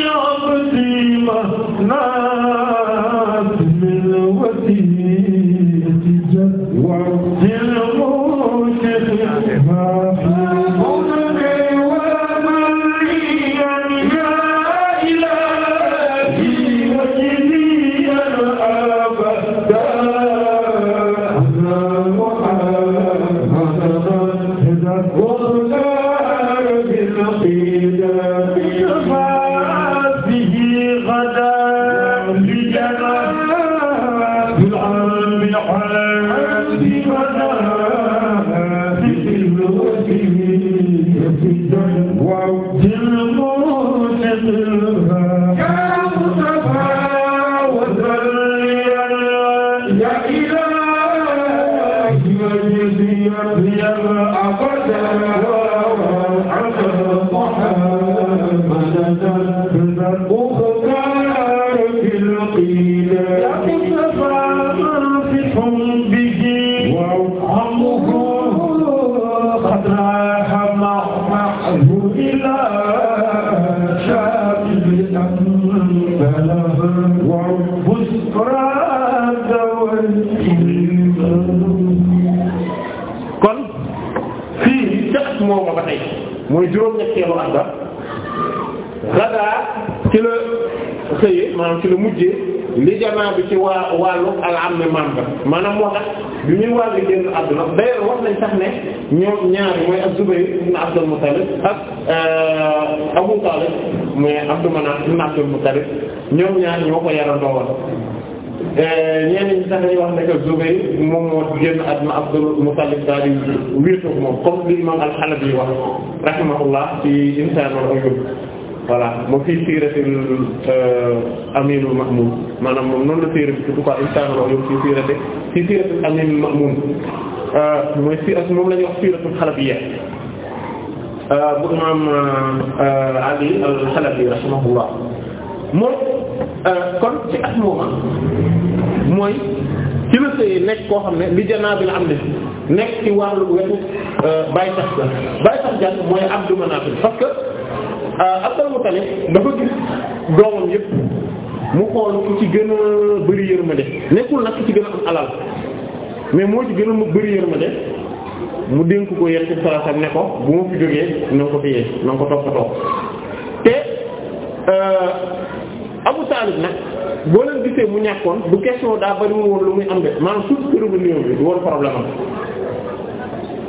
A: maanaam ci la mujjee li jamaa bi ci waa wàllu al am ne maam ba maanaam moo tax bi muy wàllu génn àdduna d'ailleurs wax nañ sax ne ñoom ñaari mooy ak Zubayr ibn Abdul Muttalib ak euh, Abu Talib mooy Abdul Manaf ibn Abdul Muttalib ñoom ñaari ñoo ko yarandoo woon euh, ñenn ñi sax dañuy wax ne que Zubayr moom moo génn àdduna Abdul Muttalib daal di wéetu moom comme li imam al-Halabi wax rahimahullah ci Insaanul Ayyub voilà moo fii siiratil euh, aminul ma'mun maanaam moom noonu la siira bi en tout cas euh, mooy siirate moom la wax siiratul xalabiyya euh, bu imam Ali al-Halabi rahimahullah moom kon ci at mooma mooy ci la nekk koo xam ne li janaabil am ne nekk ci wàllu wetu bàyyi tax la tax jàng mooy abdu manaatil parce Euh, Abdul Muttalib dafa gis doomam yëpp mu xool ku ci gën a bëri yërmande nekkul nag ku ci gën a am alal mais moo ci gën a bëri yërmande mu dénk ko yéen ci salaasam ne ko bu ma fi jógee na ko téye na nga ko toppatoo te euh, Abu Talib nag boo leen gisee mu ñàkkoon bu question daa bari woon lu muy am de maanaam suuf si revenu bi woon problème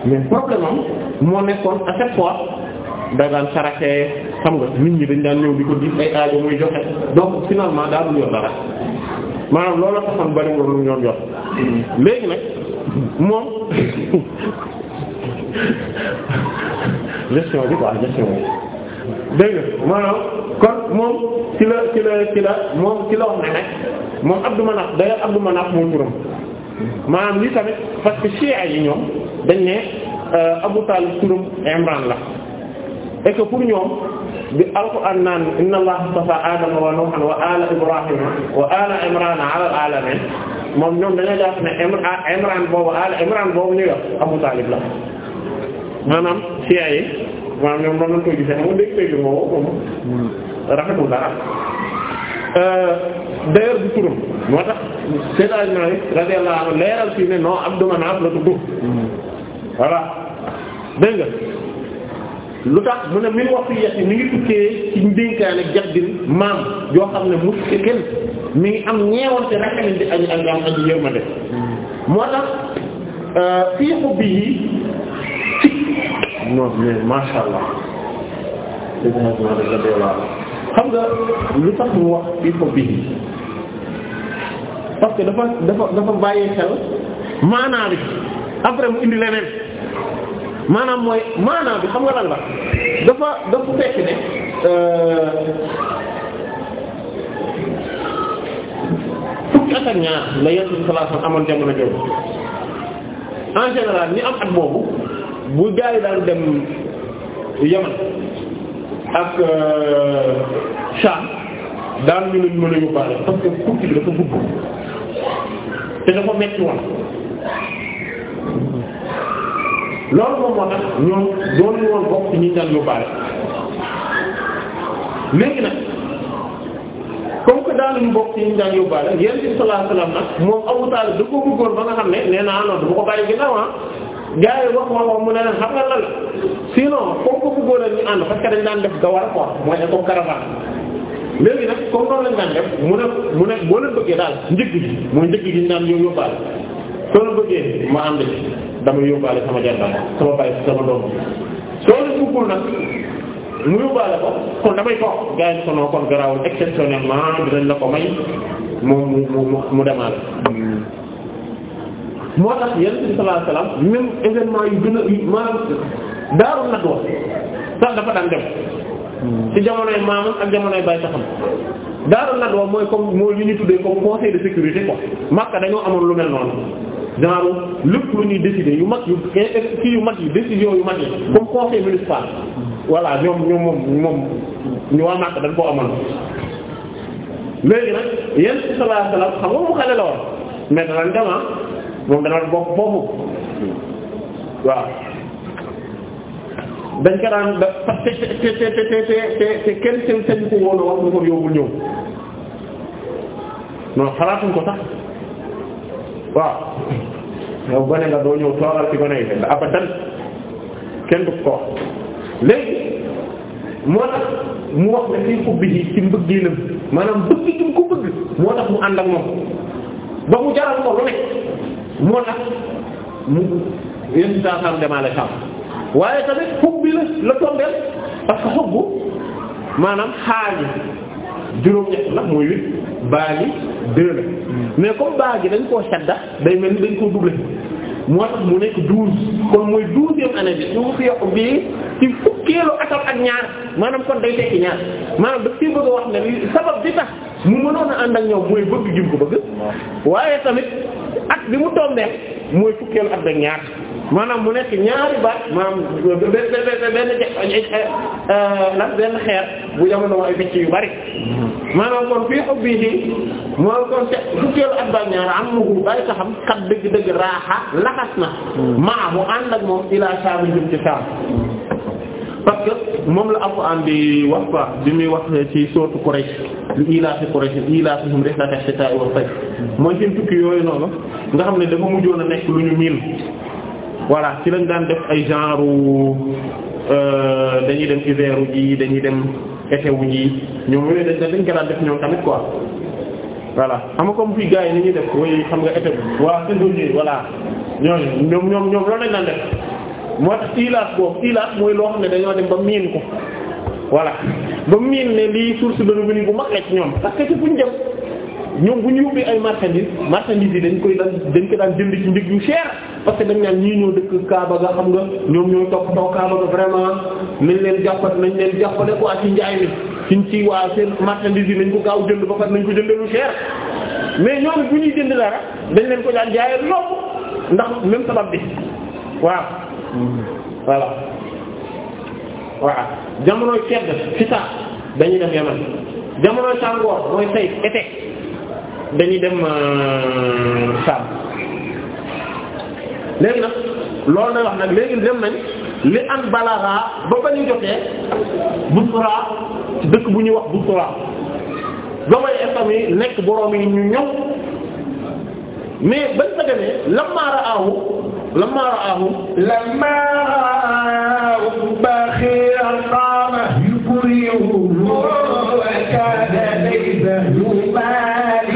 A: mais problème moo nekkoon à chaque fois da saraxee xam nga nit ñi dañ daan ñëw di ko gis ay aajo muy joxe donc finalement daa dul yor dara maanaam loolu taxoon bari nga lu ñoon yor léegi nag moom gestion bi quoi gestion bi dégg nga maanaam kon moom ci la ci la ci la moom ci la wax ne nag moom Abdou Manaf d'ailleurs Abdou Manaf moo turam maanaam lii tamit parce que chia yi ñoom dañ ne euh, Abou Talib turam Imran la et que ñoom bi alquran naan inna allaha istafa adama wa nuhan wa ala ibrahima wa ala imrana ala alamin moom ala imran boobu ñu yor abu talib la maanaam siyaa yi ñoom noonu lañ koy gisee moom dégg dégg moo woo moom rafetul dara d'ailleurs du turam la tudd mm-hmm. voilà dégg lu tax mu ne min wax fi yati mi ngi tukkee ci ndénkaane jaddin maam yoo xam ne mu ci kenn mi ngi am ñeewante rek tamit di aji ak am aji moo tax fii xubbi yi nga lu tax yi parce que dafa dafa dafa bàyyi bi après mu indi leneen maanaam mooy maanaam bi xam nga lan la dafa dafa fekk ne euh, fukki at ak ñaar la Yonent bi sallallahu alayhi wasallam amoon jamono jooju en général ñi am ak boobu bu gaa daal daan dem Yaman ak euh, Sham daan ñu leen a yóbbaale parce que fukki bi dafa gudd te dafa metti woon. loolu moom moo tax ñoom doon woon bokk ci ñi daan yóbbaale léegi nag comme que daanuñu bokk ci ñi daan yóbbaale yéen ci sallallahu nag moom Abu Talib ko bëggoon ba nga xam ne nee naa non du ko bàyyi ginnaaw ah gars yi wax wax mu ne leen xam nga lan la sinon comme que bëggoon nañ ànd parce que dañ daan def gawar quoi mooy école caravane. léegi nag comme noonu lañ daan def mu ne mu ne boo leen bëggee daal njëg gi mooy njëg gi ñu daan yóbbaale soo leen bëggee dama yóbbaale sama jandaay sama bàyyi sama doom soo leen buggul nag mu yóbbaale ko kon damay toog gars yi noo kon garaawul exceptionnellement dinañ la ko may mu mu mu mu demaale moo tax yonent bi sallallahu alayhi wasallam yu gën a maanaam nag wax sax dafa daan dem ci jamonoy maamam ak jamonoy baay taxam daaral nadwa mooy comme mooy li ñu tuddee comme conseil de sécurité quoi Makka dañoo amoon lu mel noonu genre lépp lu ñuy décider yu mag yu kii yu mag yi décision yu mag yi comme conseil municipal voilà ñoom ñoom moom moom ñu waa Makka dañ koo amoon léegi nag yenn ci sallallahu alayhi xale la woon mais danañ dema ah, moom danañ bokk waaw dañ ko daan da parce que te te te te te kenn seen sañu ko woon wax mu ko yóbbul ñëw non xalaatuñ ko sax waaw yow gone nga doo ñëw toogal ci gone yi da abadan kenn du ko léegi moo tax mu wax ne fii ubbi yi ci mbëggeelam maanaam bëgg jum ko bëgg moo tax mu ànd ak moom ba mu jaral ko lu nekk moo tax mu yéen saa sam demaale sam waaye tamit xub bi la la tombeel parce que xubbu maanaam xaagi juróom-ñett la mooy huit baa gi deux la mais comme baa gi dañ koo sadda day mel ni dañ koo doublé moo tax mu nekk douze kon mooy douzième année bi ñu fi yokk bii ci fukkeelu atam ak ñaar maanaam kon day tekki ñaar maanaam daf ci bëgg a wax ne sabab bi tax mu mënoon a ànd ak ñoom mooy bëgg gi mu ko bëgg waaye tamit at bi mu tombeel mooy fukkeelu at ak ñaar maanaam mu nekk ñaari baat maanaam benn eh, eh, eh, euh, xeer bu jamono ay picc yu bari maanaam kon fii xub bii nii moo kon te fukkeelu at ba ñaar am na gu bàyyi xam kat dëgg-dëgg raaxa laxas na maa mu ànd ak moom ilaa saabu jëm ci saam parce que moom la am Alxuraan di wax quoi bi muy wax ci sootu Quraysh rek Quraysh ilaafihim rihlata shitaa'i wa sayf mooy seen tukki yooyu noonu nga xam ne dafa mujjoon a nekk lu ñu miin voilà ci lañ daan def ay genre euh, dañuy dem hiver ji dañuy dem été wu ji ñoom yooyu dañ dañ ko def ñoom tamit quoi voilà xam nga comme fii gars yi ni ñuy def way xam nga été bi waa saisonnier voilà ñooñu ñoom ñoom ñoom loolu lañ daan def moo tax ilaat boobu ilaat mooy loo xam ne dañoo dem ba miin ko voilà ba miin ne lii source de revenu bu mag la ci ñoom parce que ci fuñ dem ñoom bu ñu yóbbee ay marchandises marchandises yi dañ koy daan dañ koy daan jënd ci njëg yu cher parce que dañ naan ñii ñoo dëkk Kaaba ga xam nga ñoom ñoo topp taw Kaaba ga vraiment nañ leen jàppale nañ leen jàppale quoi ci njaay mi suñ ci waa seen marchandises yi nañ ko gaaw jënd ba pare nañ ko jënd lu cher mais ñoom bu ñuy jënd dara dañ leen ko daan jaayee lopp ndax même sabab bi waaw voilà waaw jamonoy sedd ci sax dañuy def yaman jamonoy tàngoor mooy say dañuy dem euh, Saam léegi nag loolu na wax nag léegi dem nañ li an balaraa ba ba ñu jotee Busra dëkk bu ñuy wax Busra ba may estam yi nekk boroom yi ñu ñëw mais bañ fa demee lammaa ra'aahu lamma ra'ahu lamma ra'ahu baxiran qaama
D: yukrihu wa kaana laysa yubali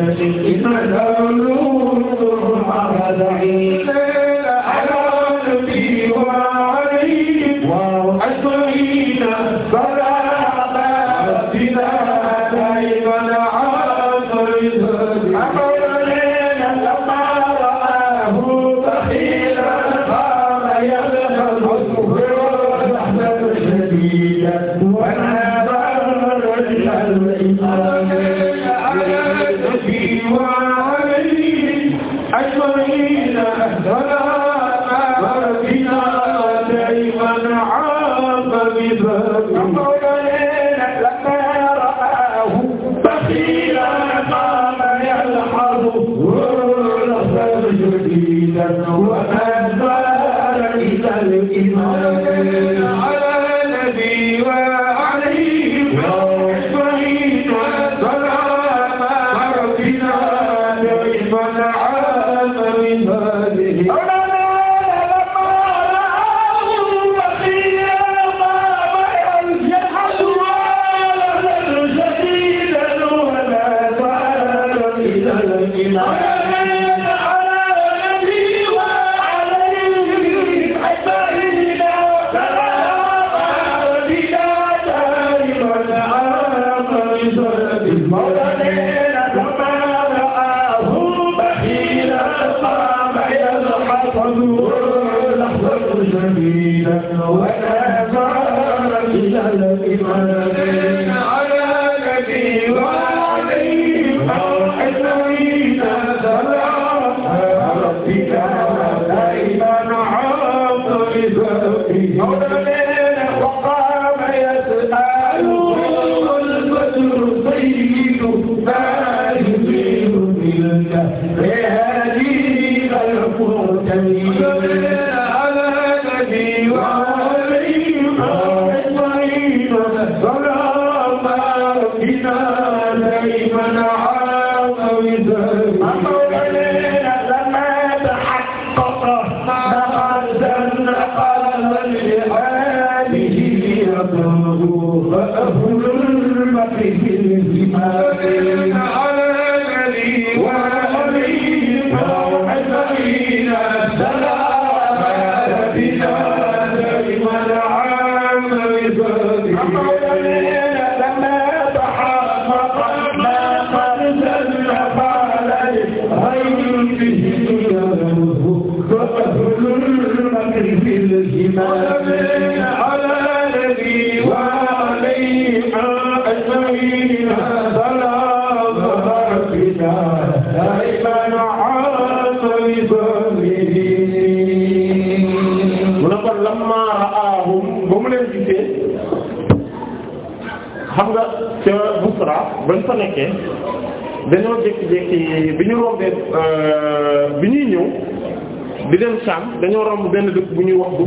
D: الملول على ضعيف على نبي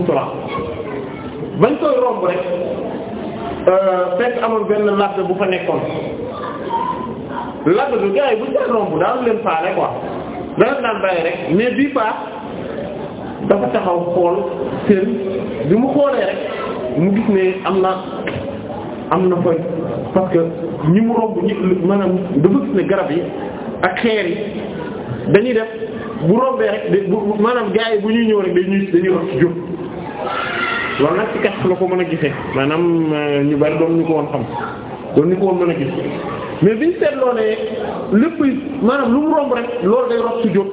A: sutura bañ koy romb rek euh, fekk amoon benn ladd bu fa nekkoon ladd bi gars yi buñ koy romb daal leen faale quoi daan daan bàyyi rek mais bii paa dafa taxaw xool seen bi mu xoolee rek mu gis ne am na am na fa parce que ñi mu romb ñi maanaam dafa gis ne garab yi ak xeer yi dañuy def bu rombee rek de bu maanaam gars yi bu ñuy ñëw rek dañuy dañuy wax ci jóg. loolu nag ci kàcc la ko mën a gisee maanaam euh, ñu bari doon ñu ko woon xam doon ñu ko woon mën a gis mais biñ seetloo ne lépp maanaam lu mu romb rek loolu day rob sujjóot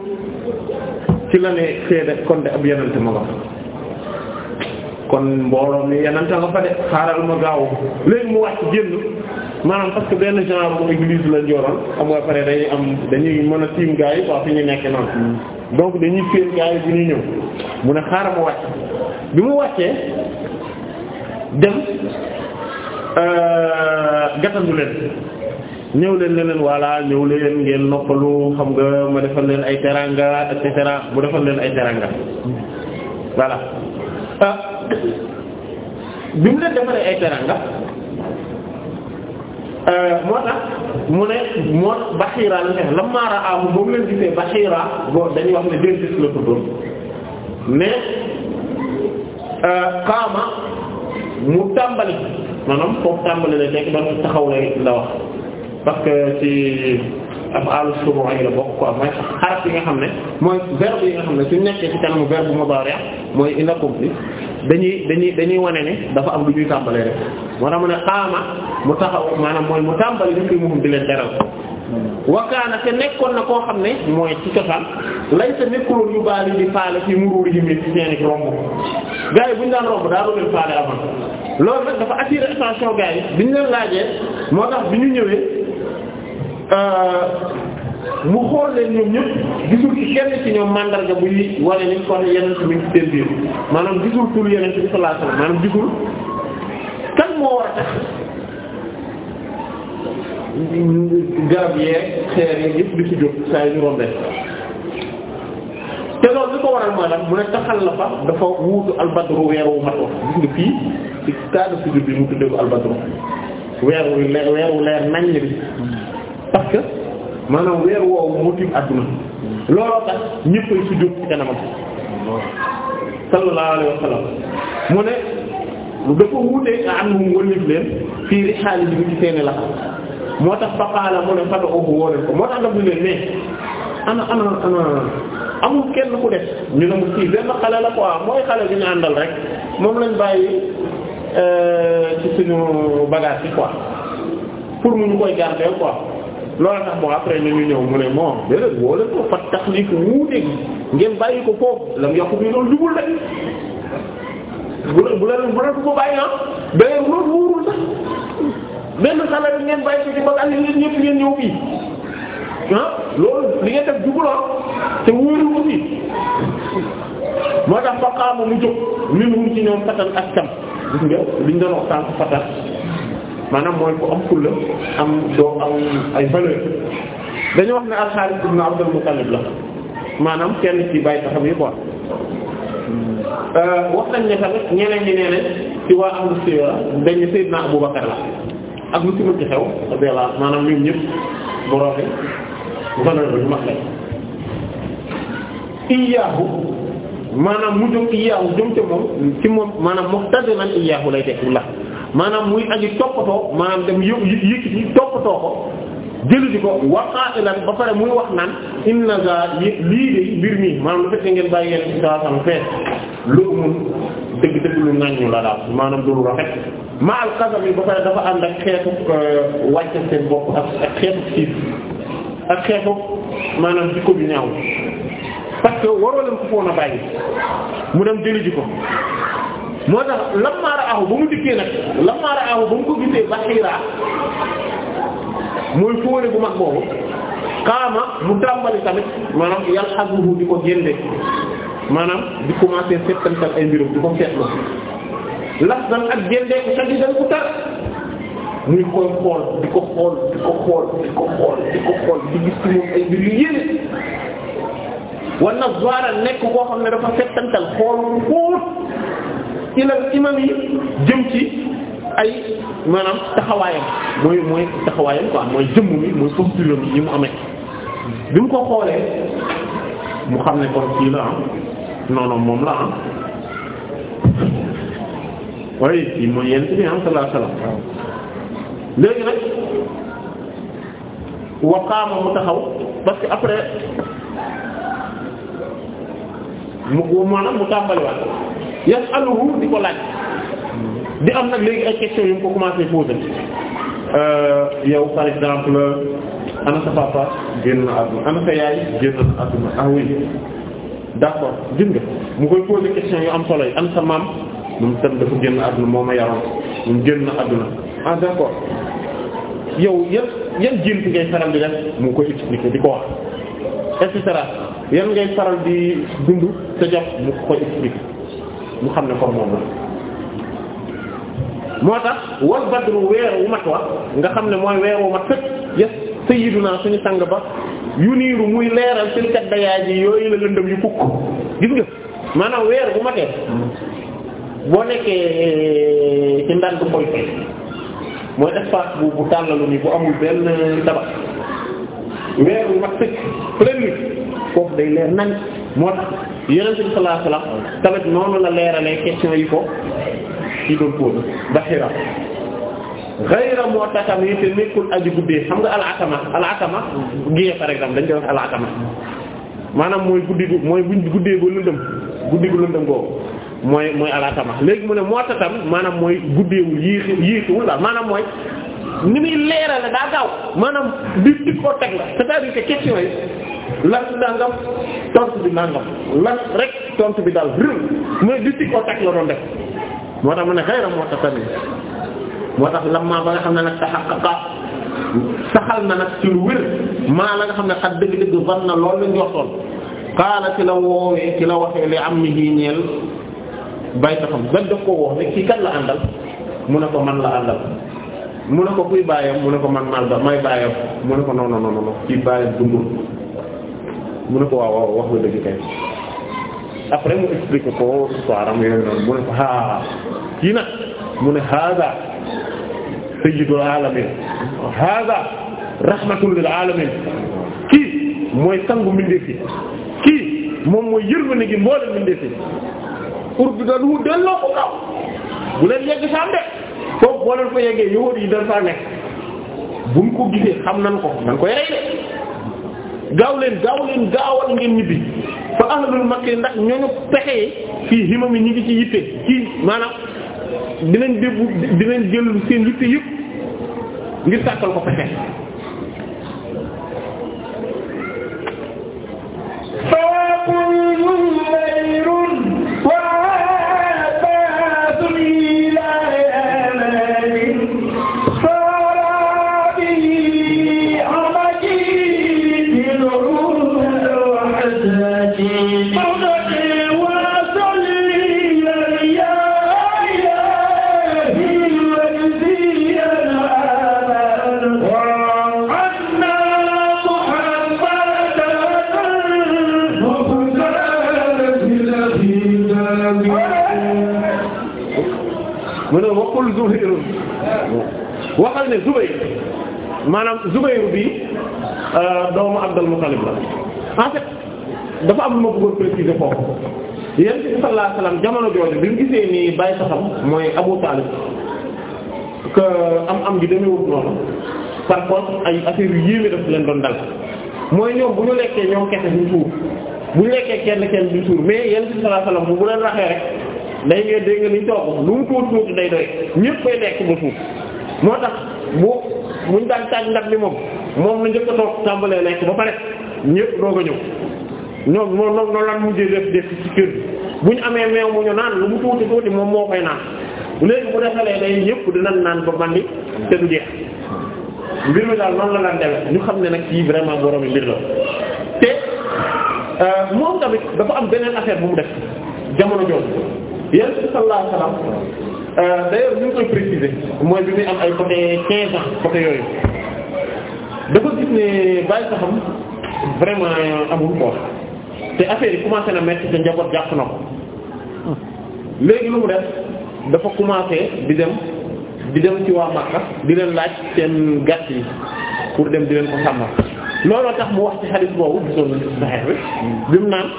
A: ci la ne seede kon de ab yenante ma nga kon mbooloo mi yenante nga fa de xaaral ma gaaw léegi mu wàcc génn maanaam parce benn genre bu église la njoroon am nga pare dañuy am dañuy mën a tiim gaa yi waa fi ñu nekk noonu mm. donc dañuy féer gaa yi bu ñëw mu ne xaaral ma wàcc bi mu wàccee dem euh, gàttandu leen ñëw leen ne leen voilà ñëw leen xam nga ma defal leen ay teranga et cetera bu defal leen ay teranga voilà ah bi mu leen defaree ay teranga euh, moo tax mu ne moo Baxiira la ne lam maara amu moom leen gisee Baxiira boo dañuy wax ne déntis la tuddoon mais qaama mu tàmbali maanaam foofu tàmbali la nekk man taxaw lay la wax parce que ci am àll suba ay la bokk quoi mooy xaraf yi nga xam ne mooy verbe yi nga xam ne suñ nekkee ci kanamu verbe mudari' mooy inaccompli dañuy dañuy dañuy wane ne dafa am lu ñuy tàmbalee rek moo tax mu ne qaama mu taxaw maanaam mooy mu tàmbali daf koy mu di leen teral wakaana te nekkoon na koo xam ne mooy ci cosaan lay sa nekkuloon yu baal yi di faale ci muruur yi ci seen i romb gars yi bu ñu daan romb daa doon leen faale avant loolu nag dafa attirer attention gars yi bi ñu leen laajee moo tax bi ñu ñëwee euh, mu xool leen ñoom ñëpp gisul ci kenn ci ñoom mandarga buy wane ni kon yeneen mi ngi ci seen biir maanaam gisul tur yeneen bi sallallahu alayhi maanaam gisul kan moo war a tax garab yee xeer yi yëpp di ci saa yu ñu rombee te loolu ko waral mooy lan mu ne taxal la fa dafa wuutu albadru weer wu mat wa gis leer nañ bi parce que maanaam weer woowu moo tiim looloo tax ñëpp ay sujud ci kanamam sallallahu alayhi mu ne dafa wuutee nga am na mu wëlif leen fii rixaali bi ci seeni laxas moo tax Fapal mu ne Fado Ogu woo leen ko moo tax daf leen ne ana ana ana amul kenn ku def ñu ne mu kii benn xale la quoi mooy xale bi ñu àndal rek moom lañ bàyyi euh, ci suñu bagage yi quoi pour mu ñu koy garder quoi. loolu tax bon après ñu ñëw mu ne moom déedéet woo leen ko fat tax lii ko wuuteeg ngeen bàyyi ko foofu lam yokku bi loolu jubul rek bu bu leen bu leen ko bàyyi ah beneen loolu wóorul sax. benn xale bi ngeen bàyyi ko ci mag àll yi ñëpp ngeen ñëw fii ah loolu li ngeen def jublu te wóorul wu fi moo tax ba xaaral mu jóg mbirum ci ñoom fatal ak cam gis nga liñ doon wax sànq fatal maanaam mooy ku am fulla am doo am ay valeur dañu wax ne Al-Harith ibn Abdul Muttalib la maanaam kenn ci bàyyi taxam yi quoi. Euh, wax nañ ne tamit ñeneen ñi nee nañ ci waa am sira dañu Sayyidna Abubakar la. ak lu ci mën ci xew maanaam ñoom ñëpp borooxe valeur bu mag lañ iyaahu maanaam mu jóg iyaahu jëm ca moom ci moom maanaam muqtadiran iyaahu lay tekk la maanaam muy aji toppatoo maanaam dem yëg yëkkati toppatoo ko jëlu di ko waxaati lan ba pare muy wax naan inna za lii de mbir mi maanaam lu fekkee ngeen bàyyi yenn ci saa sam loolu mun dëgg dëgg lu nañ ñu la daal maanaam du lu ma al qasam yi ba pare dafa ànd ak xeetu euh, wàcce seen bopp ak xeetu xiif ak xeetu maanaam jikko ju ñaaw parce waroo leen ko foon a bàyyi mu dem jëli ji ko moo tax lammaara ahu ba mu dikkee nag lammaara ahu ba mu ko gisee baxiraa mooy fóore bu ma boobu xaama mu tàmbali tamit maanaam yàlla xasuhu di ko génde maanaam di commencer settantal ay mbirum di ko seetlu las dan ak géndeeku sadidan ku tar muy koy xool di ko xool di ko xool di ko xool di ko xool di gis ci moom ay mbir yu yéene wan na zoara nekk koo xam ne dafa settantal xool yi jëm ci ay maanaam taxawaayam mooy mooy taxawaayam quoi mooy jëmm mi mooy posture yi mu amee bi mu ko xoolee mu xam ne kon kii la ah non moom la am ah. way yi mooy yent bi am sallallahu alayhi wasallam léegi nag waqaama mu taxaw parce que après mu maanaam mu tàmbaliwaat yasaluhu di ko laaj di am nag léegi ay questions yu mu ko commencé poser euh, yow par exemple ana papa génn na àdduna ana yaay génn na àdduna ah oui d'accord gis mu koy poser question yu am solo yi ana maam mu tëdd dafa génn àdduna moo ma yaroon mu génn àdduna ah d'accord yow yan yan gént ngay faral di def mu koy expliquer di ko wax et cetera yan ngay faral di dund te jox mu koy expliquer mu xam ne comme moom moo tax wal badru weer wu mat wa nga xam ne mooy weer wu mat fëpp yes sayyiduna suñu sang ba yu niiru muy leeral seen kat dayaay ji yooyu la lëndëm yu fukk gis nga maanaam weer bu matee boo nekkee eh, ci ndànk koy fay mooy espace bu bu tàllalu ni bu amul benn tabax weer wu mag sëkk pleine nuit foofu day leer nañ moo tax yonent bi sallallahu alayhi wasallam noonu la leeralee question yi ko ci doon pose Bahira ghayra mu'takam yi te nekkul aji guddee xam nga al-atama al-atama par exemple dañ koy wax al maanaam mooy guddi gu mooy buñ ba lëndëm guddi gu lëndëm googu mooy mooy alaatama léegi mu ne moo tatam maanaam mooy guddeewul yéexi yéexiwul daal maanaam mooy ni muy leeral la daa gaaw maanaam di di ko teg la c'est-à-dire que question yi lan bi daal rël mooy la mu ne xëy na moo tax lamma ba nga xam ne nag taxaqaqa saxal na nag ci lu wér maa la nga xam ne xat dëgg-dëgg van na loolu la njortoon ci la woowee ci la waxee li am ni ñeel bay taxam gan daf ko wax ne kii kan la àndal mu ne ko man la àndal mu ne ko kuy bàyyam mu ne ko man mal ba may bàyyam mu ne ko non non non non kii mu ne ko waaw waaw wax nga dëgg kay après mu expliqué ko histoire am yooyu noonu mu ne ko haa kii nag mu ne hada sayyidul alamin hada rahmatul lil alamin kii mooy sangu mbindeef yi kii moom mooy yërmande gi mboolem mbindeef yi pour bi doon wu delloo ko kaw bu leen yegg saam de foofu boo leen fa yeggee yowóot yi dañ ne bu buñ ko gisee xam nan ko nan koy rey
B: de
A: gaaw leen gaaw leen gaawal ngeen ñibbi fa ahlul makki ndax ñooñu pexe fii himam yi ñu ngi ci yitte ci maanaam dinañ débbu dinañ jël seen yitte yëpp ngir sàkkal ko pexe daf ne Zubayr maanaam Zubayr bi euh, doomu Abdul Muttalib la en dafa am lu ma bëggoon préciser foofu yéen ci sallallahu alayhi jamono jooju bi mu gisee nii bàyyi saxam mooy Abu Talib que am am gi demewut noonu par contre ay affaire yu yéeme daf leen doon dal mooy ñoom bu ñu lekkee ñoom kese duñ suur bu ñu lekkee kenn kenn duñ suur mais yéen ci sallallahu alayhi wasallam bu leen raxee rek day ngeen dégg nga ni toog lu mu tuuti tuuti day doy ñëpp koy lekk ba suur moo tax bu muñ daan taaj ndab li moom moom la njëkk a toog tàmbalee lekk ba pare ñëpp doog ko ñëw ñoom moom noonu noonu mujjee def def ci kër gi bu ñu amee meew mu ñu naan lu mu tuuti tuuti moom moo koy naan bu léegi bu defalee day ñëpp dinañ naan ba mandi te du jeex mbir mi daal noonu la lan deme ñu xam ne nag ci vraiment borom yi mbir la te euh, moom tamit dafa am beneen affaire bu mu def jamono jooju yéen sallallahu alayhi wasallam Euh, d'ailleurs ñu ngi koy préciser mooy bi muy am ay côté 15 ans côté yooyu dafa gis ne bàyyi saxam vraiment amul ko te affaire yi commencé na métti te njaboot jàpp na ko léegi lu mu def dafa commencé di dem di dem ci waa Makka di leen laaj seen gàtt yi pour dem di leen ko sàmmal looloo tax mu wax ci hadith boobu gisoon nañu bi bi mu naan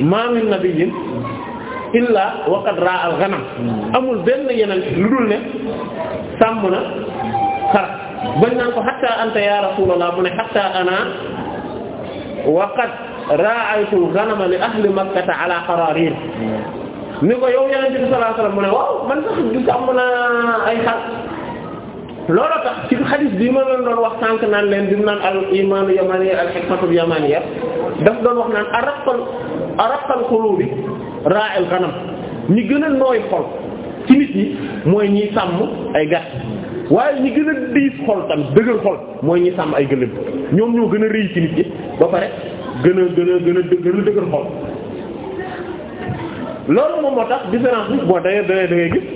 A: maa min nabiyyin illaa waqad raa al ghanam amul benn yeneen lu dul ne sàmm na xar bañ naan ko hatta anta ya rasulullah mu ne hatta ana waqad ra'aytu al ghanama li ahli makkata ala qararir ni ko yow yeneen bi sallallahu alayhi wasallam mu ne waaw man sax du sàmm naa ay xar loolu tax ci xadis bi ma leen doon wax sànq naan leen bi mu naan al imaanu yamani al hikmatu yamaniya daf doon wax naan arqal arqal qulubi raa el xanam ñi gën a nooy xol ci nit ñi mooy ñiy sàmm ay gàtt waaye ñi gën a diis xol tamit dëgër xol mooy ñi sàmm ay gëléem ñoom ñoo gën a rëy ci nit ñi ba pare gën a gën a gën dëgër xol loolu moom moo tax différence bi bon d'ailleurs da ngay gis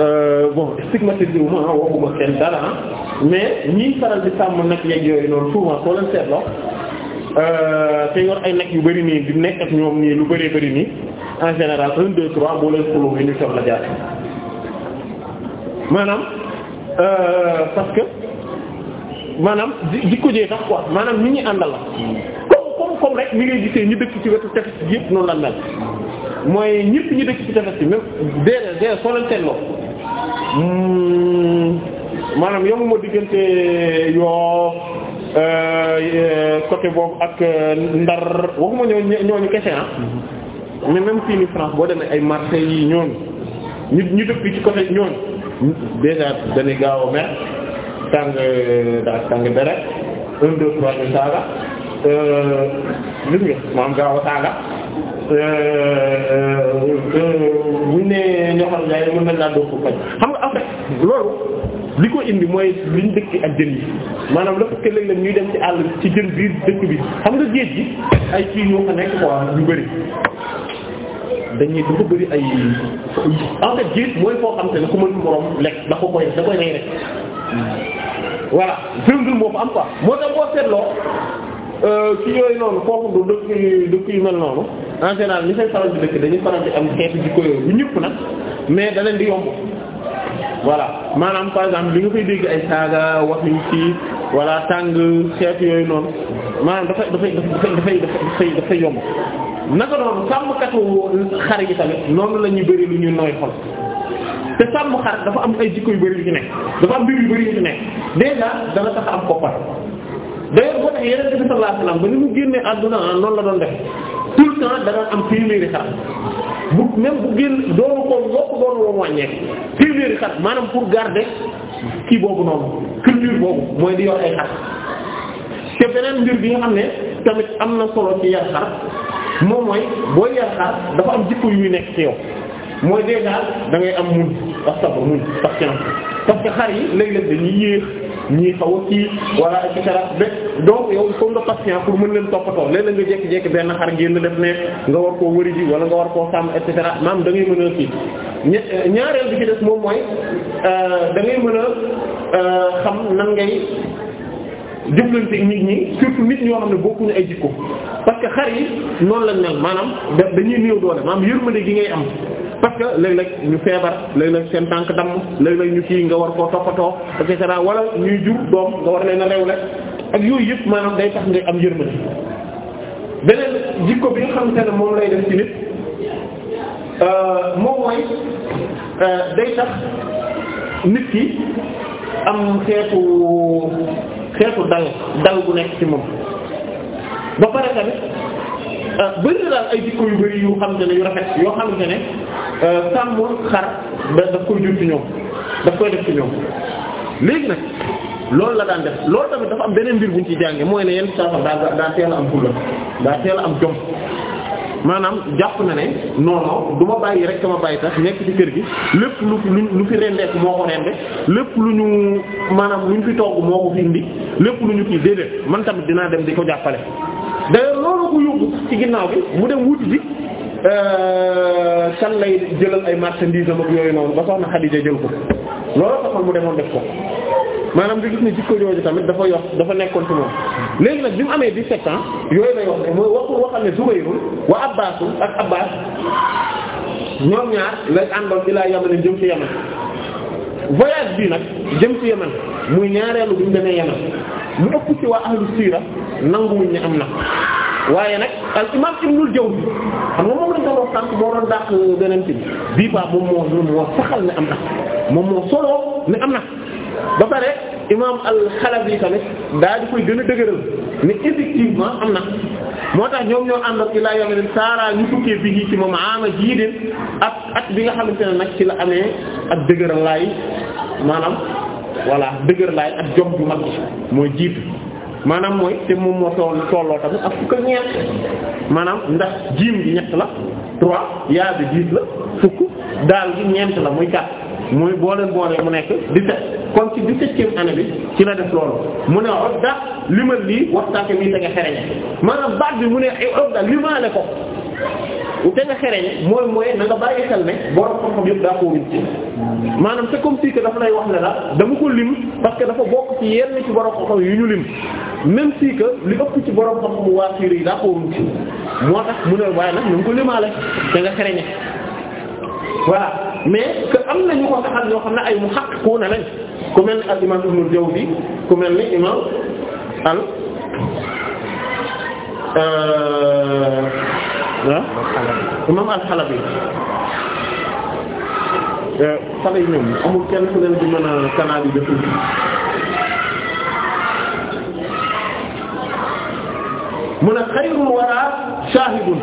A: euh, bon stigmatisé wu ma ah waxuma dara ah, mais ñii faral di sàmm nag yeeg yooyu noonu souvent soo leen seetloo Euh, te yor ay nag yu bari nii di nekk ak ñoom nii lu bari bari nii en général un deux trois boo leen xuloo yi ñu jaar maanaam euh, parce que maanaam jikko jee tax quoi maanaam ñi ñuy àndal la comme rek ni ngay gisee ñi dëkk ci wetu tefes yëpp noonu la mel mooy ñëpp ñu dëkk ci tefes bi même déedéet déedéet soo hmm, diggante yoo Euh, côté boobu ak euh, ndar waxuma ñooñu ñooñu kese ah
B: mhm.
A: mais même fii France boo demee ay marché yi ñooñu ñu ñu dëkk ci côté ñooñu déjà dañuy gaaw a mer tàng euh, daa tàng dara un deux trois maam gaaw a saaga buñ ne ñoo xam ne nañ laa dóor ko xam nga en fait loolu li ko indi mooy li ñu dëkk ak jën yi maanaam la fekk léeg-léeg ñuy dem ci àll ci jën biir dëkk bi xam nga géej gi ay kii ñoo fa nekk quoi ñu bëri dañuy dafa bëri ay en fait géej mooy foo xam te ne ku mën morom lekk da ko koy da koy rey rek voilà jungle moo fa am quoi moo boo seetloo euh, ci yooyu noonu foofu du dëkk dëkk yu mel noonu en général ñi fay faral bi dëkk dañuy faral di am xeetu jikko yooyu bu ñëpp nag mais da leen di yomb voilà maanaam par exemple li nga koy dégg ay saaga wax yu ci wala tàng xeet yooyu noonu maanaam dafay dafay dafay dafay dafay yomb naka noonu sàmmkatu xar yi tamit la ñuy bëri lu ñuy nooy xol te sàmm xar dafa am ay jikko yu bëri yu ci nekk dafa am mbir yu bëri yu ci nekk déjà dana tax am koppar d'ailleurs mu génnee àdduna noonu la doon def tout le temps dana am téeméeri xar bu même bu génn doonu ko yokk doonu woon wàññeeku téeméeri xar maanaam pour garder kii boobu noonu culture boobu mooy di yor ay xar te beneen mbir bi nga xam ne tamit am na solo ci yar xar moom mooy boo yar xar dafa am jikko yuy nekk ci yow mooy déjà da dangay am muñ ak sabr muñ sax ci parce que xar yi léeg-léeg dañuy yéex. ñii xaw a kii wala et cetera ba donc yow foog nga patient pour mën leen toppatoo léeg-léeg nga jékki-jékki benn xar génn def ne nga war koo wëri ji wala nga war koo sàmm et cetera maam da ngay mën a kii ñaareel bi ci des moom mooy euh, da ngay mën a euh, xam nan ngay jëflante nit ñi surtout nit ñoo xam ne bokkuñu ay jikko parce que xar yi noonu lañ mel maanaam dañuy néew doole maanaam yërmande gi ngay am parce que léeg-léeg ñu feebar léeg-léeg seen tànk damm léeg-léeg ñu kii nga war ko toppatoo et cetera wala ñuy jur doom nga war leen a rewle ak yooyu yëpp maanaam day tax ngay am yërmande beneen jikko bi nga xamante ne moom lay def ci nit euh, moom mooy euh, day tax nit ki am xeetu. xeetu dal dal gu nekk ci moom ba pare tamit euh, bëri na daal ay jikko yu bëri yu xam ne yu rafet yoo xamante ne euh, sàmm xar da daf koy jur ci ñoom daf koy def ci ñoom léegi nag loolu la daan def loolu tamit dafa am beneen mbir buñ ci jànge mooy ne yenn saa sax daa daa teel am fulla daa teel am jom maanaam jàpp na ne non non du ma bàyyi rek sama bàyyi tax nekk ci kër gi lépp lu lu fi rendeek moo ko rende lépp lu ñu maanaam lu fi togg moo ko fi indi lépp lu ñu kii déedéet man tamit dinaa dem di ko jàppale. d'ailleurs loolu ko yóbbu ci ginnaaw bi mu dem wuti ji euh, kan lay jëlal ay marchandises am ak yooyu noonu ba soxna Xadija jël ko loolu taxoon mu demoon def ko. maanaam nga gis ne jikko jooju tamit dafa yox dafa nekkoon ci moom léegi nag bi mu amee 17 ans yooyu la yox ne mooy waxul waxal ne Zubayrul wa Abbaasu ak Abbaas ñoom ñaar la àndoon ilaa Yaman jëm ci Yaman voyage bii nag jëm ci Yaman muy ñaareelu bi mu demee Yaman mu ëpp ci waa ahlu siira nanguwuñ ne am na waaye nag al imam Ibnul Jawzi xam nga moom lañ doon wax moo doon dàq beneen bii baa moom moo moo saxal ne am na moom moo soloo ne am na ba pare imaam al-Xalabi tamit daa di koy gën a dëgëral ni effectivement am na moo tax ñoom ñoo ànd ak ilaa yawmin saara ñu tukkee bi ci moom aama jii de ak at bi nga xamante ne nag ci la amee ak dëgëral laay maanaam voilà dëgër laay ak jom bu mag mooy jiitu maanaam mooy te moom moo toll tolloo tamit ak fukk ak ñeent maanaam ndax jiim gi ñett la trois yaa bi la fukk daal gi ñeent la muy quatre. muy boo leen boolee mu nekk 17 kon ci 17e année bi ci la def loolu mu ne odda limal lii wax waxtaake bii te nga xereñe maanaam baat bi mu ne e odda limaale ko te nga xereñe mooy mooy na nga bàyyi xel ne borom xam-xam yëpp daa koo wut maanaam c'est comme si dafa lay wax ne la dama ko lim parce que dafa bokk ci yenn ci borom xam-xam yu ñu lim même si que li ëpp ci borom xam-xam waa siir yi daa koo wut moo tax mu ne waaye nag na nga ko limaale te nga voilà mais que am na ñu ko taxal ñoo xam ne ay muhaqqiquna lañ ku mel ni al imam Ibn Jawzi ku mel ni imam al euh, imam al Halabi euh, xale yi ñoom amul kenn ku leen di mën a canal yi def mu ne xayrul wara shahidun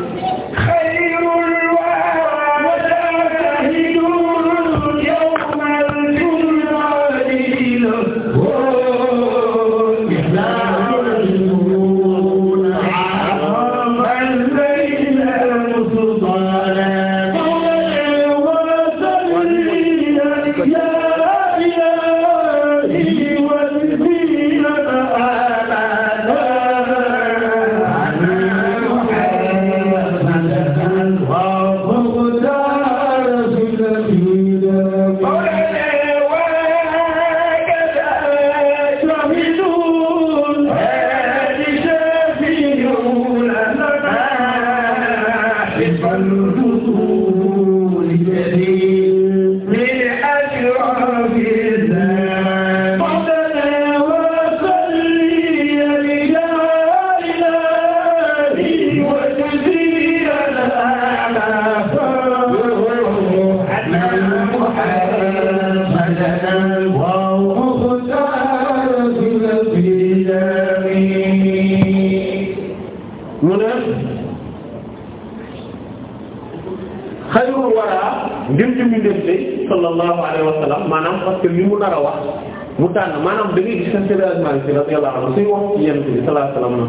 A: tàng maanaam da ngay gis seen sédagement bi radiyallahu anhu suy wax ci yent bi sallallahu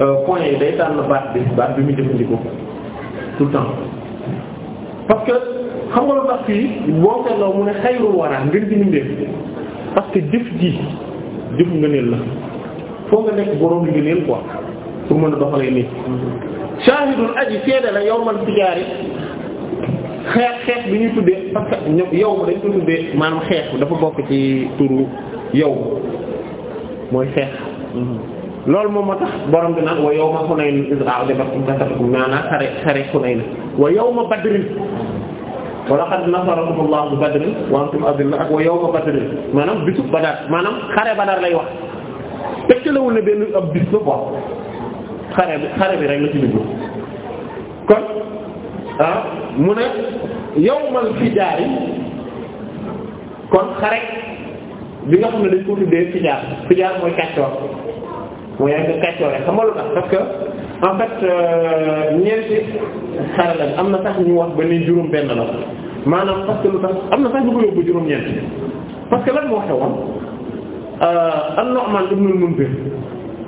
A: euh, point yi day tànn baat bi baat bi muy jëfandikoo tout parce que xam nga lu tax fii boo seetloo mu ne xayrul wara ngir di parce que jëf ji jëf ngëneel la foo nga nekk borom ngëneel quoi pour mën a doxalee nii shahidul aji seede la yawmal tijaari xeex xeex bi ñuy tuddee parce que yow ma dañ ko tuddee maanaam xeex dafa bokk ci turu yow mooy xeex loolu moom ma tax borom bi naan wa yawma Hunayn iz a'jabatkum kasratukum maanaam xare xare Hunayn wa yawma Badrin wa laqad nasarakum Allahu bi Badrin wa antum adilla ak wa yawma Badrin maanaam bisu Badar maanaam xare Badar lay wax tekkelewul ne benn ab bis la quoi xare bi xare bi rek la ci dugg kon ah, mu ne yawmal fijaari kon xare. bi nga xam ne dañ ko tuddee fijaar fijaar mooy kàccoor mooy yaa ngi kàccoore xam nga lu euh, am na sax ñu wax ba ni juróom benn la maanaam parce lu tax am na sax ñu ko yóbbu juróom ñeent parce que lan moo xewoon euh, an-Nu'man ibn al-Munzir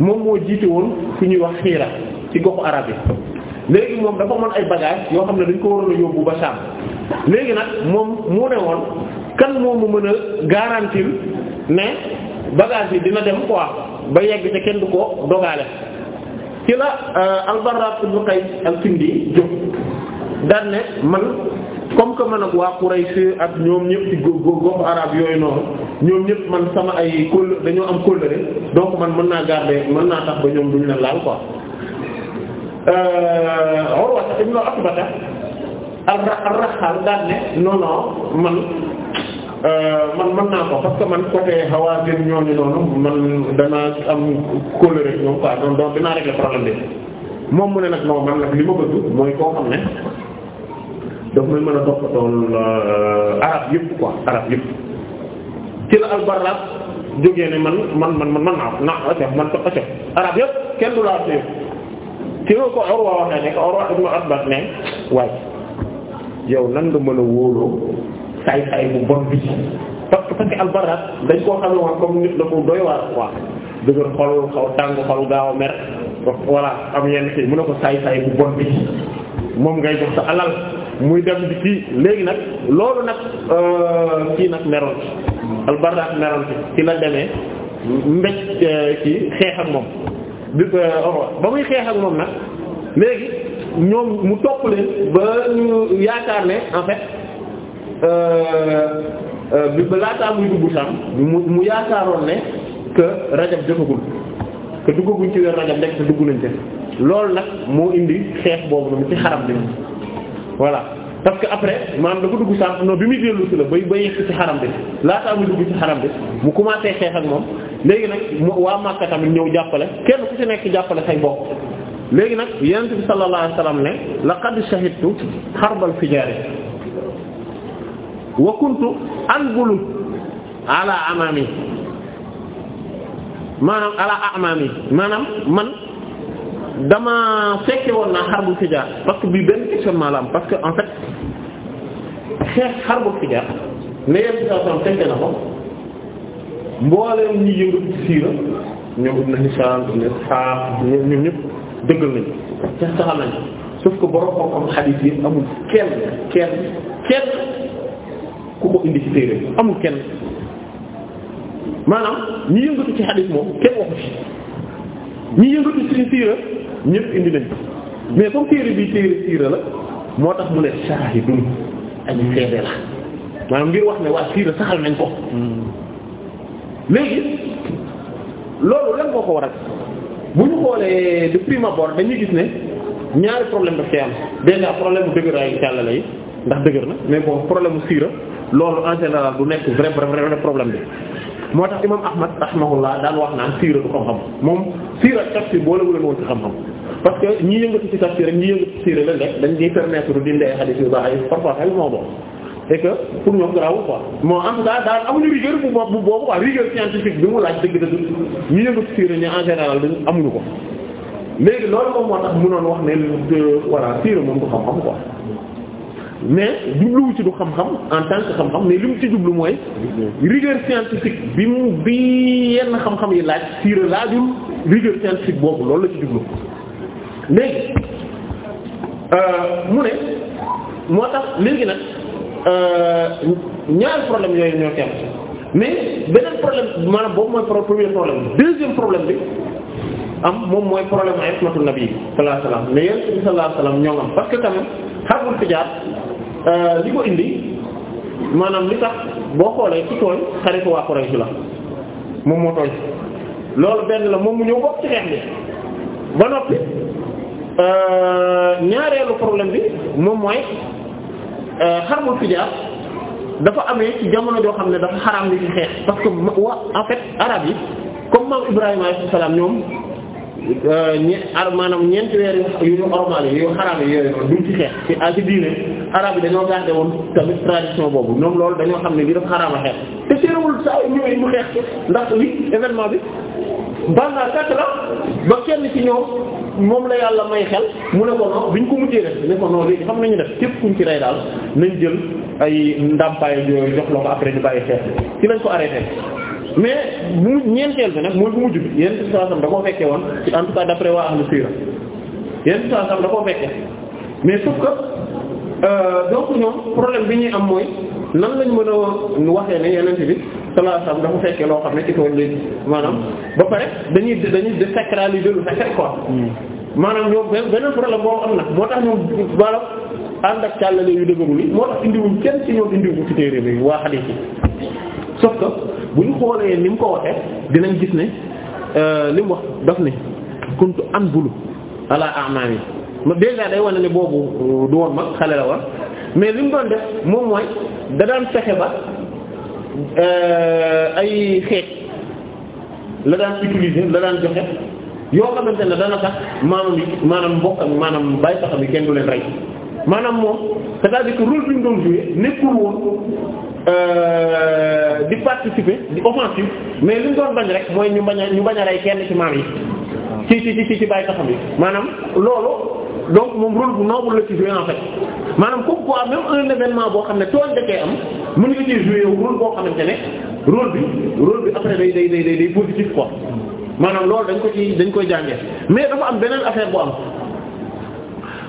A: moom moo jiite woon fu ñuy wax xiira ci goxu arab yi léegi moom dafa moon ay bagages yoo xam ne dañ ko waroon a yóbbu ba Saam léegi nag moom mu ne woon kan moom mu mën a garantir mais bagage yi dina dem quoi ba yegg te kenn du ko dogaale ci la euh, al-Barra ibn Qays al-Kindi jóg daan ne man comme que man ak waa Quraysh ak ñoom ñëpp ci góob góobu arab yooyu noonu ñoom ñëpp man sama ay kóll dañoo am kóllëre donc man mën naa garder mën naa tax ba ñoom duñ la laal ko euh, Urwa ibn daan ne non man. Euh, man mën naa ko parce que man côté xawaatir ñooñu noonu man danaa am kóllëre rek ñoom quoi dinaa régler problème bi moom mu ne nag non man nag li ma bëgg mooy koo xam ne daf may mën a toppatool euh, arab yëpp quoi arab yëpp ci la albarlaat jógee ne man man man man naa naa acef man to acef arab yëpp kenn du laa téye ci la ko Urwa waxee ne Urwa ibn Abbas ne waaye yow nan nga mën a wóoloo tay tay bu bon bi parce que parce que albarat dañ koo xamee waa comme nit la ko doy waar waa dëgër xol xaw tàng xol gaaw a mer voilà am yenn kii mu ne ko say say bu bon bi moom ngay jox sa alal muy dem di kii léegi nag loolu nag euh, kii nag meroon ci albarat meroon ci ci la demee mbéj euh, kii xeex ak moom di euh, ba muy xeex ak moom nag léegi ñoom mu topp leen ba ñu yaakaar ne en fait Euh, euh, bi amuy laataa muy dugg Sham mu mu yaakaaroon ne que rajab jotagul que duggaguñ ci weer rajab nekk te dugg nañ te loolu nag moo indi xeex boobu noonu ci xaram bi voilà parce que après maanaam dafa dugg Sham non bi muy dellu la bay bay yegg ci xaram bi laataa muy dugg ci xaram bi mu commencé xeex ak moom léegi nag mu waa Makka tamit ñëw jàppale kenn ku ci nekk jàppale say bopp. léegi nag yonent bi sallallahu alayhi wasallam ne laqad shahidtu harbal fijaari wa kuntu anbulu ala amami maanaam ala amami maanaam man dama fekke woon naa xarbul fijaar parce que bii benn questionnement la am parce que en fait xeex xarbul fijaar ne yéen si saa fekke na ko mbooleem ñi yëngu ci siira ñoom ibn Hisham ibn Ishaq ñoom ñoom ñëpp dëggal nañu ca saxal nañu sauf que borom xam-xam xadiis yi amul kenn kenn kenn. ku ko indi ci téere amul kenn maanaam ñi yëngatu ci xadis moom kenn waxu ci ñi yëngatu ci siira ñëpp indi nañ mais comme téere bi téere siira la moo tax mu ne shahidun aji seede la maanaam ngir wax ne waa siira saxal nañ ko léegi loolu lan boo ko waral bu ñu xoolee de prime abord dañuy gis ne ñaari problème daf ci am déjà problème bu dëgëraayu càllale yi ndax dëgër na mais bon problème siira loolu en général du nekk vrai vrai problème bi moo tax imam ahmad rahimahullah daan wax naan siira du xam-xam moom siira tafsir boo la wuleen woon ci xam parce que ñi yëngatu ci tafsir rek ñi yëngatu ci siira la dañ ñuy permettre dindi ay hadith que pour ñoom garaawul quoi moo en tout cas daal bu boobu quoi rigueur bi mu laaj dëgg-dëgg ñi yëngatu ci siira ñi en général dañ amuñu ko léegi loolu moom moo tax mënoon wax ne euh, voilà siira moom du xam-xam ko mais dubluwu ci du xam-xam en tant que xam-xam mais li mu ci jublu mooy rigueur scientifique bi mu bi yenn xam-xam yi laaj siira laajul rigueur scientifique boobu loolu la ci jublu léegi euh, mu ne moo tax léegi nag euh, ñaari problème yooyu ñoo teem mais beneen problème maanaam boobu mooy premier problème deuxième problème bi am moom mooy problème ay ismatu nabi sallallahu alayhi wasallam mais yonent bi sallallahu ñoo am parce que tamit xarbul fijaar euh, li ko indi maanaam li tax boo xoolee ci tooñ xaritu waa la moom moo tooñ loolu benn la moom mu ñëw bokk ci xeex bi ba noppi euh, ñaareelu problème bi moom mooy xarbul euh, fijaar dafa amee ci jamono joo xam ne dafa xaraam ni ci xeex parce que waa en fait arab yi comme maam Ibrahima alayhi salaam ñoom Euh, ñe ar maanaam ñeenti weer yu ñu ormal yi yu xaraam yi yooyu noonu duñ ci xeex ci a ah, ci diine arabe yi dañoo gardé woon tamit tradition boobu ñoom loolu dañoo xam ne li dafa xaraam a xeex te teewul saa yu mu xeex ndax li événement bi bal naa kàtt la ba kenn ci ñoom moom la yàlla may xel mu ne ko non biñ ko mujjee def ne ko non léegi xam nañu def képp kuñ ci rey daal nañ jël ay ndàmpaay yooyu jox la ko après ñu bàyyi xeex ci lañ ko arrêté mais bu mujj ñeenteel bi nag mooy bu mujj bi yenn situation da koo fekkee woon ci en tout cas d'après waa ahlu siira yenn situation da koo fekkee mais sauf que euh, donc ñoom problème bi ñuy am mooy nan lañ mën a waxee ne yeneen bi sallallahu alayhi wasallam dafa fekkee loo xam ne ci tool yi maanaam ba pare dañuy dañuy désacraliser lu fekk quoi. Hmm. maanaam ñoom benn benn problème boo am nag moo tax ñoom maanaam ànd ak càllale yu dëgërul yi moo tax indiwuñ kenn ci ñoom indiwuñ ci téere bi waa xadiis yi sauf bu ñu xoolee ni mu ko waxee dinañ gis ne euh, li mu wax daf ne kuntu am bulu ala amaan yi déjà day wane ne boobu euh, du woon mag xale la war mais lim mu doon def moom mooy da daan fexe ba euh, ay xeet la daan utiliser la daan joxe yoo xamante ne dana tax maanaam maanaam mbokk ak maanaam bàyyi sax bi kenn du leen rey maanaam moom c'est-à-dire que rôle bi mu doon jouer nekkul woon Euh, di participer di offensive mais li ñu doon bañ rek mooy ñu bañ a ñu bañ a rey kenn ci maam yi ah. ci ci ci ci bàyyi taxam yi maanaam loolu donc moom rôle bu noble la ci jouer en fait maanaam comme quoi même un événement boo xam ne tool da am mën nga ci jouer rôle boo xamante ne rôle bi rôle bi après day day day day positif ko maanaam loolu dañ ko ci dañ koy jàngee mais dafa am beneen affaire bu am.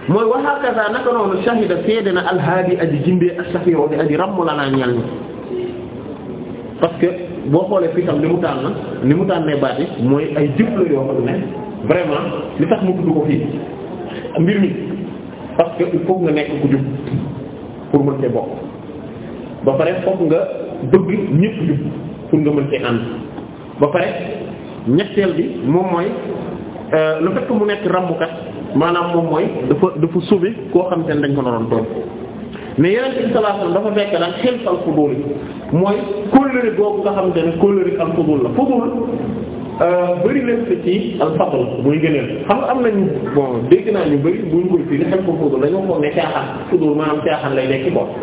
A: mooy waxaa kasaa naka noonu shahida seede na alhaadi aji jindee ak safiyo di aji ràmm la naa ñal ñi parce que boo xoolee fii tam li mu tànn li mu tànnee baat mooy ay jëf la yoo xam ne vraiment li tax mu tudd ko fii mbir mi parce que il nga nekk ku jub pour mën cee bokk ba pare foog nga bëgg ñëpp jub pour nga mën cee ànd ba pare ñetteel bi moom mooy Euh, le fait que mu nekk rambukat maanaam moom mooy dafa dafa sauver koo xam te ne dañ ko naroon doon mais yeneen bi sallallahu alayhi wasallam dafa fekk daal xel al fudul mooy nga xam ne kóllëre al fudul la fudul bëri leen gëneel xam nga am nañu bon dégg naa ñu bëri buñ koy fii li xel ko fudul dañoo foog ne caaxaan fudul maanaam caaxaan lay nekk bopp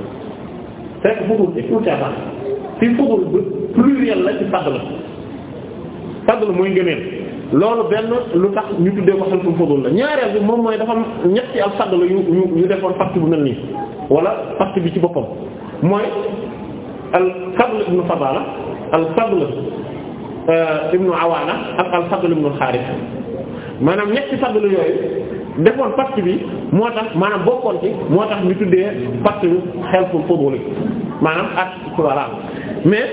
A: fekk fudul ci tout caaxaan fi fudul ba pluriel la ci fadl fadl mooy gëneel loolu benn lu tax ñu tuddee ko xelfu fudul la ñaareel bi moom mooy dafa ñetti al fadl yu yu yu defoon pacte bu mel nii wala pacte bi ci boppam mooy al fadl ibnu fadala al fadl euh, ibnu awaana ak al fadl ibnu xaaris maanaam ñetti fadl yooyu defoon pacte bi moo tax maanaam bokkoon ci moo tax ñu tuddee pacte bi xelfu fudul maanaam ak ci walla mais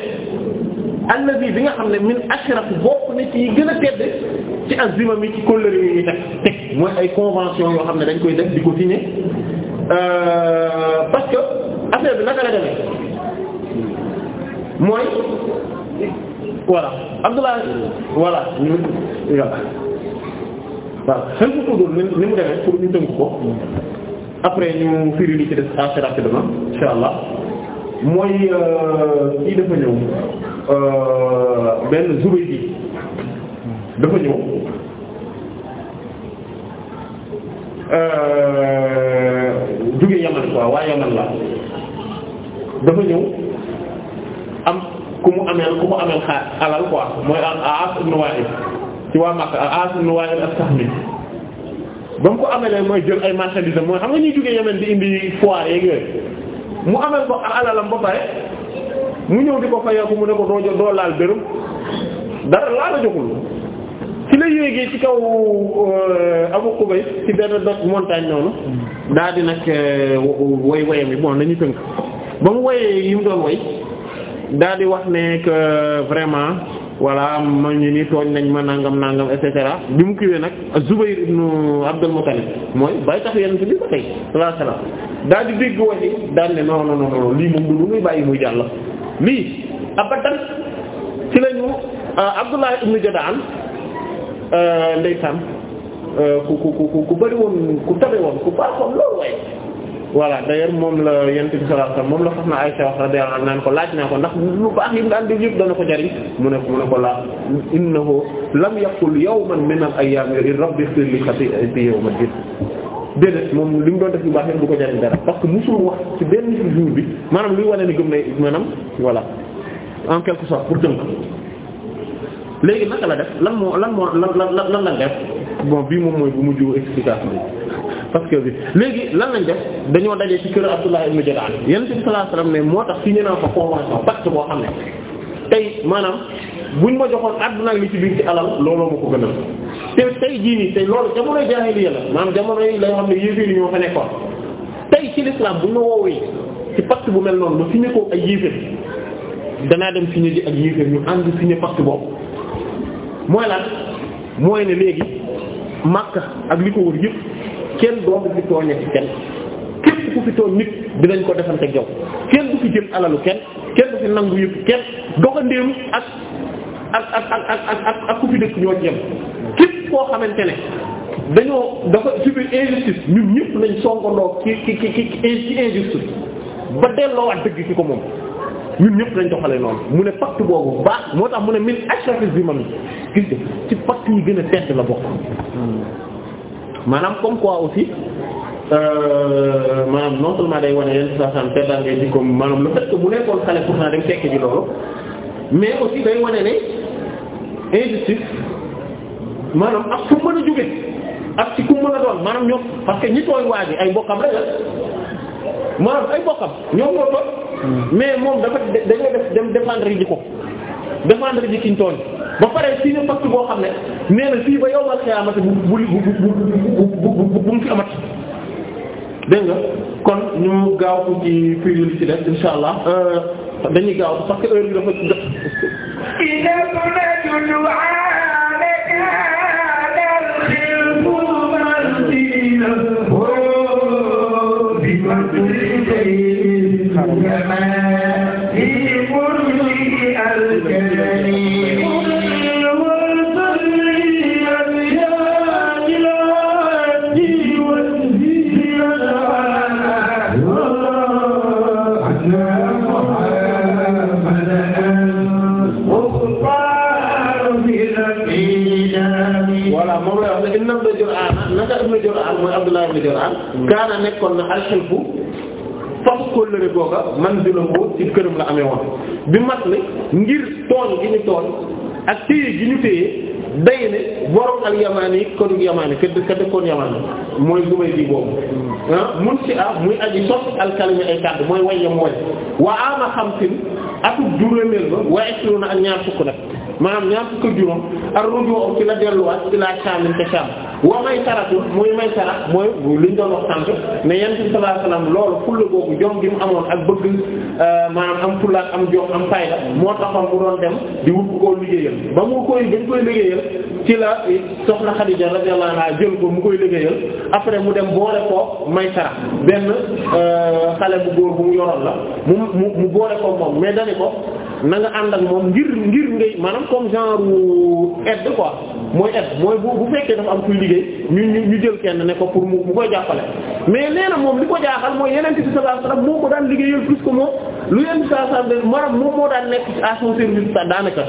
A: allazi bi nga xam ne min ashraf bokk na ci gën a tedd ci azima mi ci kóllëre yi ñuy teg teg mooy ay convention yoo xam ne dañ koy def di ko signé euh, parce que affaire bi naka la demee mooy voilà Abdullah voilà ni mu demee pour ñu tënk ko après ñu firi li ci des assez rapidement insha allah mooy euh, kii dafa ñëw. Euh, benn Zubaydi bi dafa ñëw euh, jóge Yaman quoi waa Yaman la dafa ñëw am ku mu ameel ku mu ameel xaar alal quoi mooy Aas ibn Wa'il ci waa Makka Aas ibn Wa'il as-Sahmi ba mu ko amelee mooy jël ay marchandises mooy xam nga ñuy jóge Yaman di indi foire yeeg yooyu mu ameel ko alalam ba pare mu ñëw di ko fayeeku mu ne ko doo doo laal dërëm dara laa la joxul ci la yéegee ci kaw euh, Abu Qubays ci benn dot montagne noonu mm. daal di nag euh, woy woyam bi bon nañu tënk ba mu woyee yi mu doon woy daal di wax ne que vraiment voilà ma ñu ni tooñ nañ ma nangam nangam et cetera bi mu kiiwee nag Zubayr ibn Abdul Muttalib mooy bàyyi tax yenn bi ba tey sallallahu alayhi wasallam daal di dégg wax yi daal ne non non lii moom du lu muy bàyyi muy jàll. lii abadan ci lañu euh, Abdullah ibn Jadaan euh, ndeysaan euh, ku ku ku ku bëri woon ku tabe woon ku baaxoon loolu waaye voilà d'ailleurs moom la yent bi sallallahu alayhi xam na Aisha wax naan ko laaj naa ko ndax lu baax yi mu daan def yëpp dana ko jariñ mu ne mu ne ko la innahu lam yaqul yawman min al-ayyam rabbi ighfir li khati'ati yawma din déedéet moom li mu doon def lu baax yëpp du ko jariñ dara parce que musul wax ci benn jour bi maanaam luy wane ni gëm nay maanaam voilà en quelque sorte pour tënk léegi naka la def lan moo lan moo lan lan lan lañ def bon bii moom mooy bu mujj explication bi parce que bi léegi lan lañ def dañoo dajee ci kër Abdullah ibn Jadaan Yonent bi sallallahu alayhi wasallam ne moo tax fi ñu naan fa convention pacte boo xam ne tey maanaam. buñ ma joxoon àddunaa li ci biir ci alal looloo ma ko gënal te tey jii nii tey loolu jamonoy jaahiliya la maanaam jamono yi lay xam ne yéeféer yi ñoo fa nekkoon tey ci l'islam buñ ma woowee ci pacte bu mel noonu ma signé ko ak yéeféer danaa dem signé ji ak yéeféer ñu ànd signé pacte boobu mooy lan mooy ne léegi Makka ak li ko wër yëpp kenn doomu fi tooñe ci kenn képp ku fi tooñ nit dinañ ko defante ak kenn du fi jël alalu kenn kenn du fi nangu yëpp kenn dogandeem ak ak ak ak ak ak ku fi dëkk ñoo ci yem képp koo xamante ne dañoo dafa subir injustice ñun ñëpp lañ songandoo ci ci ci ci injustice ba delloowaat dëgg ci ko moom ñun ñëpp lañ doxale noonu mu ne pacte boobu baax moo tax mu ne min ashrafis bi ma mi gis ci pacte yi gën a tedd la bokk maanaam comme quoi aussi euh, maanaam non seulement day wane yenn saa saa teddaangee jikkoom maanaam le fait que mu nekkoon xale pourtant dem tekki ji loolu mais aussi day wane ne injustice maanaam ak fu mën a jóge ak ci ku mën a maanaam ñoom parce que ñi tooy waa ay bokkam rek la maanaam ay bokkam ñoom moo tooy mais moom dafa dañoo def dem défendre ji ko défendre ji kiñ tooñ ba pare si ne pacte boo xam ne nee na ba yow ma xiyamati bu bu bu bu mu fi amati dégg nga kon ñu gaaw ko ci période ci def insha allah euh, dañuy gaaw parce que heure bi dafa jot. Amen. Najraan kaana nekkoon na alxilfu fas kóllëre googa manzilam boo ci këram la amee woon bi mat li ngir tooñ gi ñu tooñ ak téye gi ñu téye day ne borom al yamaani kon yamaani ka ka dëkkoon yamaani mooy lu may di boobu ah mun si ah muy aji sos al kalimi ay kàddu mooy wayyam way waa ama xamsin atuk juróomeel ba waa extilo na ak ñaar fukk nag maanaam ñaar fukk juróom ak rujoo ci la delluwaat ci laa saamin te saam wa may taratul mooy may tarat mooy liñ doon wax sant mais yent bi sallallahu alayhi wasallam loolu fulla googu jom gi mu amoon ak bëgg euh, maanaam am fulla am jom am fayda moo taxoon mu doon dem di wut koo liggéeyal ba mu koy dañ koy liggéeyal ci la soxna Xadija radiyallahu anha jël ko mu koy liggéeyal après mu dem boole ko may tarat benn euh, xale bu góor bu mu yoroon la mu mu boole ko moom mais dani ko na nga ànd ak moom ngir ngir ngay maanaam comme genre aide quoi mooy aide mooy bu bu fekkee dafa liggéey ñu ñu ñu jël kenn ne ko pour mu mu koy jàppale mais nee moom li ko jaaxal mooy yeneen bi sallallahu alayhi wasallam moo ko daan liggéeyal plus que moom lu yenn sallallahu alayhi wasallam moom moo daan nekk à son service daanaka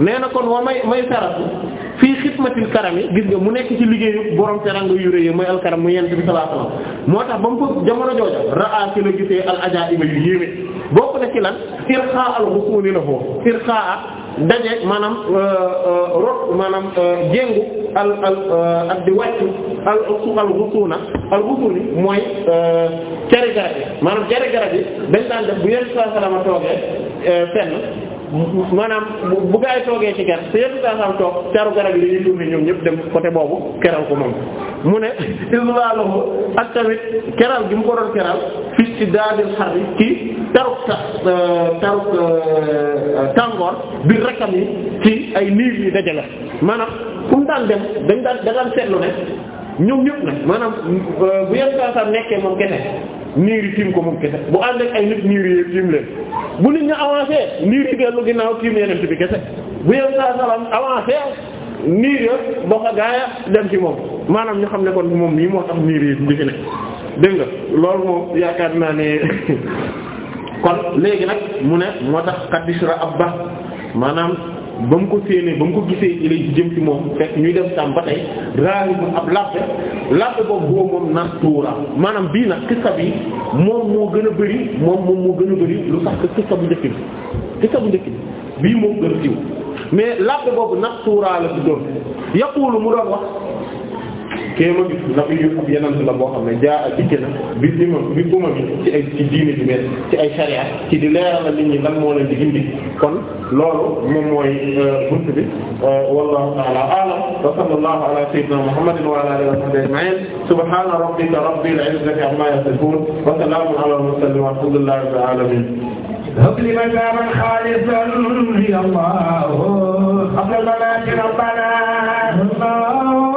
A: nee na kon wa may may saratu fii xidmatil karam yi gis nga mu nekk ci liggéeyu borom teranga yu rëy mooy alkaram mu yenn bi sallallahu alayhi wasallam moo tax ba mu ko jamono jooja raa ci la gisee al ajaiba yu yéeme bokk na ci lan irqa al ghusuli lahu irqa daje maanaam euh, euh, rot maanaam euh, jéngu al al ak di wàccu al al rusuuna al rusuuni mooy cere garab yi maanaam cere garab yi dañ daan def bu yenn saa salaama toogee fenn maanaam bu gaa yi toogee ci ker te yéen saa saam toog caru garab yi dañuy tourner ñoom ñëpp dem côté boobu keral ko moom mu ne islaaluhu ak tamit keral gi mu ko doon keral fi ci daadil xar yi ci taruk sa euh, taruk euh, tàngoor bi rakkam yi ci ay niir yi dajale maanaam fu mu daan dem dañ daan da daan seetlu ne ñoom ñëpp nag maanaam euh, bu yenn saa saa nekkee moom kese niir yi tiim ko moom kese bu ànd ak ay nit niir yi tiim leen bu nit ñu avancé niir yi dellu ginnaaw tiim yeneen bi kese bu yenn saa saa avancé niir ya bokk a gaaya dem ci moom maanaam ñu xam ne kon moom nii moo tax niir yi di fi ne dégg nga loolu moom yaakaar naa ne kon léegi nag mu ne moo tax xaddisra abba maanaam ba mu ko séenee ba mu ko gisee ci jëm ci moom fekk ñuy dem tam ba tey raahibun ab lappe lappe boobu boo moom nastuura maanaam bii nag kissa bi moom moo gën a bëri moom moom moo gën a bëri lu tax kissa bu njëkk bi kissa bu njëkk bi bii moom gën a siiw mais lappe boobu nastuura la ci doon lu mu doon wax kee ma gis na yu ab yeneen la boo xam ne jaa ak dikk na bi dima bi duma bi ci ay ci diine bi mel ci ay sharia ci di leeral nit ñi lan moo leen di indi kon loolu moom mooy euh, bunt bi euh, wallahu ta'ala a'lam wa sallallahu ala sayyidina muhammadin wa ala alihi wa sahbihi ajma'in subhana rabbika rabbil izzati amma yasifun wa salamun ala al-mursalin walhamdulillahi rabbil alamin
D: هب لي مقاما خالصا يا الله قبل المناكب ربنا الله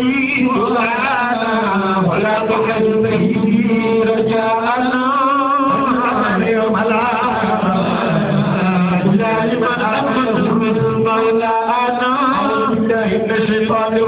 D: الذي مولانا ولا تحل به رجاءنا يوم العالم لا لمن أمن من مولانا بالله من الشيطان